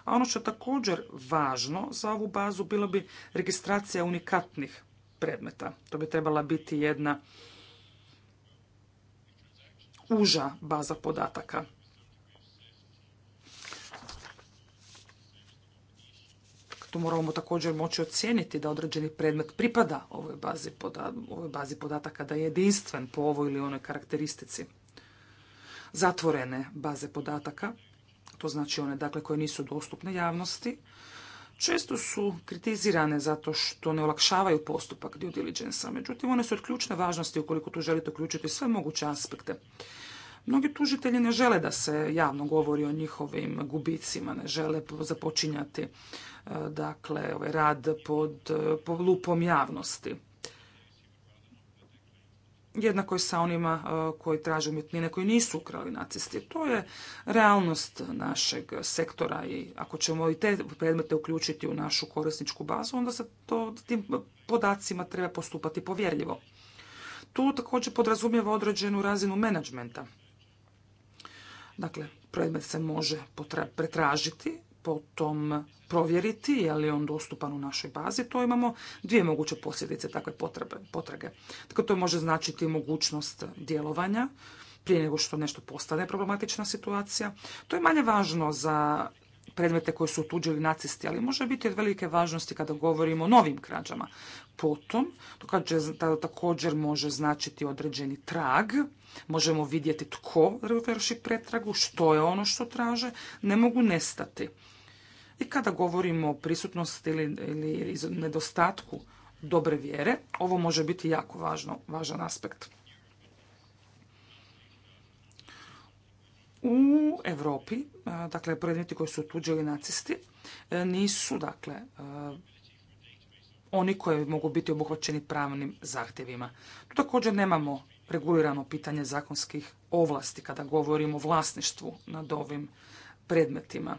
A ono što je također važno za ovu bazu bilo bi registracija unikatnih predmeta. To bi trebala biti jedna uža baza podataka. Tu moramo također moći ocijeniti da određeni predmet pripada ovoj bazi, ovoj bazi podataka, da je jedinstven po ovoj ili onoj karakteristici. Zatvorene baze podataka to znači one dakle koje nisu dostupne javnosti, često su kritizirane zato što ne olakšavaju postupak due diligence-a. Međutim, one su od ključne važnosti ukoliko tu želite uključiti sve moguće aspekte. Mnogi tužitelji ne žele da se javno govori o njihovim gubicima, ne žele započinjati e, dakle, ovaj rad pod, e, pod lupom javnosti jednako je sa onima e, koji traže umjetnine koji nisu ukrali nacisti. To je realnost našeg sektora i ako ćemo i te predmete uključiti u našu korisničku bazu, onda se to tim podacima treba postupati povjerljivo. Tu također podrazumijeva određenu razinu menadžmenta. Dakle, predmet se može pretražiti, potom provjeriti je li on dostupan u našoj bazi, to imamo dvije moguće posljedice takve potrebe, potrage. Tako dakle, to može značiti mogućnost djelovanja prije nego što nešto postane problematična situacija. To je manje važno za predmete koje su otuđili nacisti, ali može biti od velike važnosti kada govorimo o novim krađama. Potom, to također može značiti određeni trag, možemo vidjeti tko vrši pretragu, što je ono što traže, ne mogu nestati. I kada govorimo o prisutnosti ili, ili nedostatku dobre vjere, ovo može biti jako važno, važan aspekt. U Europi, dakle, predmeti koji su otuđili nacisti, e, nisu, dakle, e, oni koji mogu biti obuhvaćeni pravnim zahtjevima. Tu također nemamo regulirano pitanje zakonskih ovlasti kada govorimo o vlasništvu nad ovim predmetima.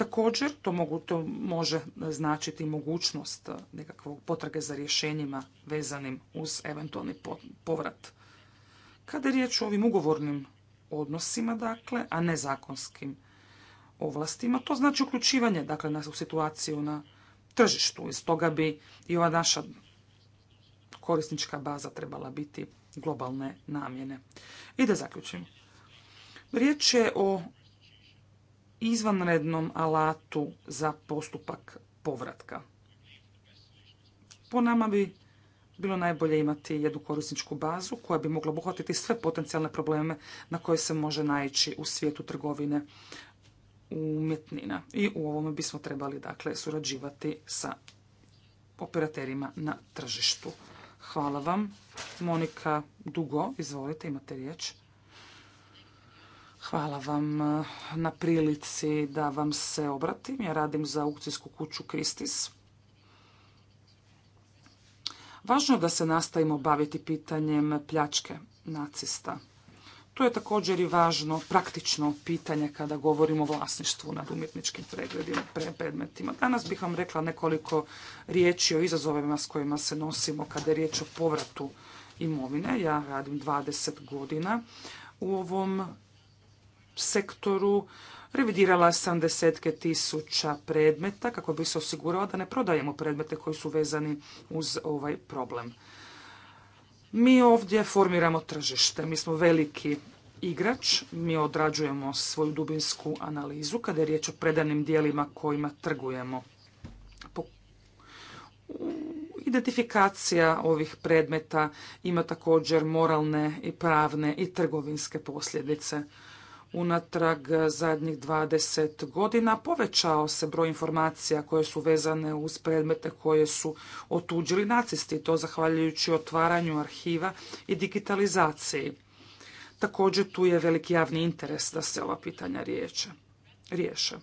Također, to, mogu, to može značiti mogućnost nekakvog potrage za rješenjima vezanim uz eventualni povrat. Kada je riječ o ovim ugovornim odnosima, dakle, a ne zakonskim ovlastima, to znači uključivanje dakle, na situaciju na tržištu. Iz toga bi i ova naša korisnička baza trebala biti globalne namjene. I da zaključim. Riječ je o izvanrednom alatu za postupak povratka. Po nama bi bilo najbolje imati jednu korisničku bazu koja bi mogla obuhvatiti sve potencijalne probleme na koje se može naići u svijetu trgovine umjetnina. I u ovome bismo trebali dakle surađivati sa operaterima na tržištu. Hvala vam. Monika Dugo, izvolite, imate riječ. Hvala vam eh, na prilici da vam se obratim. Ja radim za aukcijsku kuću Kristis. Važno je da se nastavimo baviti pitanjem pljačke nacista. To je također i važno praktično pitanje kada govorimo o vlasništvu nad umjetničkim pregledima, predmetima. Danas bih vam rekla nekoliko riječi o izazovima s kojima se nosimo kada je riječ o povratu imovine. Ja radim 20 godina u ovom sektoru. Revidirala sam desetke tisuća predmeta kako bi se osigurala da ne prodajemo predmete koji su vezani uz ovaj problem. Mi ovdje formiramo tržište, mi smo veliki igrač, mi odrađujemo svoju dubinsku analizu kada je riječ o predanim dijelima kojima trgujemo. Identifikacija ovih predmeta ima također moralne i pravne i trgovinske posljedice unatrag zadnjih 20 godina povećao se broj informacija koje su vezane uz predmete koje su otuđili nacisti, to zahvaljujući otvaranju arhiva i digitalizaciji. Također tu je veliki javni interes da se ova pitanja riješe.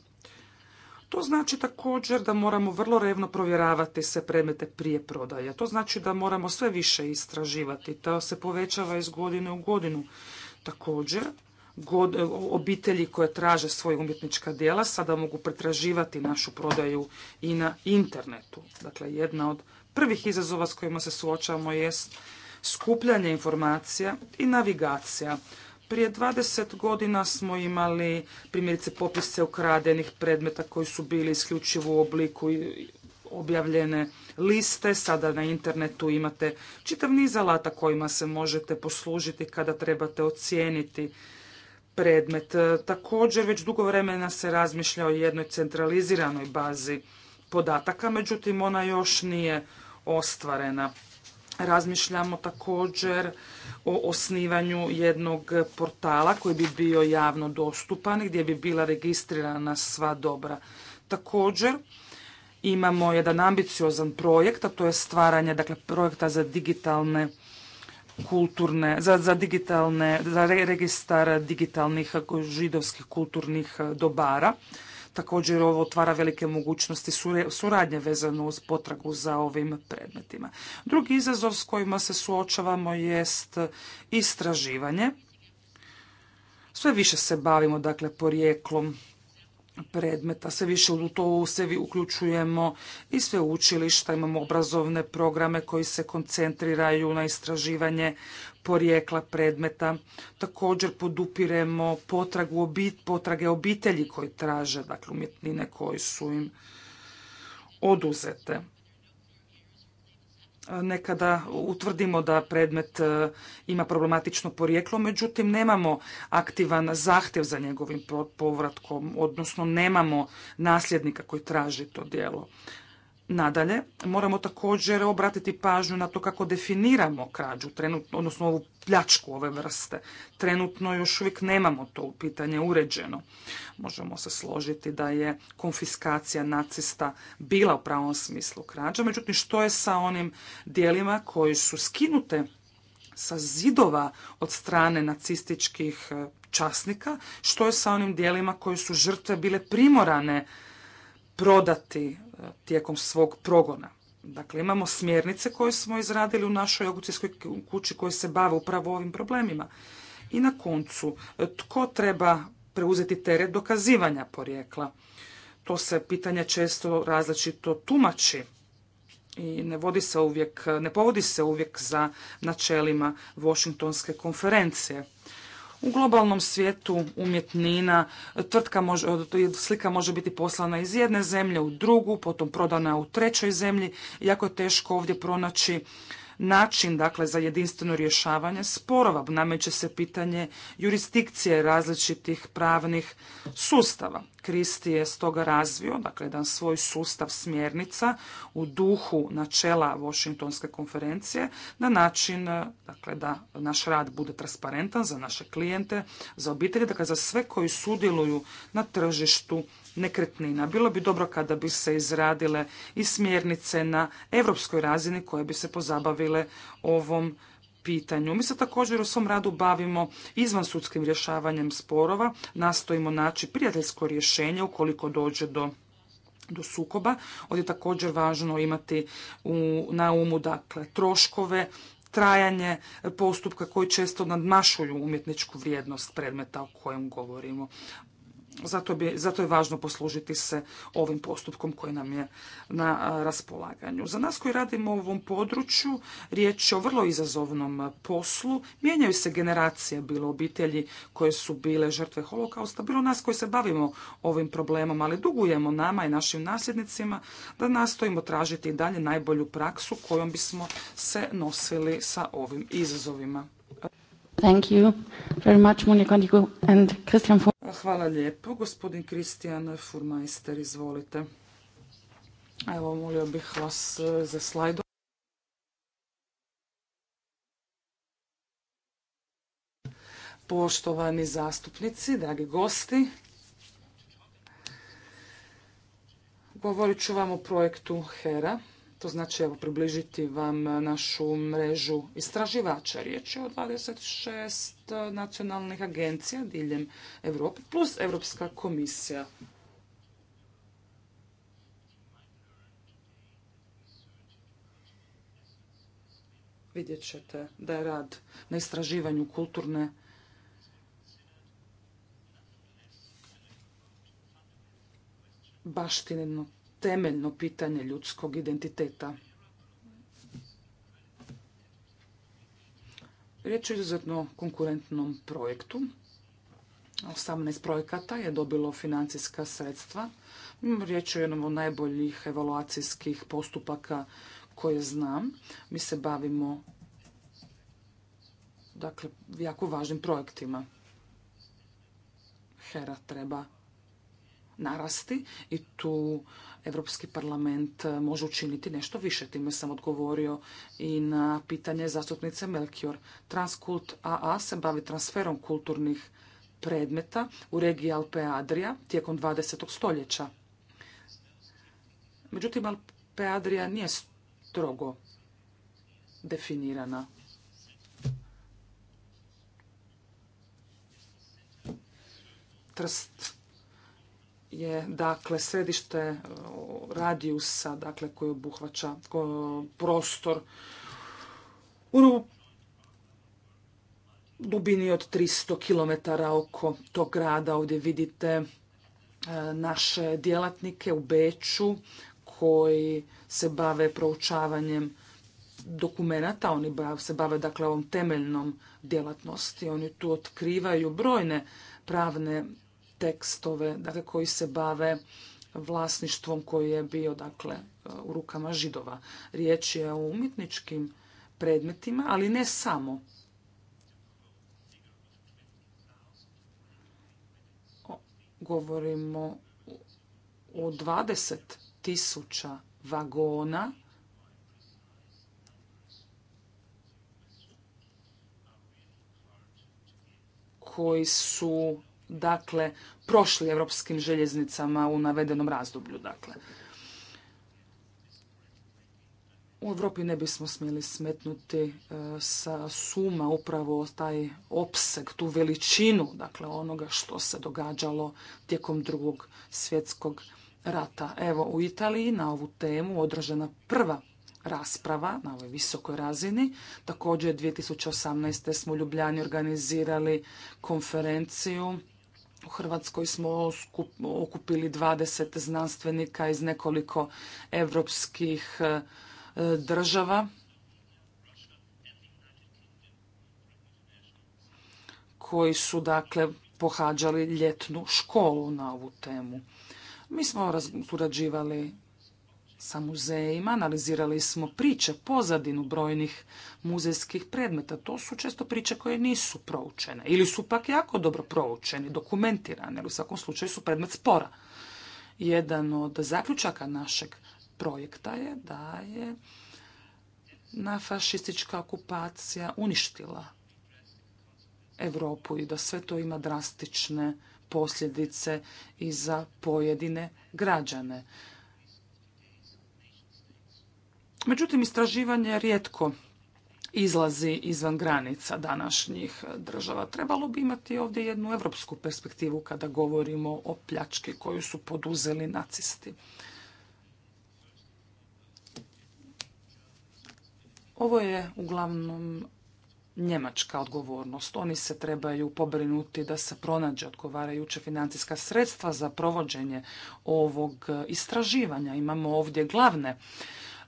To znači također da moramo vrlo revno provjeravati se predmete prije prodaje. To znači da moramo sve više istraživati. To se povećava iz godine u godinu. Također, E, obitelji koje traže svoje umjetnička djela sada mogu pretraživati našu prodaju i na internetu. Dakle, jedna od prvih izazova s kojima se suočavamo jest skupljanje informacija i navigacija. Prije 20 godina smo imali primjerice popise ukradenih predmeta koji su bili isključivo u obliku objavljene liste. Sada na internetu imate čitav niz alata kojima se možete poslužiti kada trebate ocijeniti predmet. E, također, već dugo vremena se razmišlja o jednoj centraliziranoj bazi podataka, međutim ona još nije ostvarena. Razmišljamo također o osnivanju jednog portala koji bi bio javno dostupan gdje bi bila registrirana sva dobra. Također imamo jedan ambiciozan projekt, a to je stvaranje dakle, projekta za digitalne kulturne, za, za digitalne, za registar digitalnih židovskih kulturnih e, dobara. Također ovo otvara velike mogućnosti suradnje vezano uz potragu za ovim predmetima. Drugi izazov s kojima se suočavamo jest istraživanje. Sve više se bavimo dakle porijeklom predmeta. Sve više u to u sebi uključujemo i sve učilišta, imamo obrazovne programe koji se koncentriraju na istraživanje porijekla predmeta. Također podupiremo potragu potrage obitelji koji traže dakle, umjetnine koji su im oduzete nekada utvrdimo da predmet e, ima problematično porijeklo, međutim nemamo aktivan zahtjev za njegovim povratkom, odnosno nemamo nasljednika koji traži to djelo. Nadalje, moramo također obratiti pažnju na to kako definiramo krađu, odnosno ovu pljačku ove vrste. Trenutno još uvijek nemamo to pitanje uređeno. Možemo se složiti da je konfiskacija nacista bila u pravom smislu krađa, međutim što je sa onim dijelima koji su skinute sa zidova od strane nacističkih e, časnika, što je sa onim dijelima koji su žrtve bile primorane prodati e, tijekom svog progona. Dakle, imamo smjernice koje smo izradili u našoj agucijskoj kući koje se bave upravo ovim problemima. I na koncu, tko treba preuzeti teret dokazivanja porijekla? To se pitanje često različito tumači i ne vodi se uvijek, ne povodi se uvijek za načelima Washingtonske konferencije. U globalnom svijetu umjetnina tvrtka može, slika može biti poslana iz jedne zemlje u drugu, potom prodana u trećoj zemlji. Jako je teško ovdje pronaći način dakle, za jedinstveno rješavanje sporova. Nameće se pitanje jurisdikcije različitih pravnih sustava. Kristi je stoga razvio, dakle, jedan svoj sustav smjernica u duhu načela Washingtonske konferencije na način dakle, da naš rad bude transparentan za naše klijente, za obitelji, dakle, za sve koji sudjeluju na tržištu nekretnina. Bilo bi dobro kada bi se izradile i smjernice na europskoj razini koje bi se pozabavile ovom pitanju. Mi se također u svom radu bavimo izvansudskim rješavanjem sporova, nastojimo naći prijateljsko rješenje ukoliko dođe do do sukoba. Ovdje je također važno imati u, na umu dakle, troškove, trajanje postupka koji često nadmašuju umjetničku vrijednost predmeta o kojem govorimo. Zato, bi, je važno poslužiti se ovim postupkom koji nam je na raspolaganju. Za nas koji radimo u ovom području, riječ je o vrlo izazovnom poslu. Mijenjaju se generacije, bilo obitelji koje su bile žrtve holokausta, bilo nas koji se bavimo ovim problemom, ali dugujemo nama i našim nasljednicima da nastojimo tražiti i dalje najbolju praksu kojom bismo se nosili sa ovim izazovima. Thank you very much, Monika and Christian. Hvala lijepo. Gospodin Kristijan Furmeister, izvolite. Evo, molio bih vas e, za slajdo. Poštovani zastupnici, dragi gosti, govorit ću vam o projektu HERA. To znači evo, približiti vam našu mrežu istraživača. Riječ je o 26 nacionalnih agencija diljem Europe plus Europska komisija. Vidjet ćete da je rad na istraživanju kulturne jednog temeljno pitanje ljudskog identiteta. Riječ je o izuzetno konkurentnom projektu. 18 projekata je dobilo financijska sredstva. Riječ je o jednom od najboljih evaluacijskih postupaka koje znam. Mi se bavimo dakle, jako važnim projektima. HERA treba narasti i tu Europski parlament eh, može učiniti nešto više. Time sam odgovorio i na pitanje zastupnice Melkior. Transkult AA se bavi transferom kulturnih predmeta u regiji Alpe Adria tijekom 20. stoljeća. Međutim, Alpe Adria nije strogo definirana. Trst je dakle središte e, radijusa dakle koji obuhvaća prostor u dubini od 300 km oko tog grada. Ovdje vidite e, naše djelatnike u Beču koji se bave proučavanjem dokumenata, oni se bave dakle ovom temeljnom djelatnosti. Oni tu otkrivaju brojne pravne tekstove dakle, koji se bave vlasništvom koji je bio dakle, u rukama židova. Riječ je o umjetničkim predmetima, ali ne samo. Govorimo o 20 tisuća vagona koji su dakle, prošli europskim željeznicama u navedenom razdoblju, dakle. U Europi ne bismo smjeli smetnuti e, sa suma upravo taj opseg, tu veličinu, dakle, onoga što se događalo tijekom drugog svjetskog rata. Evo, u Italiji na ovu temu održana prva rasprava na ovoj visokoj razini. Također 2018. smo u Ljubljani organizirali konferenciju u Hrvatskoj smo okupili 20 znanstvenika iz nekoliko evropskih e, država koji su dakle pohađali ljetnu školu na ovu temu. Mi smo surađivali sa muzejima, analizirali smo priče, pozadinu brojnih muzejskih predmeta. To su često priče koje nisu proučene ili su pak jako dobro proučeni, dokumentirane, ali u svakom slučaju su predmet spora. Jedan od zaključaka našeg projekta je da je na fašistička okupacija uništila Europu i da sve to ima drastične posljedice i za pojedine građane. Međutim, istraživanje rijetko izlazi izvan granica današnjih država. Trebalo bi imati ovdje jednu evropsku perspektivu kada govorimo o pljački koju su poduzeli nacisti. Ovo je uglavnom njemačka odgovornost. Oni se trebaju pobrinuti da se pronađe odgovarajuće financijska sredstva za provođenje ovog istraživanja. Imamo ovdje glavne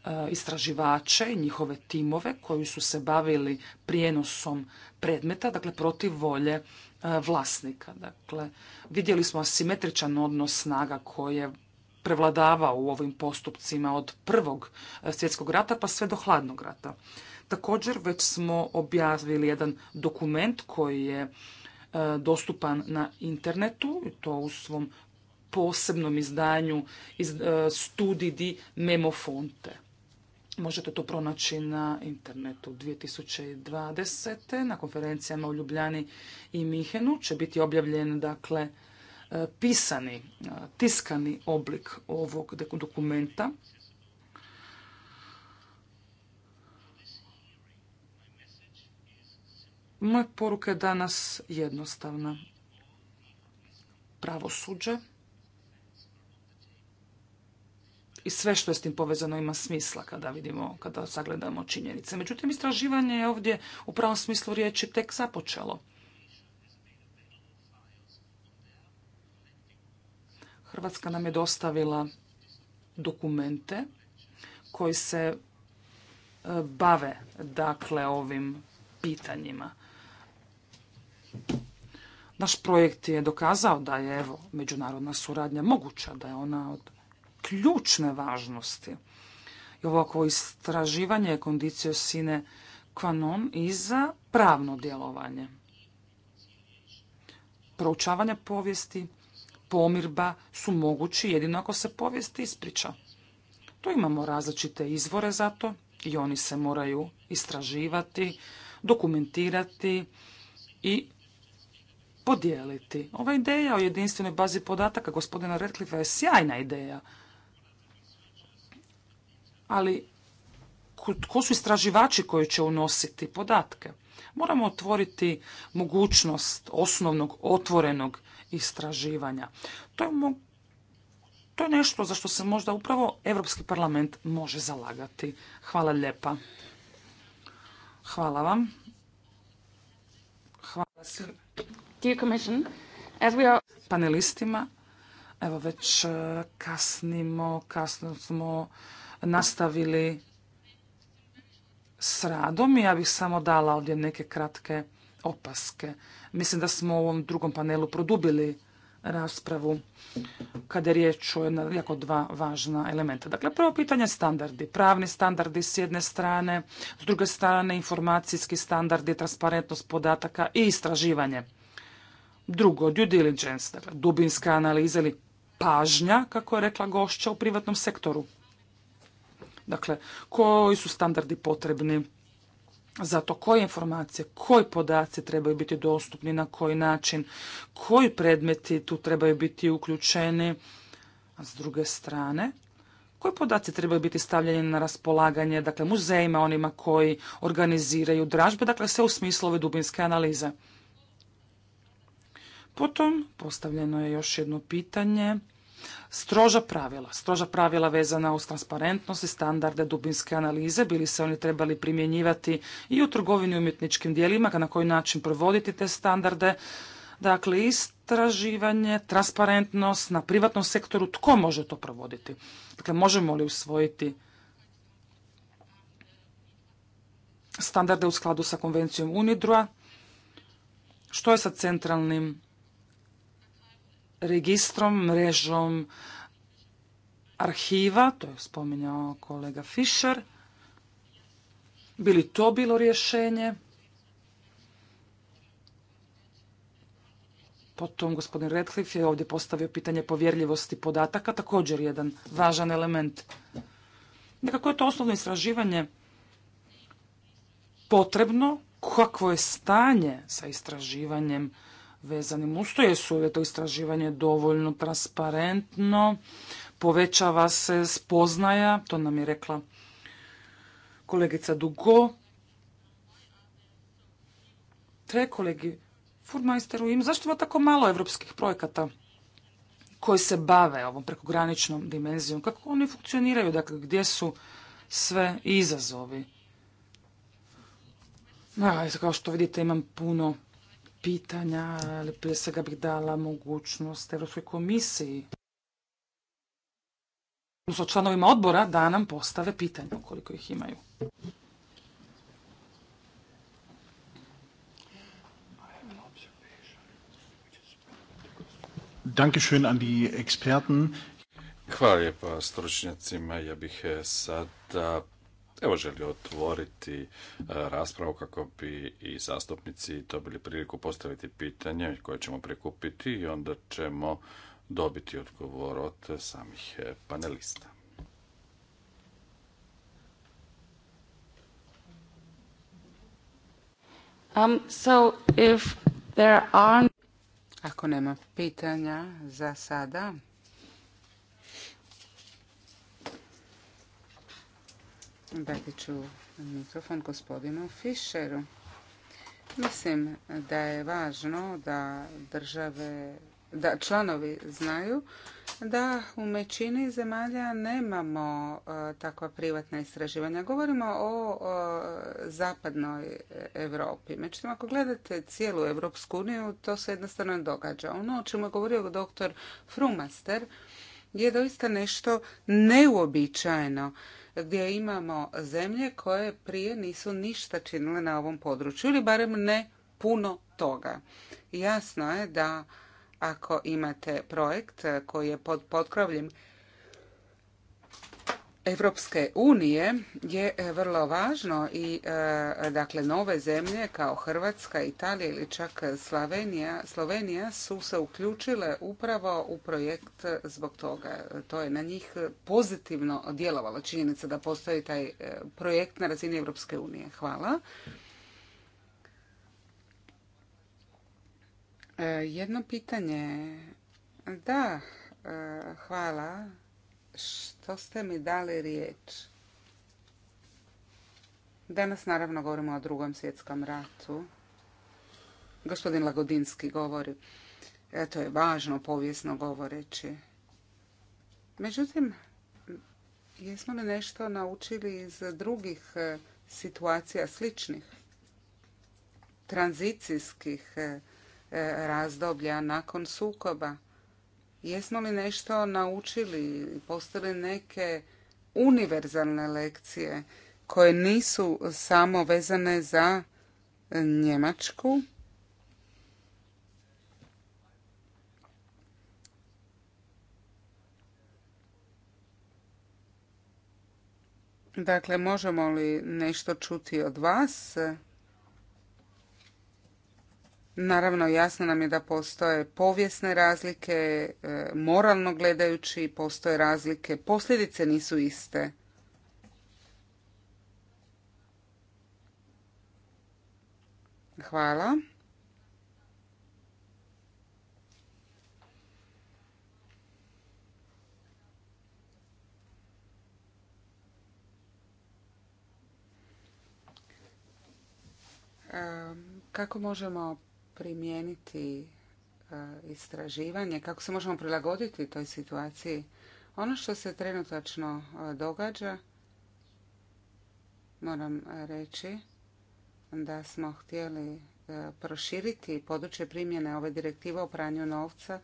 E, istraživače i njihove timove koji su se bavili prijenosom predmeta, dakle protiv volje e, vlasnika. Dakle, vidjeli smo asimetričan odnos snaga koji je prevladavao u ovim postupcima od prvog e, svjetskog rata pa sve do hladnog rata. Također već smo objavili jedan dokument koji je dostupan na internetu i to u svom posebnom izdanju iz, studiji di Memofonte. Možete to pronaći na internetu 2020. na konferencijama u Ljubljani i Mihenu će biti objavljen dakle e, pisani, e, tiskani oblik ovog dokumenta. Moja poruka je danas jednostavna. Pravosuđe i sve što je s tim povezano ima smisla kada vidimo, kada sagledamo činjenice. Međutim, istraživanje je ovdje u pravom smislu riječi tek započelo. Hrvatska nam je dostavila dokumente koji se e, bave dakle ovim pitanjima. Naš projekt je dokazao da je evo međunarodna suradnja moguća, da je ona od ključne važnosti. I ovako istraživanje je kondicio sine qua i za pravno djelovanje. Proučavanje povijesti, pomirba su mogući jedino ako se povijest ispriča. Tu imamo različite izvore za to i oni se moraju istraživati, dokumentirati i podijeliti. Ova ideja o jedinstvenoj bazi podataka gospodina Redcliffe je sjajna ideja ali ko su istraživači koji će unositi podatke? Moramo otvoriti mogućnost osnovnog otvorenog istraživanja. To je, to nešto za što se možda upravo Europski parlament može zalagati. Hvala lijepa. Hvala vam. Hvala svim panelistima. Evo već eh, kasnimo, kasno smo nastavili s radom i ja bih samo dala ovdje neke kratke opaske. Mislim da smo u ovom drugom panelu produbili raspravu kada je riječ o jako dva važna elementa. Dakle, prvo pitanje standardi. Pravni standardi s jedne strane, s druge strane informacijski standardi, transparentnost podataka i istraživanje. Drugo, due diligence, dakle, dubinska analiza ili pažnja, kako je rekla gošća u privatnom sektoru. Dakle, koji su standardi potrebni za to koje informacije, koji podaci trebaju biti dostupni, na koji način, koji predmeti tu trebaju biti uključeni, a s druge strane, koji podaci trebaju biti stavljeni na raspolaganje, dakle, muzejima, onima koji organiziraju dražbe, dakle, sve u smislu ove dubinske analize. Potom postavljeno je još jedno pitanje stroža pravila, stroža pravila vezana uz transparentnost i standarde dubinske analize, bili se oni trebali primjenjivati i u trgovini umjetničkim dijelima, na koji način provoditi te standarde, dakle istraživanje, transparentnost na privatnom sektoru, tko može to provoditi? Dakle, možemo li usvojiti standarde u skladu sa konvencijom UNIDR-a, što je sa centralnim registrom, mrežom arhiva, to je spominjao kolega Fischer, bili to bilo rješenje? Potom gospodin Redcliffe je ovdje postavio pitanje povjerljivosti podataka, također jedan važan element. Nekako je to osnovno istraživanje potrebno, kakvo je stanje sa istraživanjem vezanim uz to, jesu to istraživanje dovoljno transparentno, povećava se spoznaja, to nam je rekla kolegica Dugo. Tre kolegi Furmajsteru im zašto ima tako malo evropskih projekata koji se bave ovom prekograničnom dimenzijom, kako oni funkcioniraju, dakle gdje su sve izazovi. kao što vidite imam puno pitanja, ali prije svega bih dala mogućnost Europskoj komisiji, odnosno članovima odbora, da nam postave pitanja koliko ih imaju. an die Experten. Hvala lijepa stručnjacima. Ja bih eh, sada evo želi otvoriti e, raspravu kako bi i zastupnici dobili priliku postaviti pitanje koje ćemo prikupiti i onda ćemo dobiti odgovor od samih e, panelista. Um, Ako nema pitanja za sada, dati ću mikrofon gospodinu Fischeru. Mislim da je važno da države, da članovi znaju da u većini zemalja nemamo e, takva privatna istraživanja. Govorimo o zapadnoj Europi. Međutim, ako gledate cijelu Europsku uniju, to se jednostavno ne događa. Ono o čemu je govorio doktor Frumaster je doista nešto neuobičajeno gdje imamo zemlje koje prije nisu ništa činile na ovom području ili barem ne puno toga. Jasno je da ako imate projekt koji je pod potkrovljem Evropske unije je e, vrlo važno i e, dakle nove zemlje kao Hrvatska, Italija ili čak Slovenija, Slovenija su se uključile upravo u projekt zbog toga. To je na njih pozitivno djelovalo činjenica da postoji taj e, projekt na razini Evropske unije. Hvala. Jedno pitanje. Da, hvala što ste mi dali riječ. Danas naravno govorimo o drugom svjetskom ratu. Gospodin Lagodinski govori. E, to je važno povijesno govoreći. Međutim, jesmo li nešto naučili iz drugih e, situacija sličnih? Tranzicijskih e, razdoblja nakon sukoba. Jesmo li nešto naučili? Postoje neke univerzalne lekcije koje nisu samo vezane za Njemačku? Dakle, možemo li nešto čuti od vas? Naravno, jasno nam je da postoje povijesne razlike, e, moralno gledajući postoje razlike, posljedice nisu iste. Hvala. Kako možemo primijeniti e, istraživanje, kako se možemo prilagoditi toj situaciji. Ono što se trenutačno e, događa, moram reći da smo htjeli e, proširiti područje primjene ove direktive o pranju novca,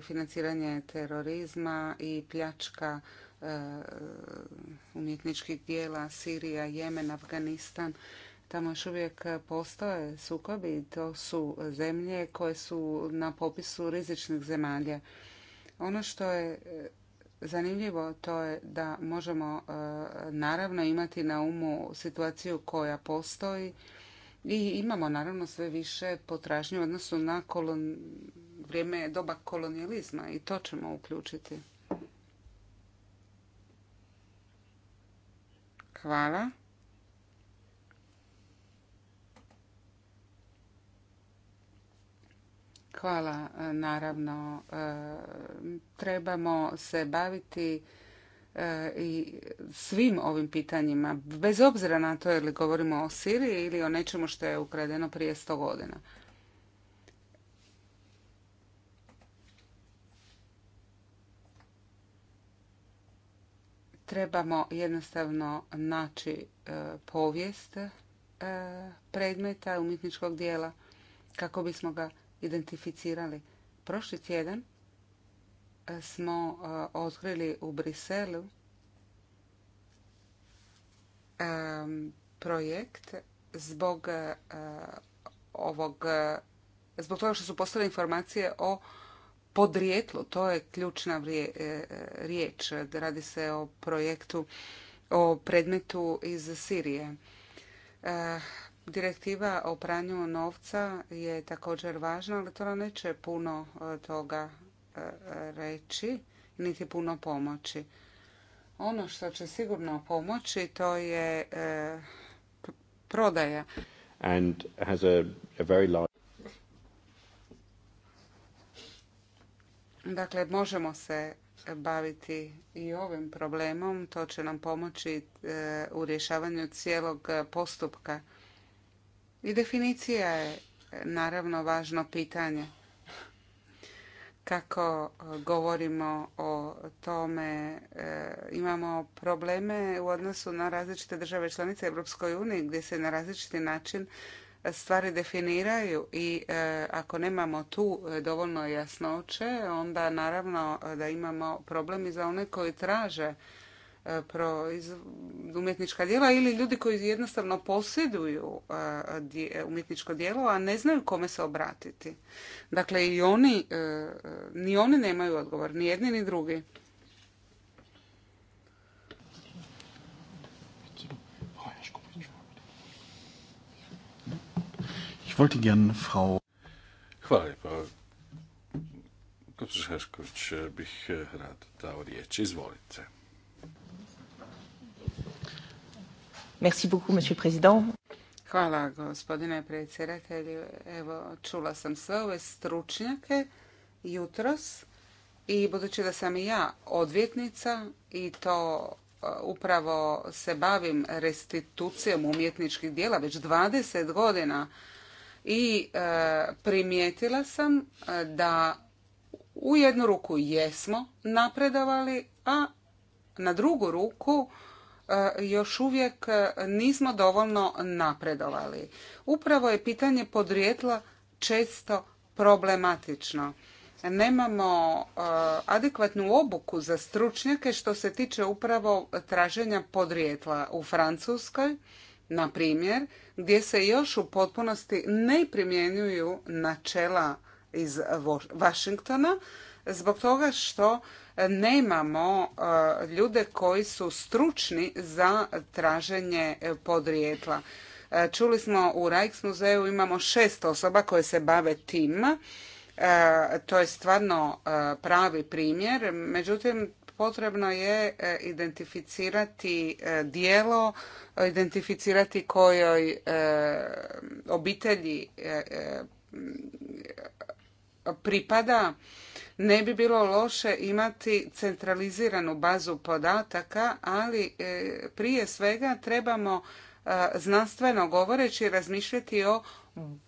financiranje terorizma i pljačka umjetničkih dijela Sirija, Jemen, Afganistan tamo još uvijek postoje sukobi. To su zemlje koje su na popisu rizičnih zemalja. Ono što je e, zanimljivo to je da možemo e, naravno imati na umu situaciju koja postoji i imamo naravno sve više potražnje u odnosu na kolon... vrijeme doba kolonijalizma i to ćemo uključiti. Hvala. Hvala, naravno. E, trebamo se baviti e, i svim ovim pitanjima, bez obzira na to je li govorimo o Siriji ili o nečemu što je ukradeno prije sto godina. Trebamo jednostavno naći e, povijest predmeta umjetničkog dijela kako bismo ga identificirali. Prošli tjedan e, smo e, otkrili u Briselu e, projekt zbog ovog zbog toga što su postale informacije o podrijetlu. To je ključna riječ. Radi se o projektu o predmetu iz Sirije. Direktiva o pranju novca je također važna, ali to nam neće puno e, toga e, reći, niti puno pomoći. Ono što će sigurno pomoći to je e, prodaja. Dakle, možemo se baviti i ovim problemom. To će nam pomoći u rješavanju cijelog postupka. I definicija je naravno važno pitanje. Kako e, govorimo o tome, e, imamo probleme u odnosu na različite države članice Europskoj uniji gdje se na različiti način stvari definiraju i e, ako nemamo tu dovoljno jasnoće, onda naravno da imamo problem i za one koji traže E, umjetnička djela ili ljudi koji jednostavno posjeduju e, e, umjetničko djelo, a ne znaju kome se obratiti. Dakle, i oni, ni oni nemaju odgovor, ni jedni ni drugi. Ich Hvala bih rad dao riječ. Izvolite. Merci beaucoup, Hvala gospodine predsjedatelju. Evo, čula sam sve ove stručnjake jutros i budući da sam i ja odvjetnica i to e, upravo se bavim restitucijom umjetničkih dijela već 20 godina i e, primijetila sam e, da u jednu ruku jesmo napredovali, a na drugu ruku E, još uvijek nismo dovoljno napredovali. Upravo je pitanje podrijetla često problematično. Nemamo e, adekvatnu obuku za stručnjake što se tiče upravo traženja podrijetla u Francuskoj, na primjer, gdje se još u potpunosti ne primjenjuju načela iz Washingtona, zbog toga što nemamo e, ljude koji su stručni za traženje podrijetla. E, čuli smo u muzeju imamo šest osoba koje se bave tim. E, to je stvarno pravi primjer. Međutim, potrebno je identificirati dijelo, identificirati kojoj obitelji pripada ne bi bilo loše imati centraliziranu bazu podataka, ali e, prije svega trebamo e, znanstveno govoreći razmišljati o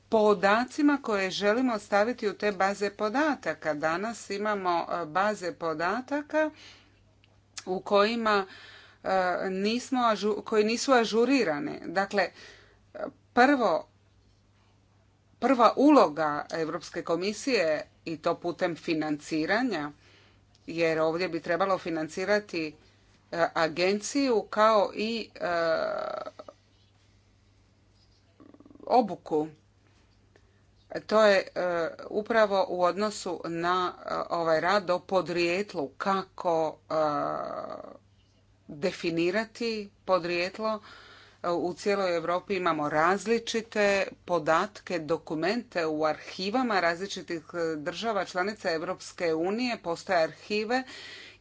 podacima koje želimo staviti u te baze podataka. Danas imamo e, baze podataka u kojima nismo, koji nisu ažurirane. Dakle, prvo, prva uloga Europske komisije i to putem financiranja, jer ovdje bi trebalo financirati e, agenciju kao i e, obuku. To je e, upravo u odnosu na ovaj rad o podrijetlu, kako definirati podrijetlo u cijeloj Europi imamo različite podatke, dokumente u arhivama različitih e, država članica Europske unije, postoje arhive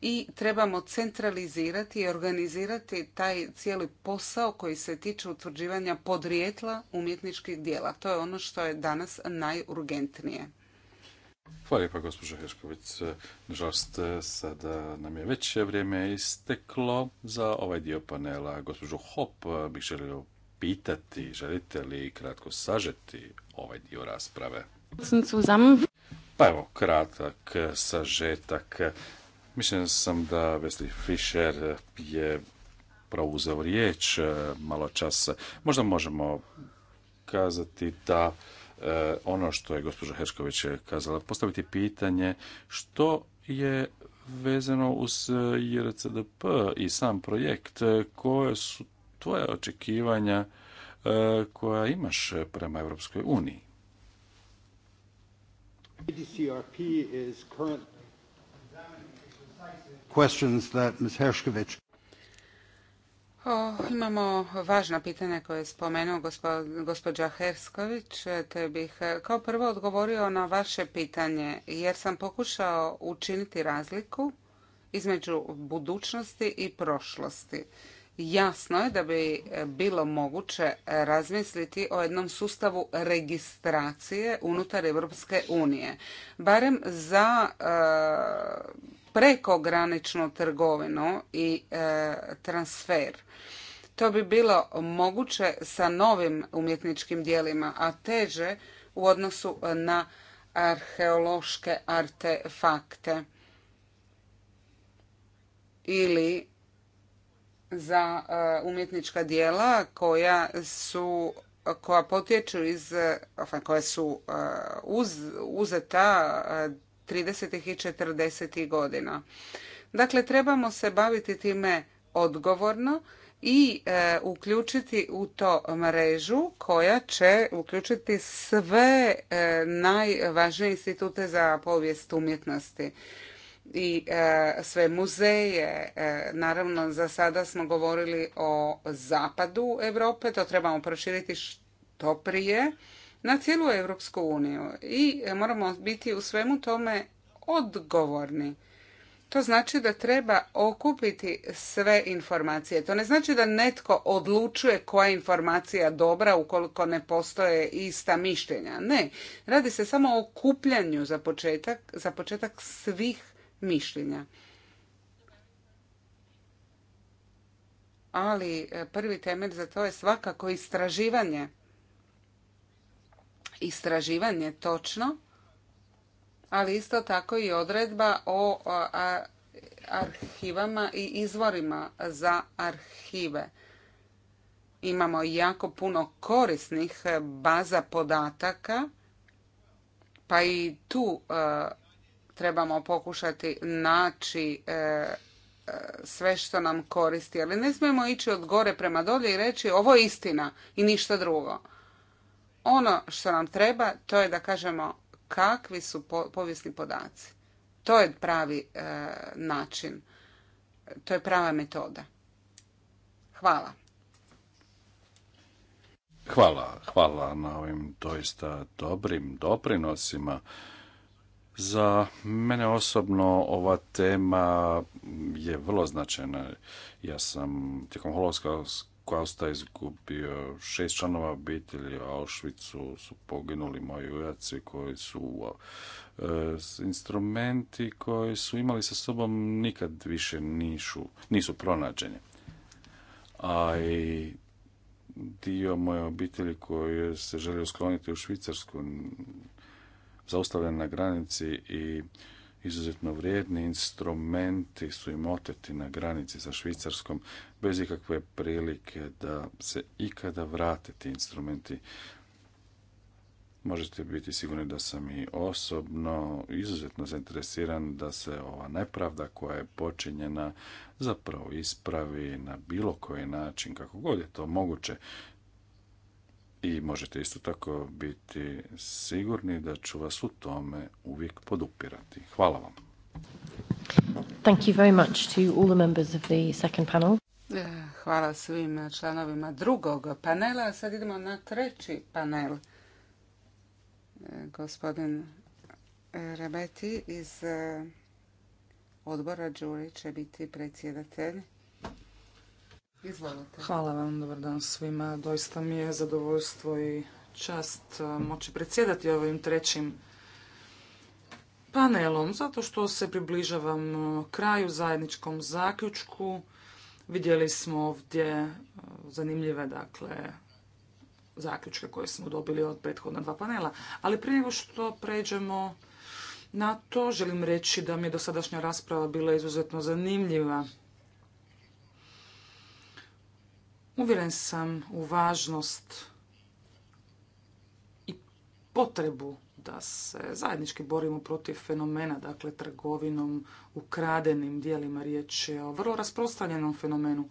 i trebamo centralizirati i organizirati taj cijeli posao koji se tiče utvrđivanja podrijetla umjetničkih dijela. To je ono što je danas najurgentnije. Hvala lijepa, gospođo Hešković. Nažalost, sada nam je već vrijeme isteklo za ovaj dio panela. Gospođo Hop, bih želio pitati, želite li kratko sažeti ovaj dio rasprave? Pa evo, kratak sažetak. Mišljen sam da Wesley Fisher je prouzeo riječ malo časa. Možda možemo kazati da Eh, ono što je gospođa Heršković eh, kazala, postaviti pitanje što je vezano uz eh, JRCDP i sam projekt, koje su tvoje očekivanja koja imaš prema Europskoj uniji? questions that Ms imamo važna pitanja koje je spomenuo gospođa Hersković, te bih e, kao prvo odgovorio na vaše pitanje, jer sam pokušao učiniti razliku između budućnosti i prošlosti. Jasno je da bi e, bilo moguće razmisliti o jednom sustavu registracije unutar Europske unije, barem za e, prekograničnu trgovinu i e, transfer. To bi bilo moguće sa novim umjetničkim dijelima, a teže u odnosu na arheološke artefakte ili za e, umjetnička dijela koja su koja potječu iz, e, koja su uz, uzeta 30. i 40. godina. Dakle, trebamo se baviti time odgovorno i e, uključiti u to mrežu koja će uključiti sve e, najvažnije institute za povijest umjetnosti i e, sve muzeje. Naravno, za sada smo govorili o zapadu Europe, to trebamo proširiti što prije na cijelu Europsku uniju i e, moramo biti u svemu tome odgovorni. To znači da treba okupiti sve informacije. To ne znači da netko odlučuje koja informacija dobra ukoliko ne postoje ista mišljenja. Ne, radi se samo o okupljanju za početak, za početak svih mišljenja. Ali e, prvi temelj za to je svakako istraživanje istraživanje točno, ali isto tako i odredba o arhivama i izvorima za arhive. Imamo jako puno korisnih baza podataka, pa i tu trebamo pokušati naći e, e, sve što nam koristi, ali ne smijemo ići od gore prema dolje i reći ovo je istina i ništa drugo. Ono što nam treba to je da kažemo kakvi su povijesni podaci. To je pravi e, način. To je prava metoda. Hvala. Hvala, hvala na ovim doista dobrim doprinosima. Za mene osobno ova tema je vrlo značajna. Ja sam tijekom holovskog Kosta izgubio šest članova obitelji u Auschwitzu su poginuli moji ujaci koji su e, instrumenti koji su imali sa sobom nikad više nisu pronađeni. A i dio moje obitelji koji se želio skloniti u Švicarsku zaustavljen na granici i izuzetno vrijedni instrumenti su im oteti na granici sa Švicarskom bez ikakve prilike da se ikada vrate ti instrumenti. Možete biti sigurni da sam i osobno izuzetno zainteresiran da se ova nepravda koja je počinjena zapravo ispravi na bilo koji način, kako god je to moguće i možete isto tako biti sigurni da ću vas u tome uvijek podupirati. Hvala vam. Hvala svim članovima drugog panela. Sad idemo na treći panel. E, gospodin Rebeti iz e, odbora Đuri će biti predsjedatelj. Hvala vam, dobar dan svima. Doista mi je zadovoljstvo i čast e, moći predsjedati ovim trećim panelom, zato što se približavam e, kraju zajedničkom zaključku. Vidjeli smo ovdje e, zanimljive, dakle, zaključke koje smo dobili od prethodna dva panela. Ali prije nego što pređemo na to, želim reći da mi je dosadašnja rasprava bila izuzetno zanimljiva. Uvjeren sam u važnost i potrebu da se zajednički borimo protiv fenomena, dakle trgovinom, ukradenim dijelima riječ o vrlo rasprostranjenom fenomenu.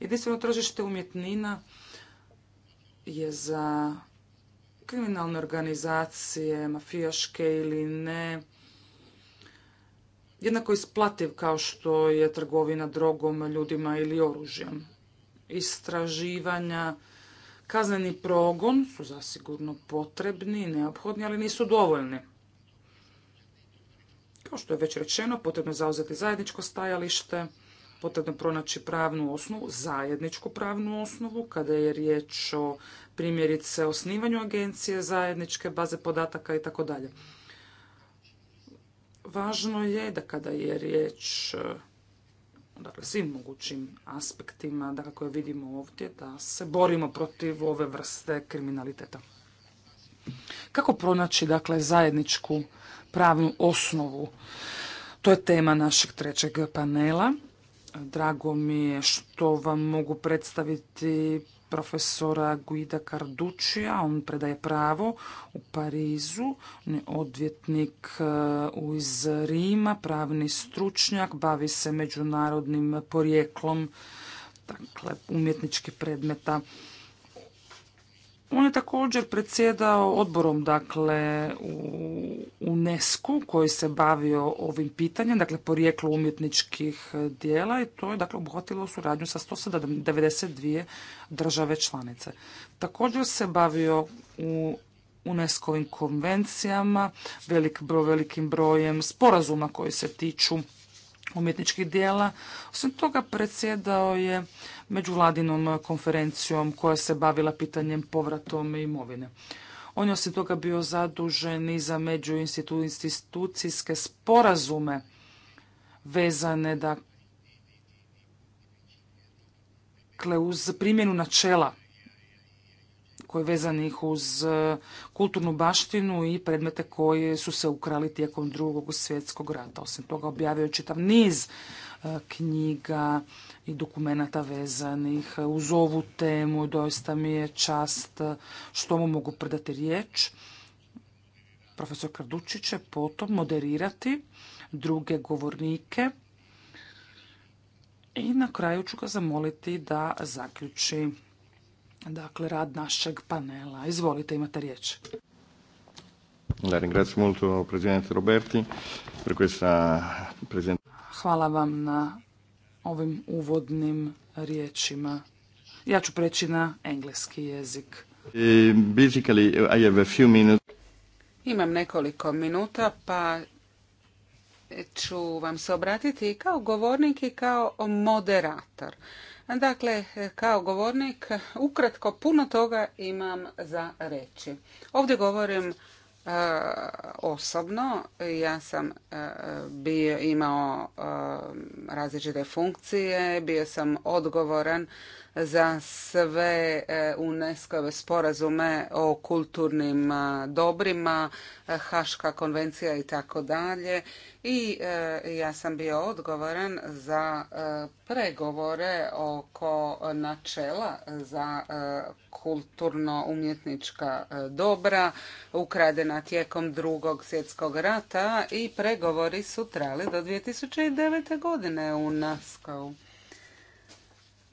Jedinstveno tržište umjetnina je za kriminalne organizacije, mafijaške ili ne, jednako isplativ kao što je trgovina drogom, ljudima ili oružjem istraživanja, kazneni progon su zasigurno potrebni i neophodni, ali nisu dovoljni. Kao što je već rečeno, potrebno je zauzeti zajedničko stajalište, potrebno je pronaći pravnu osnovu, zajedničku pravnu osnovu, kada je riječ o primjerice osnivanju agencije, zajedničke baze podataka i tako dalje. Važno je da kada je riječ dakle, svim mogućim aspektima, dakle, koje vidimo ovdje, da se borimo protiv ove vrste kriminaliteta. Kako pronaći, dakle, zajedničku pravnu osnovu? To je tema našeg trećeg panela. Drago mi je što vam mogu predstaviti profesora Guida Carduccija, on predaje pravo u Parizu, on je odvjetnik eh, iz Rima, pravni stručnjak, bavi se međunarodnim porijeklom, dakle umjetničkih predmeta. On je također predsjedao odborom dakle, u UNESCO koji se bavio ovim pitanjem, dakle porijeklo umjetničkih dijela i to je dakle, obuhvatilo suradnju sa 192 države članice. Također se bavio u UNESCO-ovim konvencijama, velik velikim brojem sporazuma koji se tiču umjetničkih dijela. Osim toga predsjedao je međuvladinom konferencijom koja se bavila pitanjem povratom imovine. On je osim toga bio zadužen i za međuinstitucijske sporazume vezane dakle uz primjenu načela tako i vezanih uz e, kulturnu baštinu i predmete koje su se ukrali tijekom drugog svjetskog rata. Osim toga objavio je čitav niz e, knjiga i dokumenata vezanih uz ovu temu. Doista mi je čast e, što mu mogu predati riječ. Profesor Kardučić će potom moderirati druge govornike. I na kraju ću ga zamoliti da zaključi dakle, rad našeg panela. Izvolite, imate riječ. molto, prezidente Roberti, per questa Hvala vam na ovim uvodnim riječima. Ja ću preći na engleski jezik. E, basically, a few Imam nekoliko minuta, pa ću vam se obratiti kao govornik i kao moderator. Dakle, kao govornik, ukratko puno toga imam za reći. Ovdje govorim e, osobno ja sam e, bio imao e, različite funkcije, bio sam odgovoran za sve e, unesco sporazume o kulturnim e, dobrima, e, Haška konvencija i tako dalje. I ja sam bio odgovoran za pregovore oko načela za kulturno-umjetnička dobra ukradena tijekom drugog svjetskog rata i pregovori su trali do 2009. godine u UNESCO-u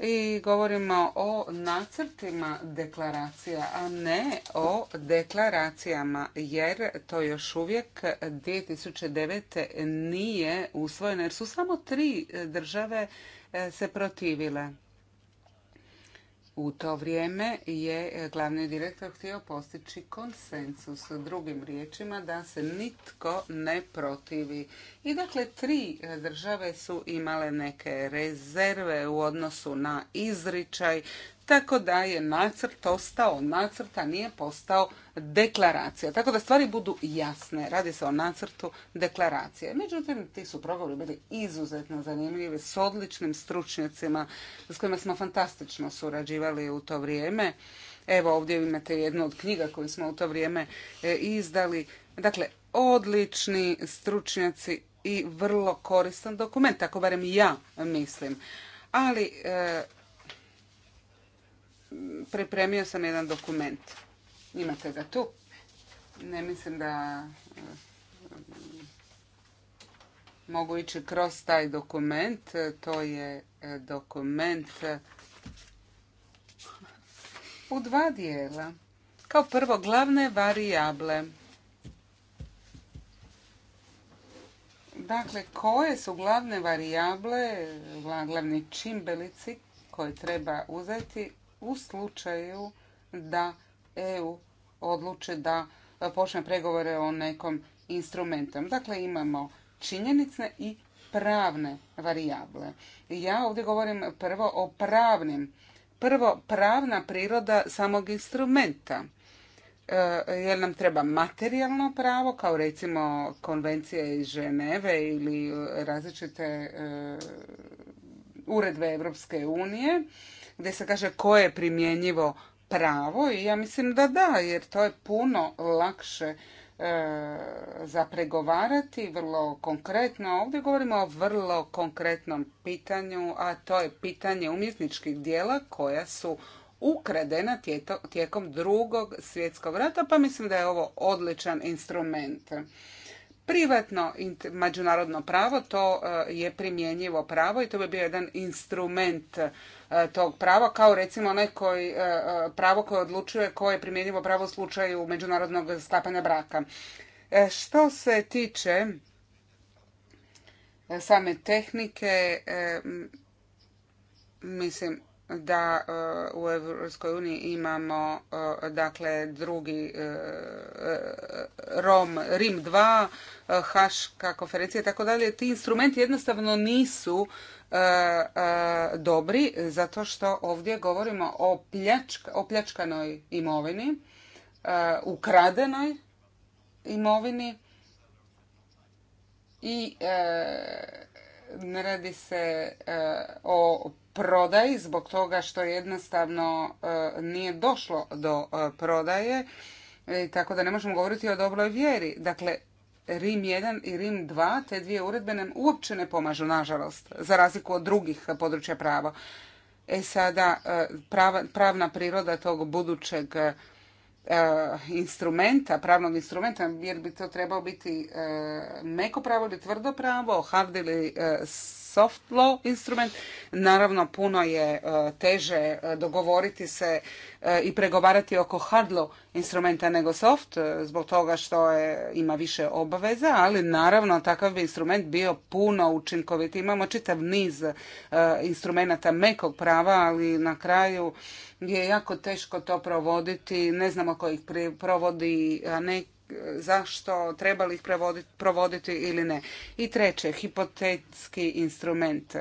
i govorimo o nacrtima deklaracija, a ne o deklaracijama, jer to još uvijek 2009. nije usvojeno, jer su samo tri države e, se protivile. U to vrijeme je glavni direktor htio postići konsensus drugim riječima da se nitko ne protivi. I dakle, tri države su imale neke rezerve u odnosu na izričaj tako da je nacrt ostao nacrt, nije postao deklaracija. Tako da stvari budu jasne. Radi se o nacrtu deklaracije. Međutim, ti su progovori bili izuzetno zanimljivi s odličnim stručnjacima s kojima smo fantastično surađivali u to vrijeme. Evo ovdje imate jednu od knjiga koju smo u to vrijeme e, izdali. Dakle, odlični stručnjaci i vrlo koristan dokument, tako barem ja mislim. Ali e, pripremio sam jedan dokument. Imate ga tu. Ne mislim da e, mogu ići kroz taj dokument. To je e, dokument e, u dva dijela. Kao prvo, glavne varijable. Dakle, koje su glavne varijable, glavni čimbelici koje treba uzeti u slučaju da EU odluče da počne pregovore o nekom instrumentu. Dakle, imamo činjenicne i pravne varijable. Ja ovdje govorim prvo o pravnim. Prvo, pravna priroda samog instrumenta. E, Jer nam treba materijalno pravo, kao recimo konvencije iz Ženeve ili različite e, uredbe Evropske unije, gdje se kaže koje je primjenjivo pravo i ja mislim da da, jer to je puno lakše e, za pregovarati vrlo konkretno. Ovdje govorimo o vrlo konkretnom pitanju, a to je pitanje umjetničkih dijela koja su ukradena tijekom drugog svjetskog rata, pa mislim da je ovo odličan instrument. Privatno međunarodno pravo to e, je primjenjivo pravo i to bi bio jedan instrument E, tog prava, kao recimo onaj koji, e, e, pravo koje odlučuje koje je primjenjivo pravo u slučaju međunarodnog sklapanja braka. Što se tiče same tehnike, mislim da u Europskoj uniji imamo dakle drugi Rom, Rim 2, Haška konferencija i tako dalje. Ti instrumenti jednostavno nisu E, e, dobri zato što ovdje govorimo o, pljačka, o pljačkanoj imovini, e, ukradenoj imovini i ne radi se o prodaji zbog toga što jednostavno nije došlo do prodaje, tako da ne možemo govoriti o dobroj vjeri. Dakle, Rim 1 i Rim 2, te dvije uredbe nam uopće ne pomažu, nažalost, za razliku od drugih područja prava. E sada, e, pravna priroda tog budućeg e, instrumenta, pravnog instrumenta, jer bi to trebao biti meko e, pravo ili tvrdo pravo, hard ili soft law instrument. Naravno, puno je e, teže e, dogovoriti se e, i pregovarati oko hard law instrumenta nego soft, zbog toga što ima više obaveza, ali naravno takav bi instrument bio puno učinkovit. Imamo čitav niz instrumenta mekog prava, ali na kraju je jako teško to provoditi. Ne znamo ko ih provodi, a zašto treba li ih provoditi ili ne. I treće, hipotetski instrument.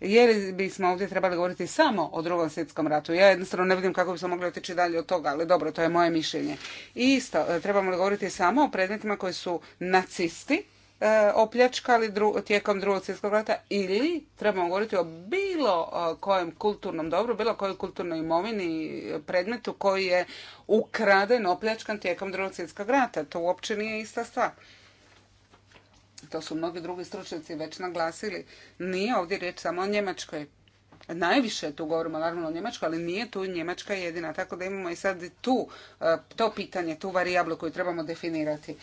Jer bismo ovdje trebali govoriti samo o drugom svjetskom ratu? Ja jednostavno ne vidim kako bismo mogli otići dalje od toga, ali dobro, to je moje mišljenje. I isto, e, trebamo li govoriti samo o predmetima koji su nacisti, E, opljačkali tijekom drugog svjetskog rata ili trebamo govoriti o bilo e, kojem kulturnom dobru, bilo kojoj kulturnoj imovini, predmetu koji je ukraden, opljačkan tijekom drugog svjetskog rata. To uopće nije ista stvar. To su mnogi drugi stručnjaci već naglasili. Nije ovdje riječ samo o Njemačkoj. Najviše tu govorimo naravno o Njemačkoj, ali nije tu Njemačka jedina. Tako da imamo i sad tu e, to pitanje, tu varijablu koju trebamo definirati.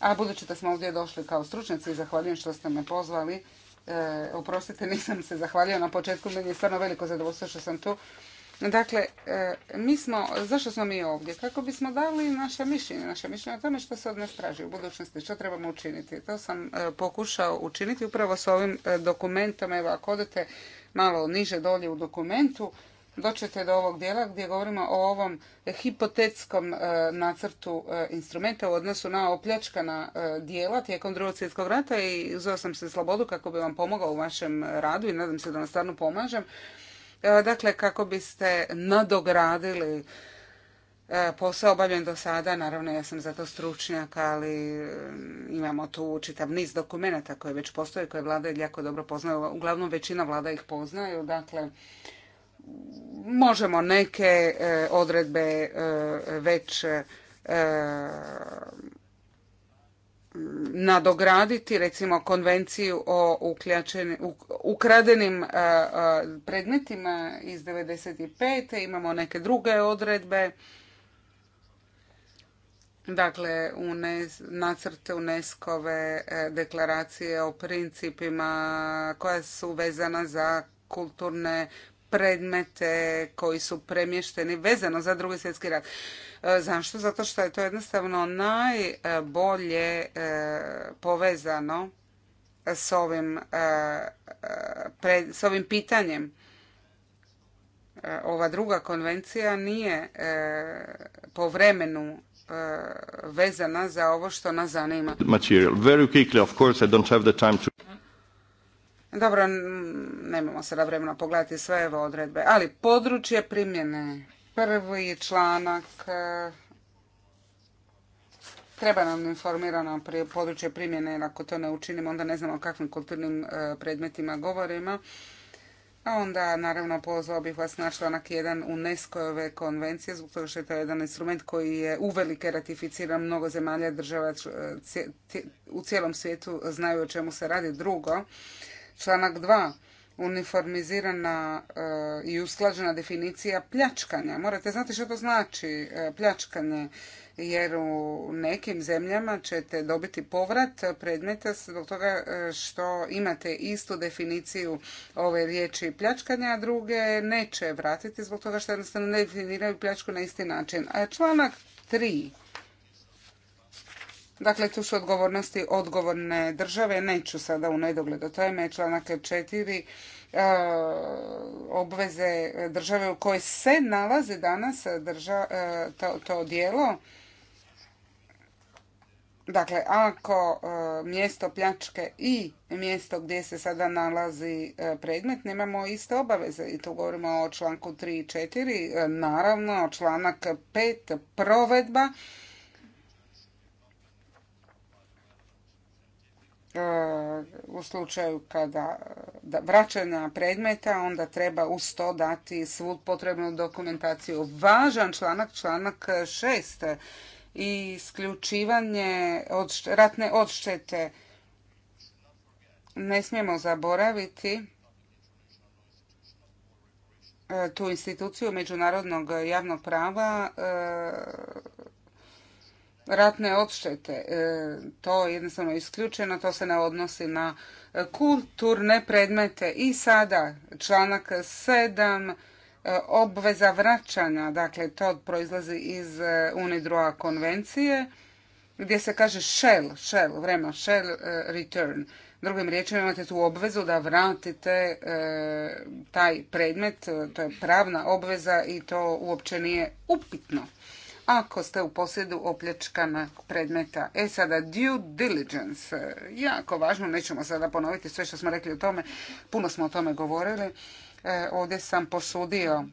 A budući da smo ovdje došli kao stručnjaci, zahvaljujem što ste me pozvali. E, oprostite, nisam se zahvalio na početku, meni je stvarno veliko zadovoljstvo što sam tu. Dakle, e, mi smo, zašto smo mi ovdje? Kako bismo dali naše mišljenje, naše mišljenje o tome što se od nas traži u budućnosti, što trebamo učiniti. To sam e, pokušao učiniti upravo s ovim e, dokumentom. Evo, ako odete malo niže dolje u dokumentu, doćete do ovog dijela gdje govorimo o ovom e, hipotetskom e, nacrtu e, instrumenta u odnosu na opljačkana dijela tijekom drugog svjetskog rata i uzeo sam se slobodu kako bi vam pomogao u vašem radu i nadam se da vam stvarno pomažem. Dakle, kako biste nadogradili posao obavljen do sada, naravno ja sam za to stručnjak, ali imamo tu čitav niz dokumenata koje već postoje, koje vlada jako dobro poznaju, uglavnom većina vlada ih poznaju, dakle možemo neke e, odredbe e, već e, nadograditi, recimo konvenciju o ukradenim predmetima iz 95. Imamo neke druge odredbe. Dakle, UNES, nacrte unesco deklaracije o principima koja su vezana za kulturne predmete koji su premješteni vezano za drugi svjetski rat. E, zašto? Zato što je to jednostavno najbolje e, povezano s ovim, e, s ovim pitanjem. Ova druga konvencija nije po vremenu vezana za ovo što nas zanima. Dobro, nemamo sada vremena pogledati sve ove odredbe, ali područje primjene. Prvi članak e, treba nam informirano područje primjene, jer ako to ne učinimo, onda ne znamo o kakvim kulturnim e, predmetima govorimo. A onda, naravno, pozvao bih vas na članak 1 UNESCO-ove konvencije, zbog toga što je to jedan instrument koji je uvelike ratificiran mnogo zemalja država e, u cijelom svijetu znaju o čemu se radi. Drugo, Članak 2. Uniformizirana e, i usklađena definicija pljačkanja. Morate znati što to znači e, pljačkanje jer u nekim zemljama ćete dobiti povrat predmeta zbog toga e, što imate istu definiciju ove riječi pljačkanja, a druge neće vratiti zbog toga što jednostavno ne definiraju pljačku na isti način. A članak tri... Dakle, tu su odgovornosti odgovorne države. Neću sada u nedogled o tome. Članak 4 e, obveze države u kojoj se nalaze danas e, e, to, to dijelo. Dakle, ako mjesto pljačke i mjesto gdje se sada nalazi predmet, nemamo iste obaveze. I tu govorimo o članku 3 i 4. Naravno, članak 5. Provedba E, u slučaju kada vraćanja predmeta onda treba uz to dati svu potrebnu dokumentaciju. Važan članak, članak 6 i isključivanje ratne odštete. Ne smijemo zaboraviti e, tu instituciju međunarodnog javnog prava e, ratne odštete. E, to je jednostavno isključeno, to se ne odnosi na kulturne predmete. I sada članak 7 e, obveza vraćanja, dakle to proizlazi iz e, UNIDROA konvencije gdje se kaže shell, shell, vrema, shell return. Drugim riječima imate tu obvezu da vratite taj predmet, to je pravna obveza i to uopće nije upitno ako ste u posjedu opljačkanog predmeta. E sada, due diligence, jako važno, nećemo sada ponoviti sve što smo rekli o tome, puno smo o tome govorili. E, ovdje sam posudio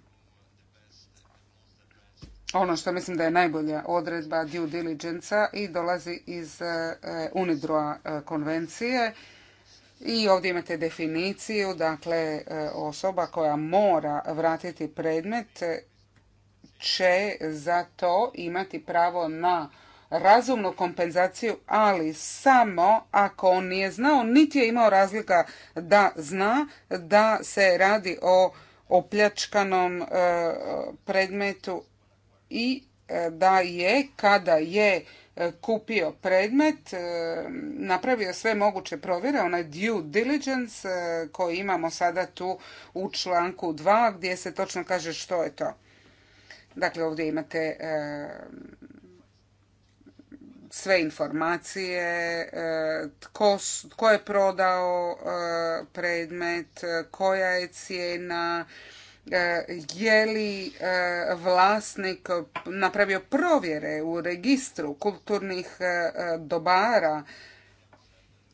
ono što mislim da je najbolja odredba due diligence i dolazi iz e, UNIDROA e, konvencije. I ovdje imate definiciju, dakle osoba koja mora vratiti predmet će za to imati pravo na razumnu kompenzaciju, ali samo ako on nije znao, niti je imao razlika da zna da se radi o opljačkanom e, predmetu i e, da je kada je e, kupio predmet, napravio sve moguće provjere, onaj due diligence koji imamo sada tu u članku 2 gdje se točno kaže što je to. Dakle, ovdje imate eh, sve informacije, eh, tko, je prodao eh, predmet, koja je cijena, je li vlasnik napravio provjere u registru kulturnih dobara,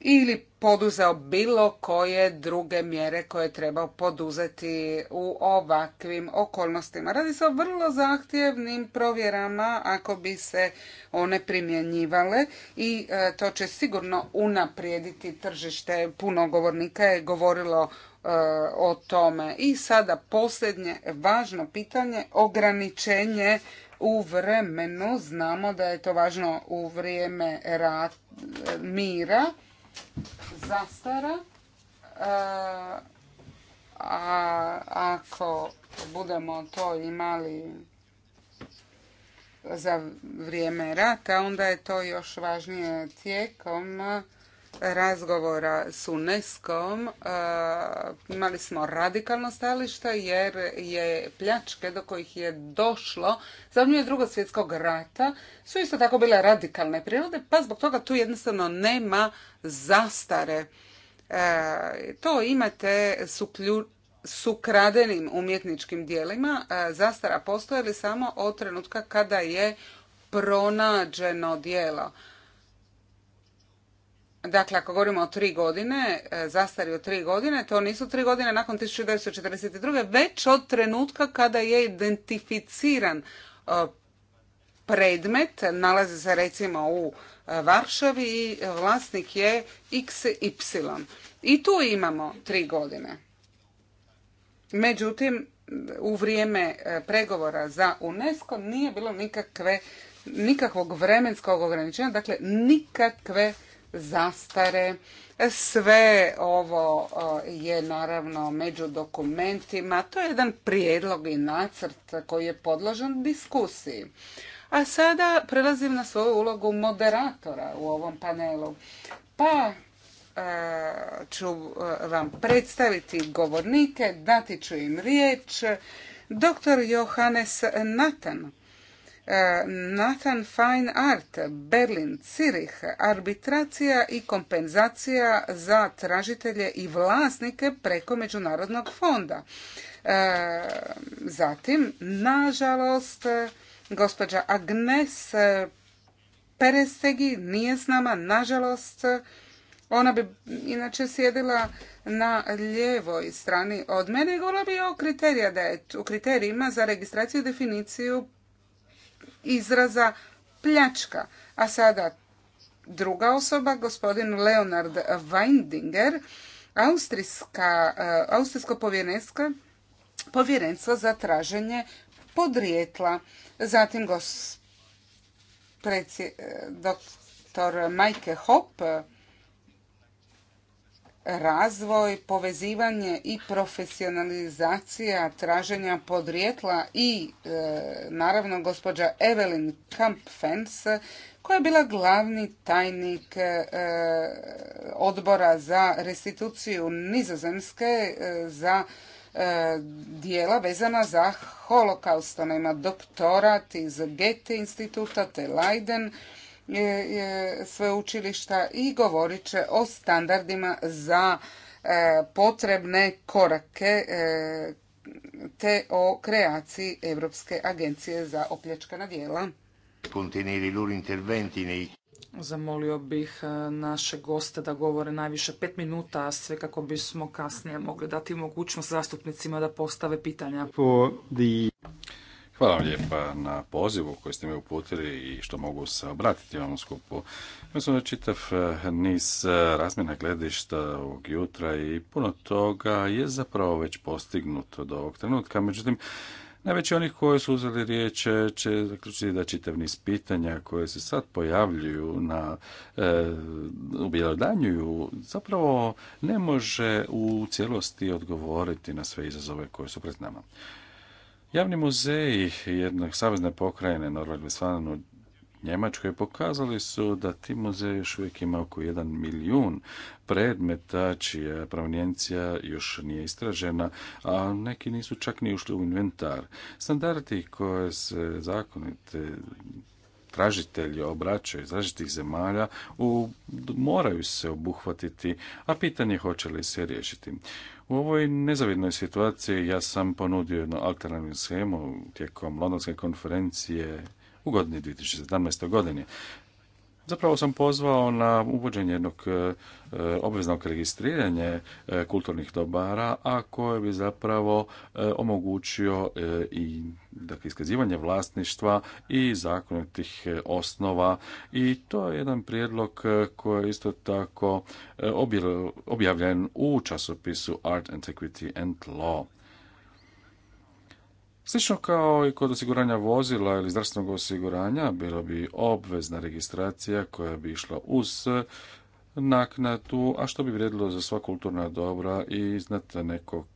ili poduzeo bilo koje druge mjere koje trebao poduzeti u ovakvim okolnostima. Radi se o vrlo zahtjevnim provjerama ako bi se one primjenjivale i e, to će sigurno unaprijediti tržište. Puno govornika je govorilo e, o tome. I sada posljednje važno pitanje, ograničenje u vremenu. Znamo da je to važno u vrijeme mira zastara. E, a ako budemo to imali za vrijeme rata, onda je to još važnije tijekom razgovora s UNESCO-om e, imali smo radikalno stajalište jer je pljačke do kojih je došlo za vrijeme drugog svjetskog rata su isto tako bile radikalne prirode pa zbog toga tu jednostavno nema zastare. E, to imate su s umjetničkim dijelima e, zastara postoje li samo od trenutka kada je pronađeno dijelo. Dakle, ako govorimo o tri godine, e, zastari od tri godine, to nisu tri godine nakon 1942. već od trenutka kada je identificiran e, predmet, nalazi se recimo u e, Varšavi i vlasnik je XY. I tu imamo tri godine. Međutim, u vrijeme pregovora za UNESCO nije bilo nikakve, nikakvog vremenskog ograničenja, dakle nikakve zastare. Sve ovo e, je naravno među dokumentima. To je jedan prijedlog i nacrt koji je podložen diskusiji. A sada prelazim na svoju ulogu moderatora u ovom panelu. Pa e, ću e, vam predstaviti govornike, dati ću im riječ. Doktor Johannes Natan E, Nathan Fine Art, Berlin, Cirih, arbitracija i kompenzacija za tražitelje i vlasnike preko Međunarodnog fonda. E, Zatim, nažalost, gospođa Agnes Perestegi nije s nama, nažalost, ona bi inače sjedila na ljevoj strani od mene i govorila bi o kriterija da je, u kriterijima za registraciju i definiciju izraza pljačka. A sada druga osoba, gospodin Leonard Weindinger, austrijska, e, austrijsko povjerenstvo, za traženje podrijetla. Zatim gospodin e, doktor Majke Hopp, razvoj, povezivanje i profesionalizacija traženja podrijetla i e, naravno gospođa Evelyn Kampfens koja je bila glavni tajnik e, odbora za restituciju nizozemske e, za dijela vezana za holokaust. Ona ima doktorat iz Goethe instituta te Leiden sveučilišta i govorit će o standardima za e, potrebne korake e, te o kreaciji Europske agencije za opljačkana djela. Zamolio bih e, naše goste da govore najviše pet minuta, sve kako bismo kasnije mogli dati mogućnost zastupnicima da postave pitanja. Hvala vam lijepa na pozivu koji ste mi uputili i što mogu se obratiti ovom skupu. Mislim sam čitav eh, niz eh, razmjena gledišta ovog jutra i puno toga je zapravo već postignuto do ovog trenutka. Međutim, Najveći oni koji su uzeli riječ eh, će zaključiti da čitav niz pitanja koje se sad pojavljuju na e, zapravo ne može u cijelosti odgovoriti na sve izazove koje su pred nama. Javni muzeji jednog savezne pokrajine Norveg u Njemačkoj pokazali su da ti muzeji još uvijek ima oko jedan milijun predmeta čija pravnjencija još nije istražena, a neki nisu čak ni ušli u inventar. Standardi koje se zakonite tražitelji obraćaju iz različitih zemalja u, moraju se obuhvatiti, a pitanje je hoće li se riješiti. U ovoj nezavidnoj situaciji ja sam ponudio jednu alternativnu schemu tijekom Londonske konferencije u godini 2017. godini. Zapravo sam pozvao na uvođenje jednog e, e, obveznog registriranja e, kulturnih dobara, a koje bi zapravo omogućio i dakle, iskazivanje vlasništva i zakonitih osnova i to je jedan prijedlog koji je isto tako objavljen u časopisu Art, Antiquity and Law. Slično kao i kod osiguranja vozila ili zdravstvenog osiguranja, bila bi obvezna registracija koja bi išla uz naknadu, a što bi vrijedilo za sva kulturna dobra i iznad, nekog,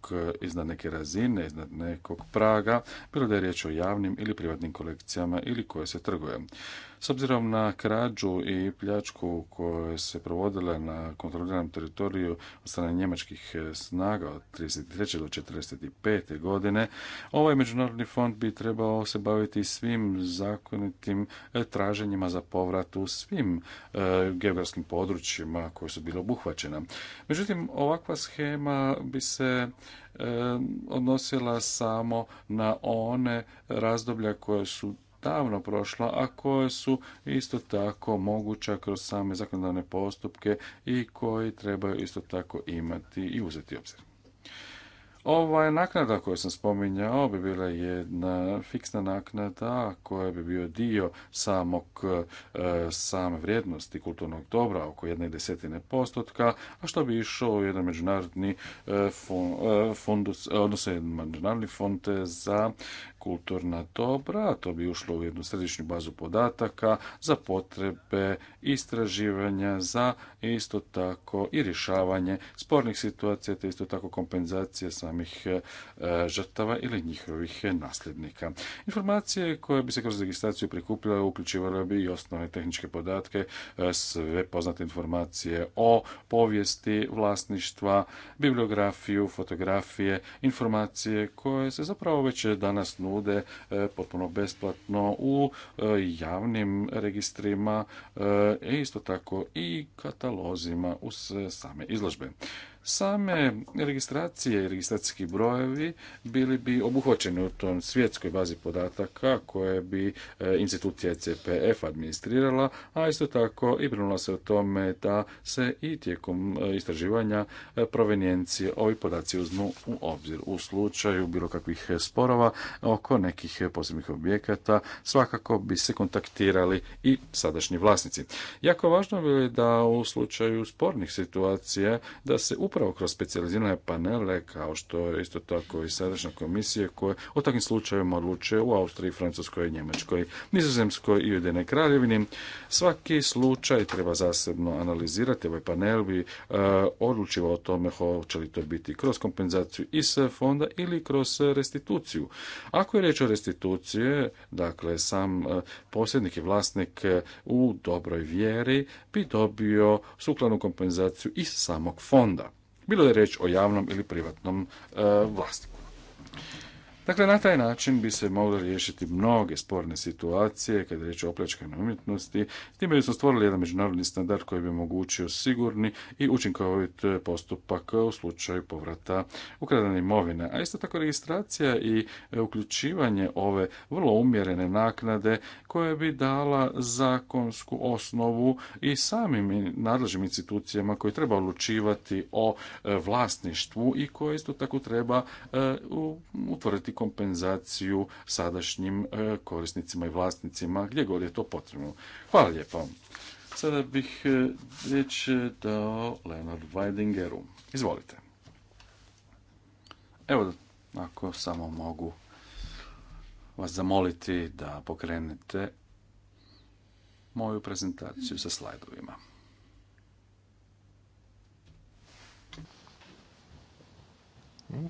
iznad neke razine, iznad nekog praga, bilo da je riječ o javnim ili privatnim kolekcijama ili koje se trguje. S obzirom na krađu i pljačku koje se provodile na kontroliranom teritoriju od strane njemačkih e, snaga od 1933. do 1945. godine, ovaj međunarodni fond bi trebao se baviti svim zakonitim e, traženjima za povrat u svim e, geografskim područjima koje su bile obuhvaćena. Međutim, ovakva schema bi se odnosila samo na one razdoblja koje su davno prošla, a koje su isto tako moguća kroz same zakonodavne postupke i koji trebaju isto tako imati i uzeti obzir. Ova naknada koju sam spominjao bi bila jedna fiksna naknada koja bi bio dio samog e, same vrijednosti kulturnog dobra oko jedne desetine postotka, a što bi išao u jedan međunarodni e, fond, e, odnosno međunarodni fond za kulturna dobra, to bi ušlo u jednu središnju bazu podataka za potrebe istraživanja, za isto tako i rješavanje spornih situacija, te isto tako kompenzacije samih e, žrtava ili njihovih nasljednika. Informacije koje bi se kroz registraciju prikupljale uključivale bi i osnovne tehničke podatke, e, sve poznate informacije o povijesti vlasništva, bibliografiju, fotografije, informacije koje se zapravo već danas bude e, potpuno besplatno u e, javnim registrima e, i isto tako i katalozima uz same izložbe. Same registracije i registracijski brojevi bili bi obuhvaćeni u tom svjetskoj bazi podataka koje bi e, institucija CPF administrirala, a isto tako i brinula se o tome da se i tijekom e, istraživanja e, provenjencije ovi podaci uzmu u obzir. U slučaju bilo kakvih sporova oko nekih posebnih objekata svakako bi se kontaktirali i sadašnji vlasnici. Jako važno bi da u slučaju spornih situacija da se upravo upravo kroz specializirane panele, kao što je isto tako i sadašnja komisija koja o takvim slučajevima odlučuje u Austriji, Francuskoj, Njemačkoj, Nizozemskoj i Ujedinjenoj Kraljevini. Svaki slučaj treba zasebno analizirati. Ovaj panel bi uh, o tome hoće li to biti kroz kompenzaciju iz fonda ili kroz restituciju. Ako je riječ o restituciji, dakle sam e, posjednik i vlasnik e, u dobroj vjeri bi dobio sukladnu kompenzaciju iz samog fonda bilo da je riječ o javnom ili privatnom e, vlasniku. Dakle, na taj način bi se moglo riješiti mnoge sporne situacije kada je riječ o opljačkanoj umjetnosti. time bi smo stvorili jedan međunarodni standard koji bi omogućio sigurni i učinkovit postupak u slučaju povrata ukradene imovine. A isto tako registracija i e, uključivanje ove vrlo umjerene naknade koja bi dala zakonsku osnovu i samim nadležnim institucijama koje treba odlučivati o e, vlasništvu i koje isto tako treba e, utvrditi kompenzaciju sadašnjim e, korisnicima i vlasnicima gdje god je to potrebno. Hvala lijepo. Sada bih e, riječ dao Leonard Weidingeru. Izvolite. Evo, ako samo mogu vas zamoliti da pokrenete moju prezentaciju sa slajdovima. Hmm?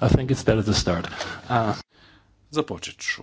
I think it's better to start. Započet ću.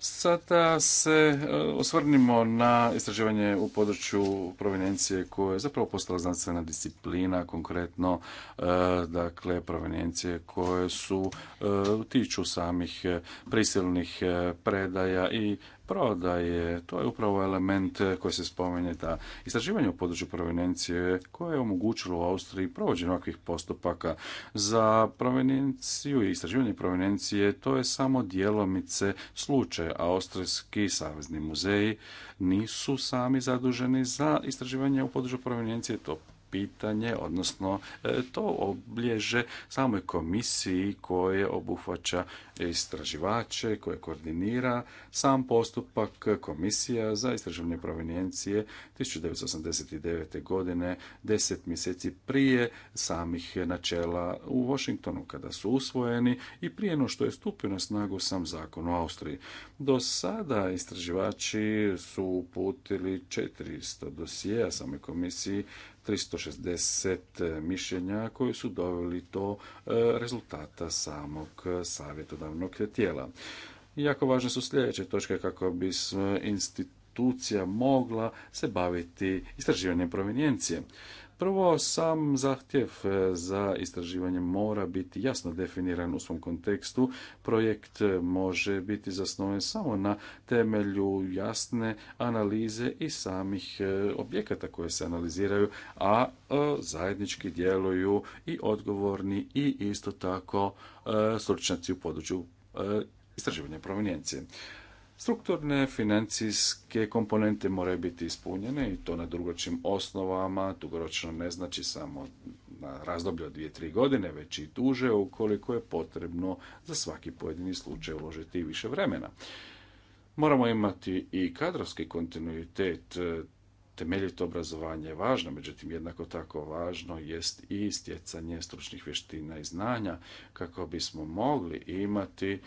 Sada se e, osvrnimo na istraživanje u području provenjencije koje je zapravo postala znanstvena disciplina, konkretno e, dakle provenjencije koje su e, tiču samih prisilnih predaja i prodaje. To je upravo element eh, koji se spomenje da istraživanje u području provenencije koje je omogućilo u Austriji provođenje ovakvih postupaka za provenenciju i istraživanje provenencije to je samo djelomice slučaj. Austrijski savezni muzeji nisu sami zaduženi za istraživanje u području provenencije, to pitanje, odnosno e, to oblježe samoj komisiji koje obuhvaća istraživače, koje koordinira sam postupak komisija za istraživanje provenijencije 1989. godine, deset mjeseci prije samih načela u Washingtonu kada su usvojeni i prije no što je stupio na snagu sam zakon u Austriji. Do sada istraživači su uputili 400 dosjea samoj komisiji 360 eh, mišljenja koji su doveli do eh, rezultata samog eh, savjetodavnog tijela. Jako važne su sljedeće točke kako bi institucija mogla se baviti istraživanjem provenijencije. Prvo, sam zahtjev e, za istraživanje mora biti jasno definiran u svom kontekstu. Projekt e, može biti zasnovan samo na temelju jasne analize i samih e, objekata koje se analiziraju, a zajednički djeluju i odgovorni i isto tako stručnjaci u području istraživanja provenjencije. Strukturne financijske komponente moraju biti ispunjene i to na drugočim osnovama. Dugoročno ne znači samo na razdoblje od dvije, tri godine, već i duže ukoliko je potrebno za svaki pojedini slučaj uložiti više vremena. Moramo imati i kadrovski kontinuitet temeljito obrazovanje je važno, međutim jednako tako važno jest i stjecanje stručnih vještina i znanja kako bismo mogli imati e,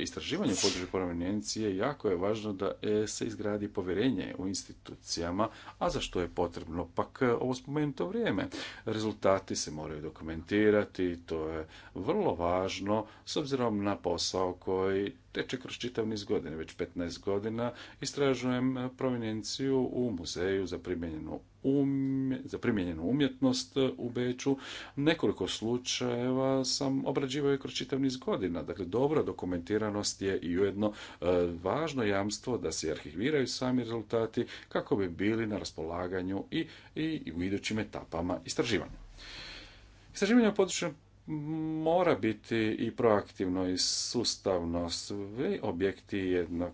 istraživanje u području Jako je važno da e, se izgradi povjerenje u institucijama, a za što je potrebno pak e, ovo spomenuto vrijeme. Rezultati se moraju dokumentirati, to je vrlo važno s obzirom na posao koji teče kroz čitav niz godina, već 15 godina istražujem e, prominenciju u muzeju za primjenjenu umjetnost e, u Beću. Nekoliko slučajeva sam obrađivao i kroz čitav niz godina. Dakle, dobra dokumentiranost je i ujedno e, važno jamstvo da se arhiviraju sami rezultati kako bi bili na raspolaganju i, i, i u idućim etapama istraživanja. Istraživanje u području mora biti i proaktivno i sustavno. svi objekti jednak,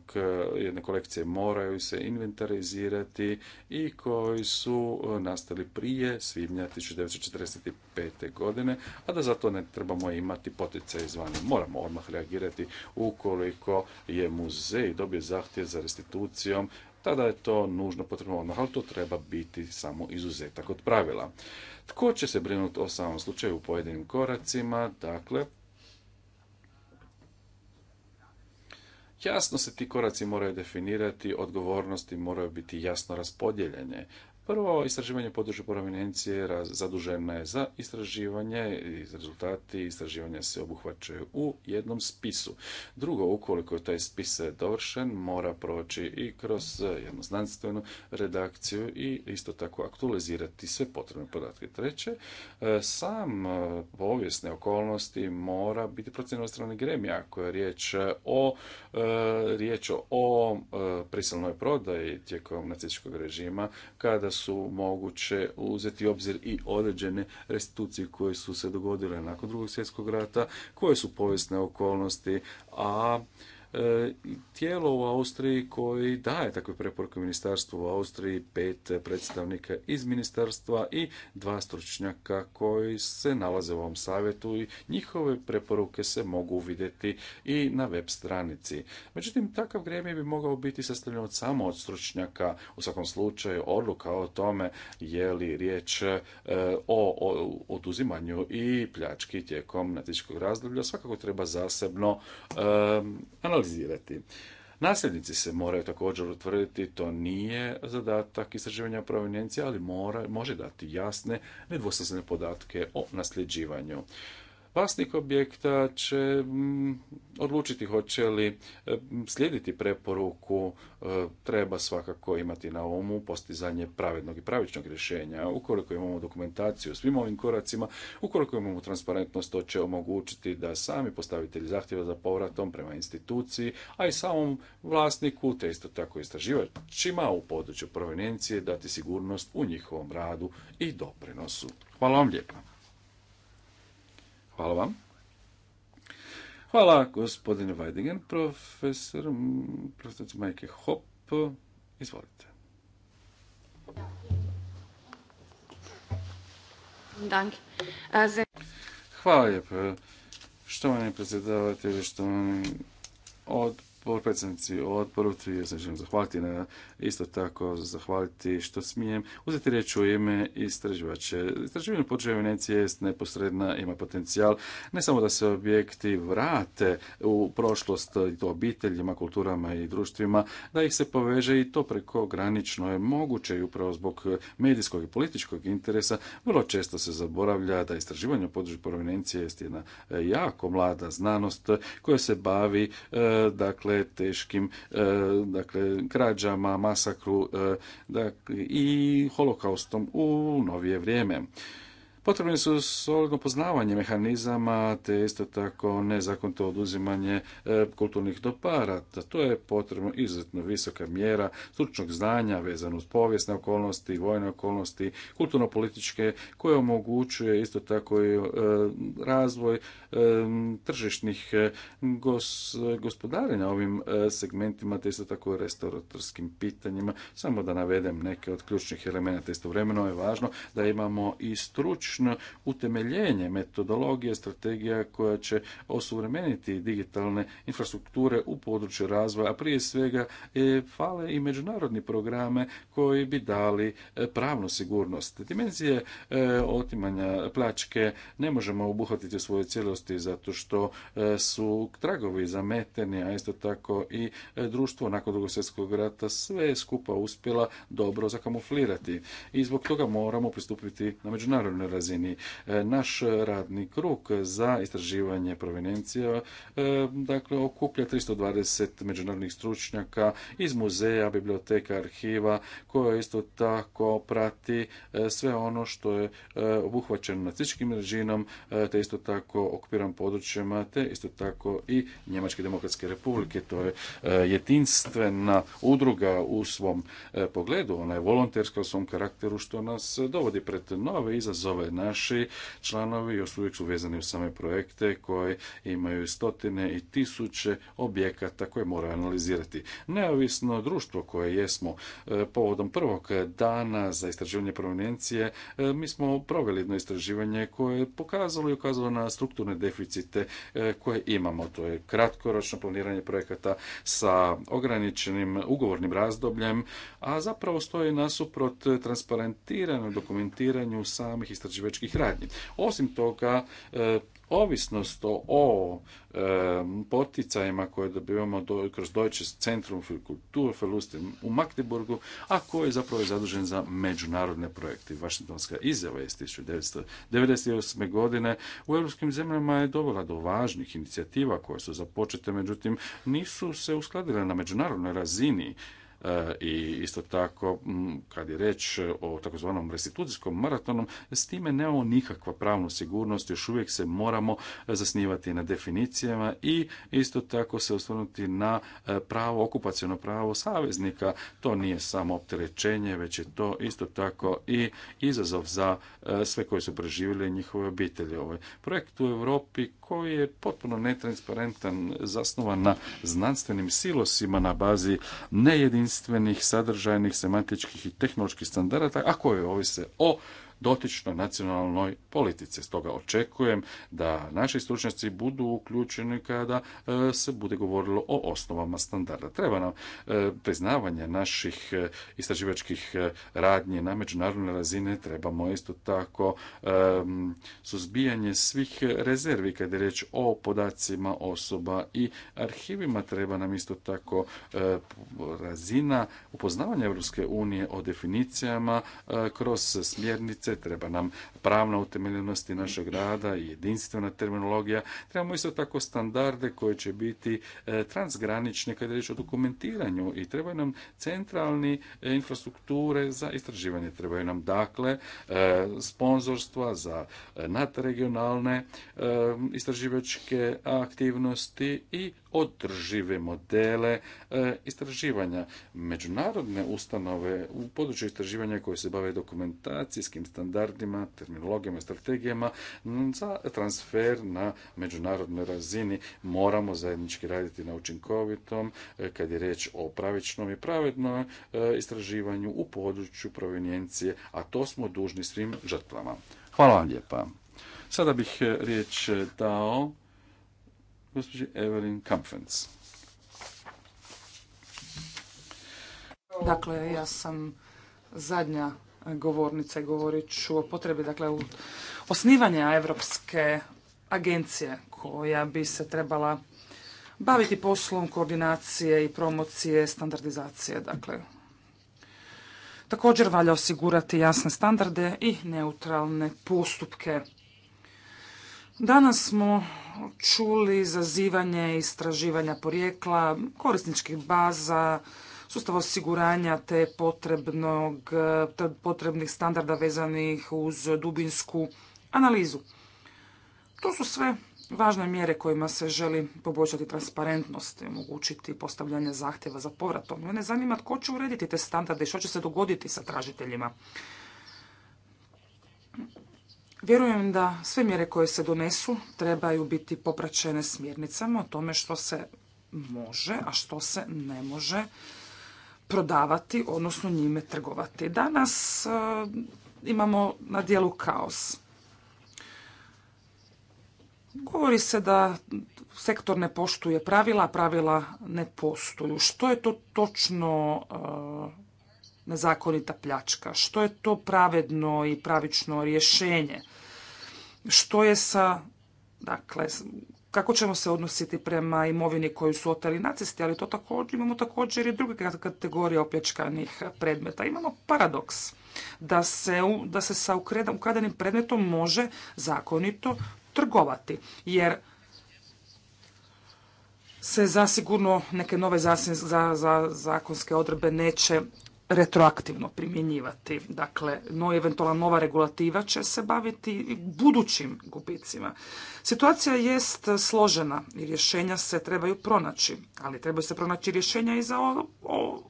jedne kolekcije moraju se inventarizirati i koji su nastali prije svibnja 1945. godine, a da zato ne trebamo imati potice izvana. Moramo odmah reagirati ukoliko je muzej dobio zahtjev za restitucijom tada je to nužno potrebno odmah, ali to treba biti samo izuzetak od pravila. Tko će se brinuti o samom slučaju u pojedinim koracima? Dakle, Jasno se ti koraci moraju definirati, odgovornosti moraju biti jasno raspodijeljene, Prvo, istraživanje područja prominencije zadužena je za istraživanje i rezultati istraživanja se obuhvaćaju u jednom spisu. Drugo, ukoliko je taj spis dovršen, mora proći i kroz jednu znanstvenu redakciju i isto tako aktualizirati sve potrebne podatke. Treće, e, sam e, povijesne okolnosti mora biti procjenjeno od strane gremija ako je riječ o, e, riječ o prisilnoj prodaji tijekom nacističkog režima kada su moguće uzeti obzir i određene restitucije koje su se dogodile nakon drugog svjetskog rata, koje su povijesne okolnosti, a E, tijelo u Austriji koji daje takve preporuke ministarstvu u Austriji, pet predstavnika iz ministarstva i dva stručnjaka koji se nalaze u ovom savjetu i njihove preporuke se mogu vidjeti i na web stranici. Međutim, takav gremij bi mogao biti sastavljen od samo od stručnjaka, u svakom slučaju odluka o tome je li riječ e, o, oduzimanju i pljački tijekom natječkog razdoblja svakako treba zasebno e, analizirati analizirati. Nasljednici se moraju također utvrditi, to nije zadatak istraživanja provencija, ali mora, može dati jasne, nedvosmislene podatke o nasljeđivanju. Vlasnik objekta će mm, odlučiti hoće li e, slijediti preporuku, e, treba svakako imati na umu postizanje pravednog i pravičnog rješenja. Ukoliko imamo dokumentaciju svim ovim koracima, ukoliko imamo transparentnost, to će omogućiti da sami postavitelji zahtjeva za povratom prema instituciji, a i samom vlasniku, te isto tako istraživačima u području provenencije, dati sigurnost u njihovom radu i doprinosu. Hvala vam lijepa. Hvala vam. Hvala gospodine Weidingen, profesor, profesor Majke Hop, izvolite. Hvala lijepo. Što vam je što vam od potpredsjednici odboru, ja se znači, želim zahvaliti na isto tako zahvaliti što smijem uzeti riječ u ime istraživače. Istraživanje područja Venecije, jest neposredna, ima potencijal ne samo da se objekti vrate u prošlost i to obiteljima, kulturama i društvima, da ih se poveže i to preko granično je moguće i upravo zbog medijskog i političkog interesa vrlo često se zaboravlja da istraživanje u provenencije jest jedna e, jako mlada znanost koja se bavi e, dakle dakle teškim e, dakle krađama, masakru dakle, i holokaustom u novije vrijeme. Potrebni su solidno poznavanje mehanizama, te isto tako nezakonito oduzimanje e, kulturnih dopara. to je potrebno izuzetno visoka mjera stručnog znanja vezano uz povijesne okolnosti, vojne okolnosti, kulturno-političke, koje omogućuje isto tako i e, razvoj e, tržišnih gospodarenja ovim segmentima, te isto tako i restauratorskim pitanjima. Samo da navedem neke od ključnih elemenata. Istovremeno je važno da imamo i struč utemeljenje metodologije, strategija koja će osuvremeniti digitalne infrastrukture u području razvoja, a prije svega e, fale i međunarodni programe koji bi dali e, pravnu sigurnost. Dimenzije e, otimanja plačke ne možemo obuhvatiti u svojoj cijelosti zato što su tragovi zameteni, a isto tako i društvo nakon drugog svjetskog rata sve skupa uspjela dobro zakamuflirati. I zbog toga moramo pristupiti na međunarodnoj razini razini. E, naš radni krug za istraživanje provenencija e, dakle, okuplja 320 međunarodnih stručnjaka iz muzeja, biblioteka, arhiva, koja isto tako prati e, sve ono što je obuhvaćeno nacističkim režimom, te isto tako okupiran područjima, te isto tako i Njemačke demokratske republike. To je jedinstvena udruga u svom pogledu. Ona je volonterska u svom karakteru, što nas dovodi pred nove izazove, naši članovi još uvijek su vezani u same projekte koje imaju stotine i tisuće objekata koje moraju analizirati. Neovisno društvo koje jesmo e, povodom prvog dana za istraživanje provenencije, e, mi smo proveli jedno istraživanje koje je pokazalo i ukazalo na strukturne deficite e, koje imamo. To je kratkoročno planiranje projekata sa ograničenim ugovornim razdobljem, a zapravo stoji nasuprot transparentiranom dokumentiranju samih istraživanja već radnji. Osim toga, e, ovisnost o e, poticajima koje dobivamo kroz Deutsche Centrum für Kulturverluste u Magdeburgu, a koji je zapravo zadužen za međunarodne projekte. Vašingtonska izjava iz 1998. godine u europskim zemljama je dovela do važnih inicijativa koje su započete, međutim nisu se uskladile na međunarodnoj razini E, i isto tako kad je reč o takozvanom restitucijskom maratonu, s time nemamo nikakva pravnu sigurnost, još uvijek se moramo zasnivati na definicijama i isto tako se osvrnuti na e, pravo, okupacijeno pravo saveznika. To nije samo opterećenje, već je to isto tako i izazov za e, sve koji su preživjeli njihove obitelji. Ovaj projekt u Europi koji je potpuno netransparentan, zasnovan na znanstvenim silosima na bazi nejedinstvenih jedinstvenih, sadržajnih, semantičkih i tehnoloških standarda, a koje ovise o dotičnoj nacionalnoj politici. Stoga očekujem da naši stručnjaci budu uključeni kada e, se bude govorilo o osnovama standarda. Treba nam e, priznavanje naših e, istraživačkih radnje na međunarodnoj razini, trebamo isto tako suzbijanje svih rezervi kada je riječ o podacima osoba i arhivima treba nam isto tako razina upoznavanja Evropske unije o definicijama kroz smjernice treba nam pravna utemeljenosti našeg rada i jedinstvena terminologija. Trebamo isto tako standarde koje će biti e, transgranične kada je riječ o dokumentiranju i trebaju nam centralni e, infrastrukture za istraživanje. Trebaju nam dakle e, sponzorstva za nadregionalne istraživačke aktivnosti i održive modele istraživanja. Međunarodne ustanove u području istraživanja koje se bave dokumentacijskim standardima, terminologijama i strategijama za transfer na međunarodnoj razini. Moramo zajednički raditi na učinkovitom e, kad je reč o pravičnom i pravednom e, istraživanju u području provenijencije, a to smo dužni svim žrtvama. Hvala vam lijepa. Sada bih e, riječ dao gospođi Evelyn Kampfens. Dakle, ja sam zadnja govornice. Govorit ću o potrebi dakle, osnivanja Europske agencije koja bi se trebala baviti poslom koordinacije i promocije standardizacije. Dakle, također valja osigurati jasne standarde i neutralne postupke. Danas smo čuli zazivanje istraživanja porijekla, korisničkih baza, sustav osiguranja te potrebnih standarda vezanih uz dubinsku analizu. To su sve važne mjere kojima se želi poboljšati transparentnost i omogućiti postavljanje zahtjeva za povratom. Mene zanima tko će urediti te standarde i što će se dogoditi sa tražiteljima. Vjerujem da sve mjere koje se donesu trebaju biti popraćene smjernicama o tome što se može, a što se ne može prodavati, odnosno njime trgovati. Danas eh, imamo na dijelu kaos. Govori se da sektor ne poštuje pravila, a pravila ne poštuju. Što je to točno eh, nezakonita pljačka? Što je to pravedno i pravično rješenje? Što je sa dakle, kako ćemo se odnositi prema imovini koju su oteli nacisti, ali to također, imamo također i druge kategorije opljačkanih predmeta. Imamo paradoks da se, sa ukradenim predmetom može zakonito trgovati, jer se zasigurno neke nove zakonske odredbe neće retroaktivno primjenjivati. Dakle, no eventualna nova regulativa će se baviti budućim gubicima. Situacija jest složena i rješenja se trebaju pronaći, ali trebaju se pronaći rješenja i za o, o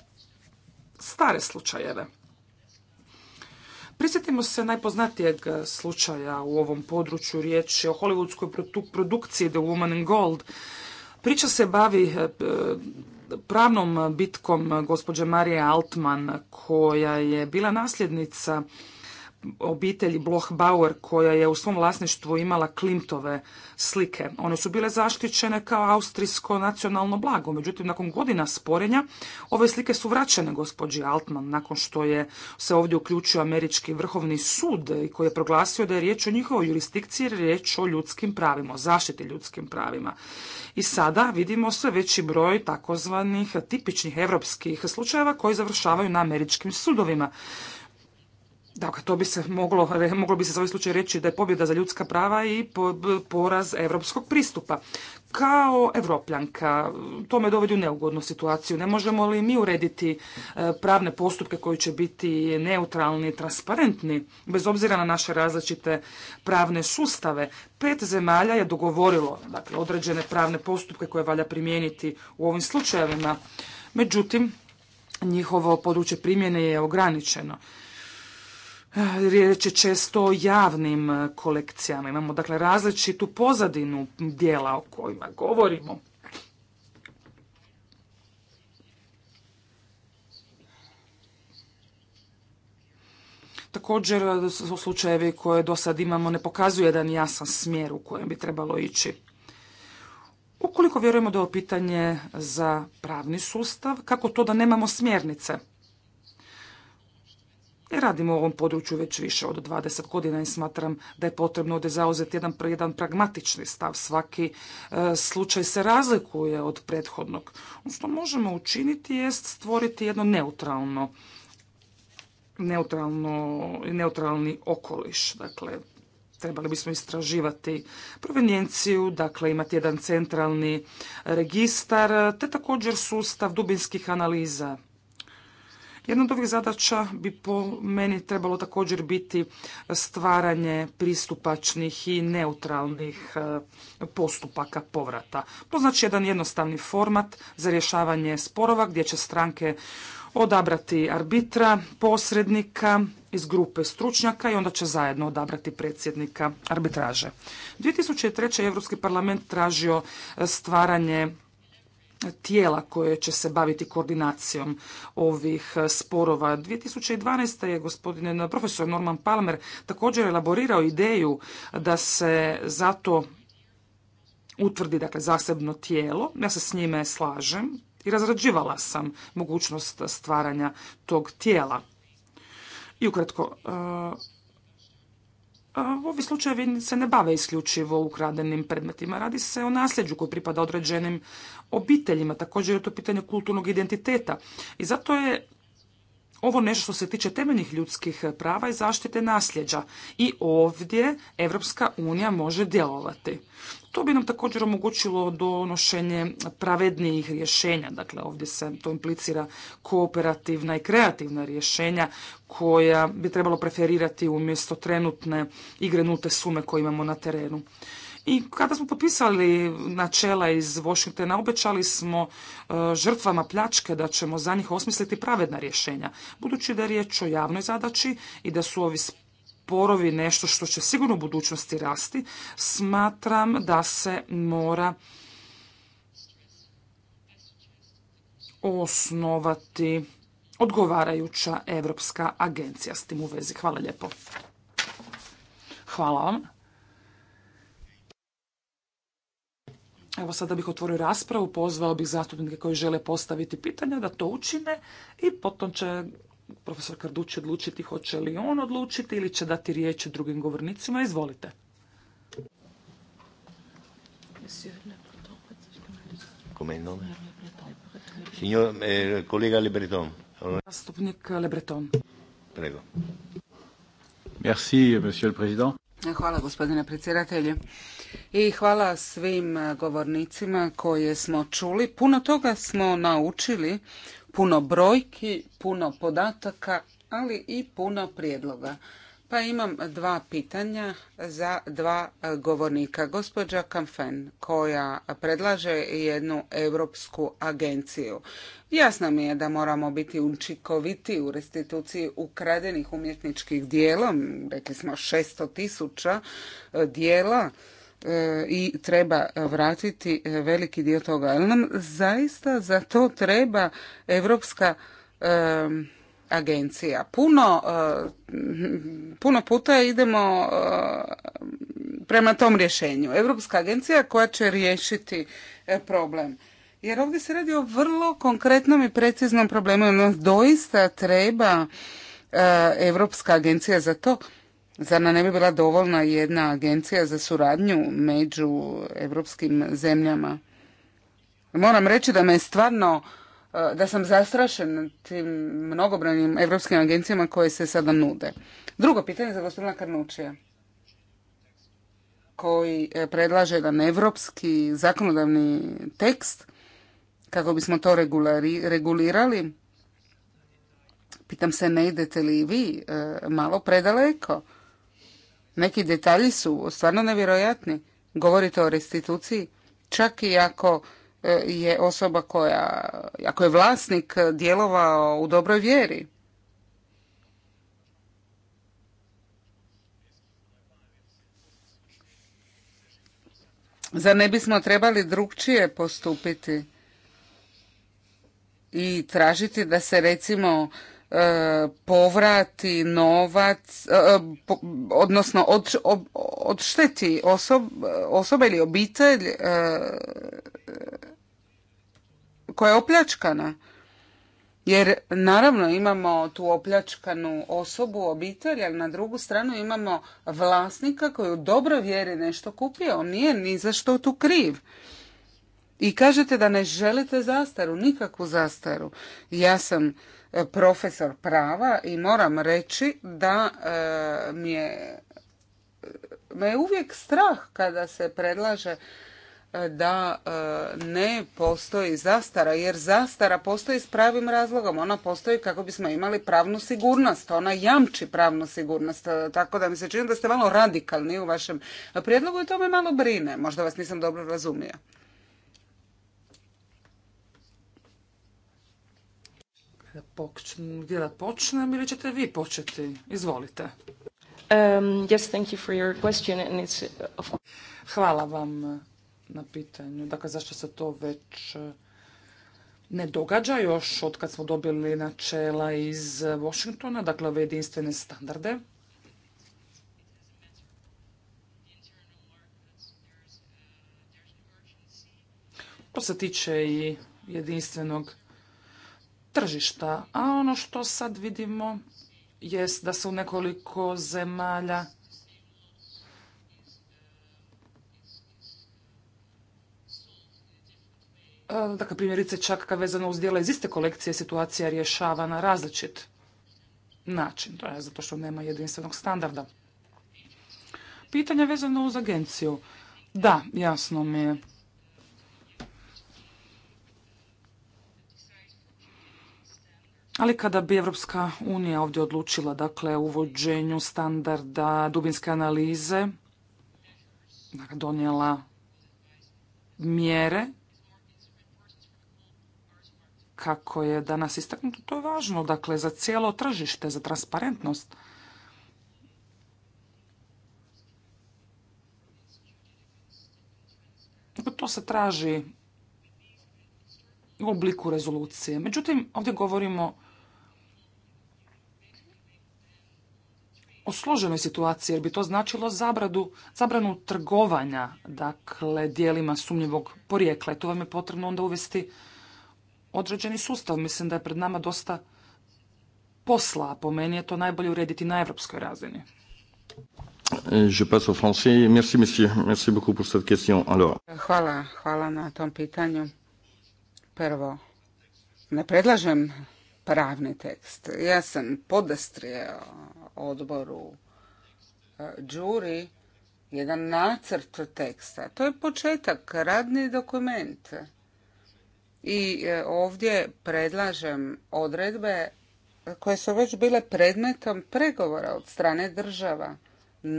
stare slučajeve. Prisjetimo se najpoznatijeg slučaja u ovom području, riječ je o hollywoodskoj produkciji The Woman in Gold. Priča se bavi e, pravnom bitkom gospođe Marije Altman koja je bila nasljednica obitelji Bloch Bauer koja je u svom vlasništvu imala Klimtove slike. One su bile zaštićene kao austrijsko nacionalno blago, međutim nakon godina sporenja ove slike su vraćene gospođi Altman nakon što je se ovdje uključio američki vrhovni sud i koji je proglasio da je riječ o njihovoj jurisdikciji, riječ o ljudskim pravima, o zaštiti ljudskim pravima. I sada vidimo sve veći broj takozvanih tipičnih europskih slučajeva koji završavaju na američkim sudovima. Dakle, to bi se moglo, moglo bi se za ovaj slučaj reći da je pobjeda za ljudska prava i poraz evropskog pristupa. Kao evropljanka, to me dovodi u neugodnu situaciju. Ne možemo li mi urediti e, pravne postupke koji će biti neutralni, i transparentni, bez obzira na naše različite pravne sustave? Pet zemalja je dogovorilo dakle, određene pravne postupke koje valja primijeniti u ovim slučajevima. Međutim, njihovo područje primjene je ograničeno. Riječ je često o javnim e, kolekcijama. Imamo dakle različitu pozadinu dijela o kojima govorimo. Također e, slučajevi koje do sad imamo ne pokazuju jedan jasan smjer u kojem bi trebalo ići. Ukoliko vjerujemo da je ovo pitanje za pravni sustav, kako to da nemamo smjernice? Radimo u ovom području već više od 20 godina i smatram da je potrebno ovdje zauzeti jedan, jedan pragmatični stav. Svaki e, slučaj se razlikuje od prethodnog. Ono što možemo učiniti jest stvoriti jedno neutralno neutralno, neutralni okoliš. Dakle, trebali bismo istraživati provenjenciju, dakle imati jedan centralni registar, te također sustav dubinskih analiza jedna od ovih zadaća bi po meni trebalo također biti stvaranje pristupačnih i neutralnih e, postupaka povrata. To znači jedan jednostavni format za rješavanje sporova gdje će stranke odabrati arbitra, posrednika iz grupe stručnjaka i onda će zajedno odabrati predsjednika arbitraže. 2003. Europski parlament tražio stvaranje tijela koje će se baviti koordinacijom ovih e, sporova. 2012. je gospodin e, profesor Norman Palmer također elaborirao ideju da se zato utvrdi dakle zasebno tijelo. Ja se s njime slažem i razrađivala sam mogućnost stvaranja tog tijela. I ukratko, e, Ovi slučajevi se ne bave isključivo ukradenim predmetima. Radi se o nasljeđu koji pripada određenim obiteljima. Također je to pitanje kulturnog identiteta. I zato je ovo nešto što se tiče temeljnih ljudskih prava i zaštite nasljeđa. I ovdje Evropska unija može djelovati. To bi nam također omogućilo donošenje pravednijih rješenja. Dakle, ovdje se to implicira kooperativna i kreativna rješenja koja bi trebalo preferirati umjesto trenutne igrenute sume koje imamo na terenu. I kada smo potpisali načela iz Washingtona, obećali smo e, žrtvama pljačke da ćemo za njih osmisliti pravedna rješenja. Budući da je riječ o javnoj zadaći i da su ovi porovi nešto što će sigurno u budućnosti rasti, smatram da se mora osnovati odgovarajuća Evropska agencija s tim u vezi. Hvala lijepo. Hvala vam. Evo sada bih otvorio raspravu, pozvao bih zastupnike koji žele postaviti pitanja da to učine i potom će profesor Karduć odlučiti hoće li on odlučiti ili će dati riječ drugim govornicima. Izvolite. Kolega eh, Lebreton. Zastupnik Lebreton. Prego. Merci, monsieur le président. Hvala gospodine predsjedatelje i hvala svim govornicima koje smo čuli. Puno toga smo naučili puno brojki, puno podataka, ali i puno prijedloga. Pa imam dva pitanja za dva govornika. Gospođa Kamfen koja predlaže jednu europsku agenciju. Jasno mi je da moramo biti učinkoviti u restituciji ukradenih umjetničkih dijela, rekli smo 600 tisuća dijela i treba vratiti e, veliki dio toga. Ali nam zaista za to treba Europska e, agencija. Puno, e, puno puta idemo prema tom rješenju. Europska agencija koja će riješiti problem. Jer ovdje se radi o vrlo konkretnom i preciznom problemu. doista treba Europska agencija za to Zar nam ne bi bila dovoljna jedna agencija za suradnju među evropskim zemljama? Moram reći da me stvarno, e, da sam zastrašen tim mnogobrojnim evropskim agencijama koje se sada nude. Drugo pitanje za gospodina Karnučija koji e, predlaže jedan evropski zakonodavni tekst kako bismo to regulirali. Pitam se ne idete li vi e, malo predaleko? Neki detalji su stvarno nevjerojatni. Govorite o restituciji, čak i ako e, je osoba koja, ako je vlasnik djelovao u dobroj vjeri. Zar ne bismo trebali drugčije postupiti i tražiti da se recimo E, povrati novac, e, e, odnosno odšteti osoba ili obitelj koja je opljačkana. Jer naravno imamo tu opljačkanu osobu, obitelj, ali na drugu stranu imamo vlasnika koji u dobroj vjeri nešto kupio. On nije ni za što tu kriv. I kažete da ne želite zastaru, nikakvu zastaru. Ja sam profesor prava i moram reći da e, mi je me je uvijek strah kada se predlaže e, da e, ne postoji zastara, jer zastara postoji s pravim razlogom. Ona postoji kako bismo imali pravnu sigurnost. Ona jamči pravnu sigurnost. Tako da mi se čini da ste malo radikalni u vašem prijedlogu i to me malo brine. Možda vas nisam dobro razumio. gdje da počnem ili ćete vi početi? Izvolite. Hvala vam na pitanju. Dakle, zašto se to već uh, ne događa još od kad smo dobili načela iz Washingtona, dakle ove jedinstvene standarde. To se tiče i jedinstvenog tržišta. A ono što sad vidimo jest da se u nekoliko zemalja e, Dakle, primjerice kad vezano uz dijela iz iste kolekcije situacija rješava na različit način. To je zato što nema jedinstvenog standarda. Pitanje vezano uz agenciju. Da, jasno mi je Ali kada bi Evropska unija ovdje odlučila dakle, uvođenju standarda dubinske analize, donijela mjere kako je danas istaknuto, to je važno dakle, za cijelo tržište, za transparentnost. Dakle, to se traži u obliku rezolucije. Međutim, ovdje govorimo o složenoj situaciji jer bi to značilo zabradu, zabranu trgovanja, dakle, dijelima sumnjivog porijekla. I tu vam je potrebno onda uvesti određeni sustav. Mislim da je pred nama dosta posla, a po meni je to najbolje urediti na evropskoj razini. Je passe au français. Hvala, hvala na tom pitanju. Prvo, ne predlažem pravni tekst. Ja sam podastrijeo odboru e, džuri, jedan nacrt teksta. To je početak, radni dokument. I e, ovdje predlažem odredbe koje su već bile predmetom pregovora od strane država.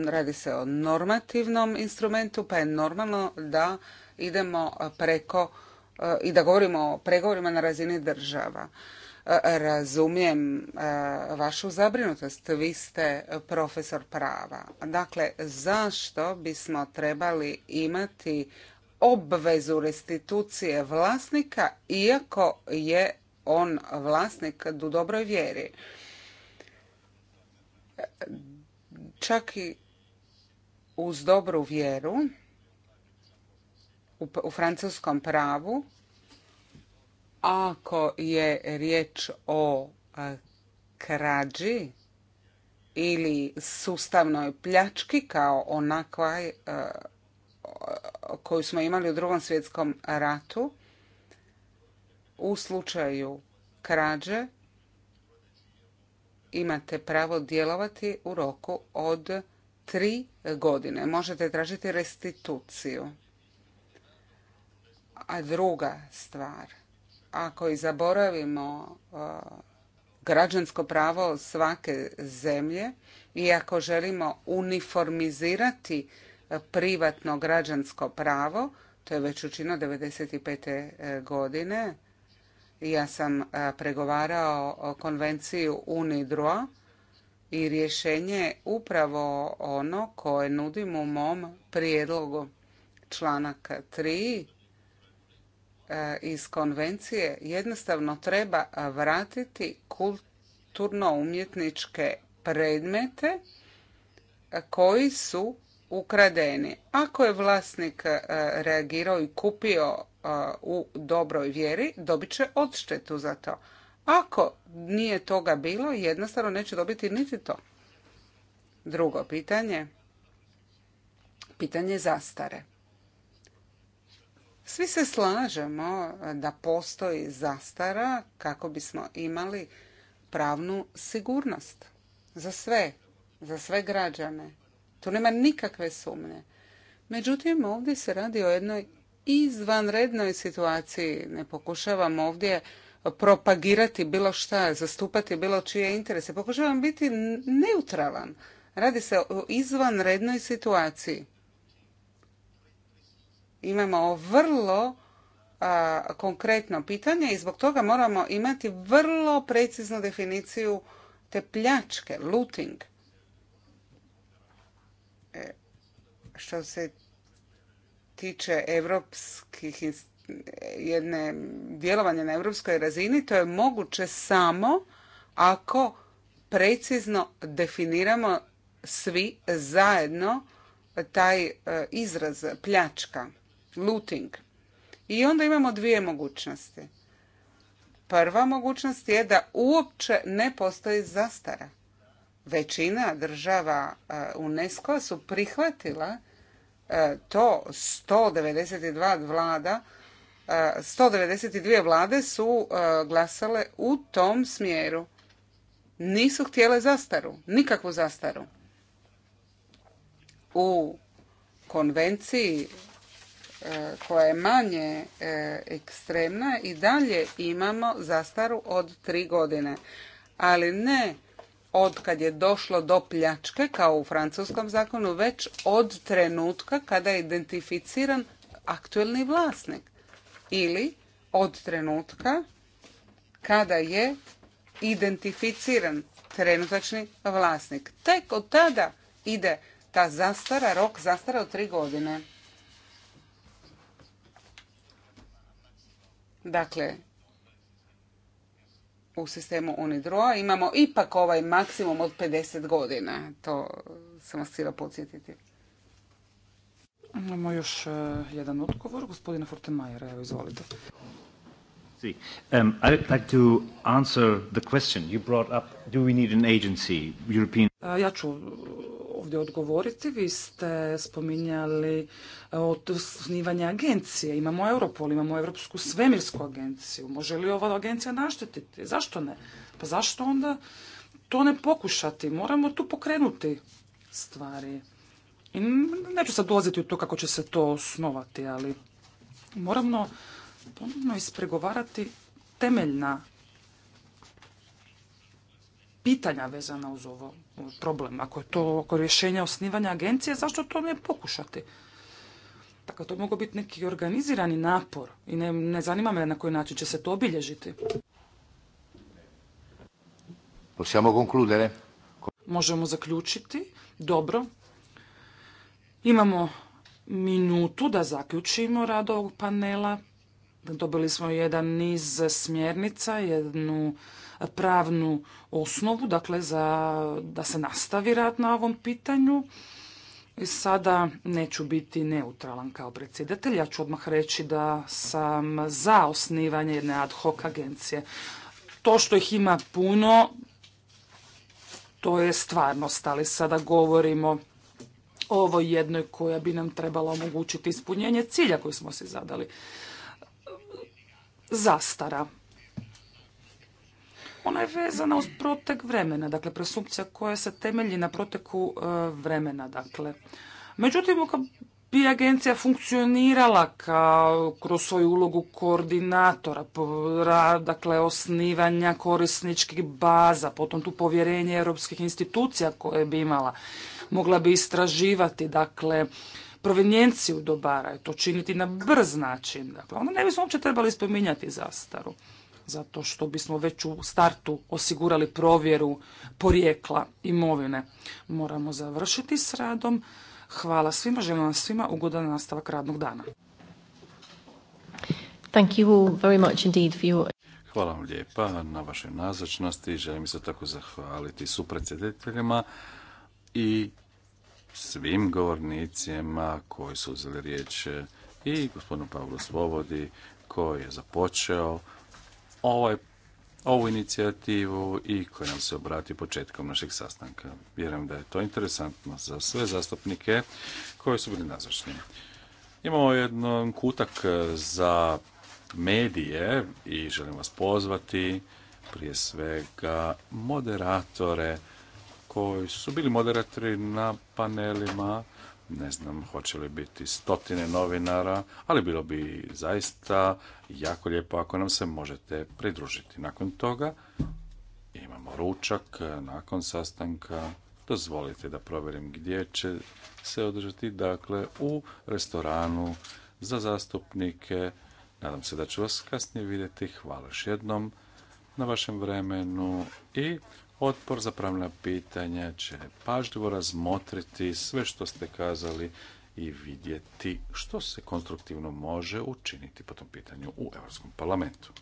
Radi se o normativnom instrumentu, pa je normalno da idemo preko e, i da govorimo o pregovorima na razini država razumijem eh, vašu zabrinutost. Vi ste profesor prava. Dakle, zašto bismo trebali imati obvezu restitucije vlasnika iako je on vlasnik u dobroj vjeri? Čak i uz dobru vjeru u francuskom pravu ako je riječ o e, krađi ili sustavnoj pljački kao onakva e, koju smo imali u drugom svjetskom ratu, u slučaju krađe imate pravo djelovati u roku od tri godine. Možete tražiti restituciju. A druga stvar – ako i zaboravimo e, građansko pravo svake zemlje i ako želimo uniformizirati e, privatno građansko pravo, to je već učinio 1995. E, godine. Ja sam pregovarao konvenciju UNIDRO i rješenje upravo ono koje nudim u mom prijedlogu. Članak 3 E, iz konvencije jednostavno treba vratiti kulturno-umjetničke predmete koji su ukradeni. Ako je vlasnik e, reagirao i kupio e, u dobroj vjeri, dobit će odštetu za to. Ako nije toga bilo, jednostavno neće dobiti niti to. Drugo pitanje, pitanje zastare. Svi se slažemo da postoji zastara kako bismo imali pravnu sigurnost za sve, za sve građane. Tu nema nikakve sumnje. Međutim, ovdje se radi o jednoj izvanrednoj situaciji. Ne pokušavam ovdje propagirati bilo šta, zastupati bilo čije interese. Pokušavam biti neutralan. Radi se o izvanrednoj situaciji imamo vrlo konkretno pitanje i zbog toga moramo imati vrlo preciznu definiciju te pljačke, looting. E, što se tiče evropskih jedne djelovanja na europskoj razini, to je moguće samo ako precizno definiramo svi zajedno taj e, izraz pljačka looting. I onda imamo dvije mogućnosti. Prva mogućnost je da uopće ne postoji zastara. Većina država e, UNESCO su prihvatila e, to 192 vlada 192 e, vlade su glasale u tom smjeru. Nisu htjele zastaru, nikakvu zastaru. U konvenciji E, koja je manje e, ekstremna i dalje imamo zastaru od tri godine. Ali ne od kad je došlo do pljačke kao u francuskom zakonu, već od trenutka kada je identificiran aktuelni vlasnik ili od trenutka kada je identificiran trenutačni vlasnik. Tek od tada ide ta zastara, rok zastara od tri godine. Dakle, u sistemu UNIDROA imamo ipak ovaj maksimum od 50 godina. To sam vas htjela podsjetiti. Imamo još e, jedan odgovor. Gospodina Fortemajera, evo izvolite. Um, I'd like to answer the question you brought up. Do we need an agency, European... E, ja ću ovdje odgovoriti. Vi ste spominjali e, od osnivanje agencije. Imamo Europol, imamo Europsku svemirsku agenciju. Može li ova agencija naštetiti? Zašto ne? Pa zašto onda to ne pokušati? Moramo tu pokrenuti stvari. I neću sad dolaziti u to kako će se to osnovati, ali moramo ponovno ispregovarati temeljna pitanja vezana uz ovo problem. Ako je to oko rješenja osnivanja agencije, zašto to ne pokušati? Dakle, to mogu biti neki organizirani napor i ne, zanima me na koji način će se to obilježiti. Možemo zaključiti. Dobro. Imamo minutu da zaključimo rad ovog panela. Dobili smo jedan niz smjernica, jednu pravnu osnovu, dakle za, da se nastavi rad na ovom pitanju. I sada neću biti neutralan kao predsjedatelj, ja ću odmah reći da sam za osnivanje jedne ad hoc agencije. To što ih ima puno, to je stvarnost, ali sada govorimo o ovoj jednoj koja bi nam trebala omogućiti ispunjenje cilja koji smo si zadali. Zastara ona je vezana uz protek vremena, dakle presumpcija koja se temelji na proteku e, vremena. Dakle. Međutim, kad bi agencija funkcionirala kao, kroz svoju ulogu koordinatora, dakle osnivanja korisničkih baza, potom tu povjerenje europskih institucija koje bi imala, mogla bi istraživati, dakle, provenjenciju dobara i to činiti na brz način. Dakle, onda ne bismo uopće trebali spominjati zastaru zato što bismo već u startu osigurali provjeru porijekla imovine. Moramo završiti s radom. Hvala svima, želim vam svima ugodan nastavak radnog dana. Thank you very much indeed for your... Hvala vam lijepa na vašoj nazočnosti. Želim se tako zahvaliti supredsjediteljima i svim govornicima koji su uzeli riječ i gospodinu Pavlu Svobodi koji je započeo Ovaj, ovu inicijativu i koji nam se obrati početkom našeg sastanka. Vjerujem da je to interesantno za sve zastupnike koji su bili nazočni. Imamo jedan kutak za medije i želim vas pozvati prije svega moderatore koji su bili moderatori na panelima ne znam hoće li biti stotine novinara, ali bilo bi zaista jako lijepo ako nam se možete pridružiti. Nakon toga imamo ručak, nakon sastanka, dozvolite da provjerim gdje će se održati, dakle u restoranu za zastupnike. Nadam se da ću vas kasnije vidjeti. Hvala još jednom na vašem vremenu i Otpor za pravna pitanja će pažljivo razmotriti sve što ste kazali i vidjeti što se konstruktivno može učiniti po tom pitanju u Europskom parlamentu.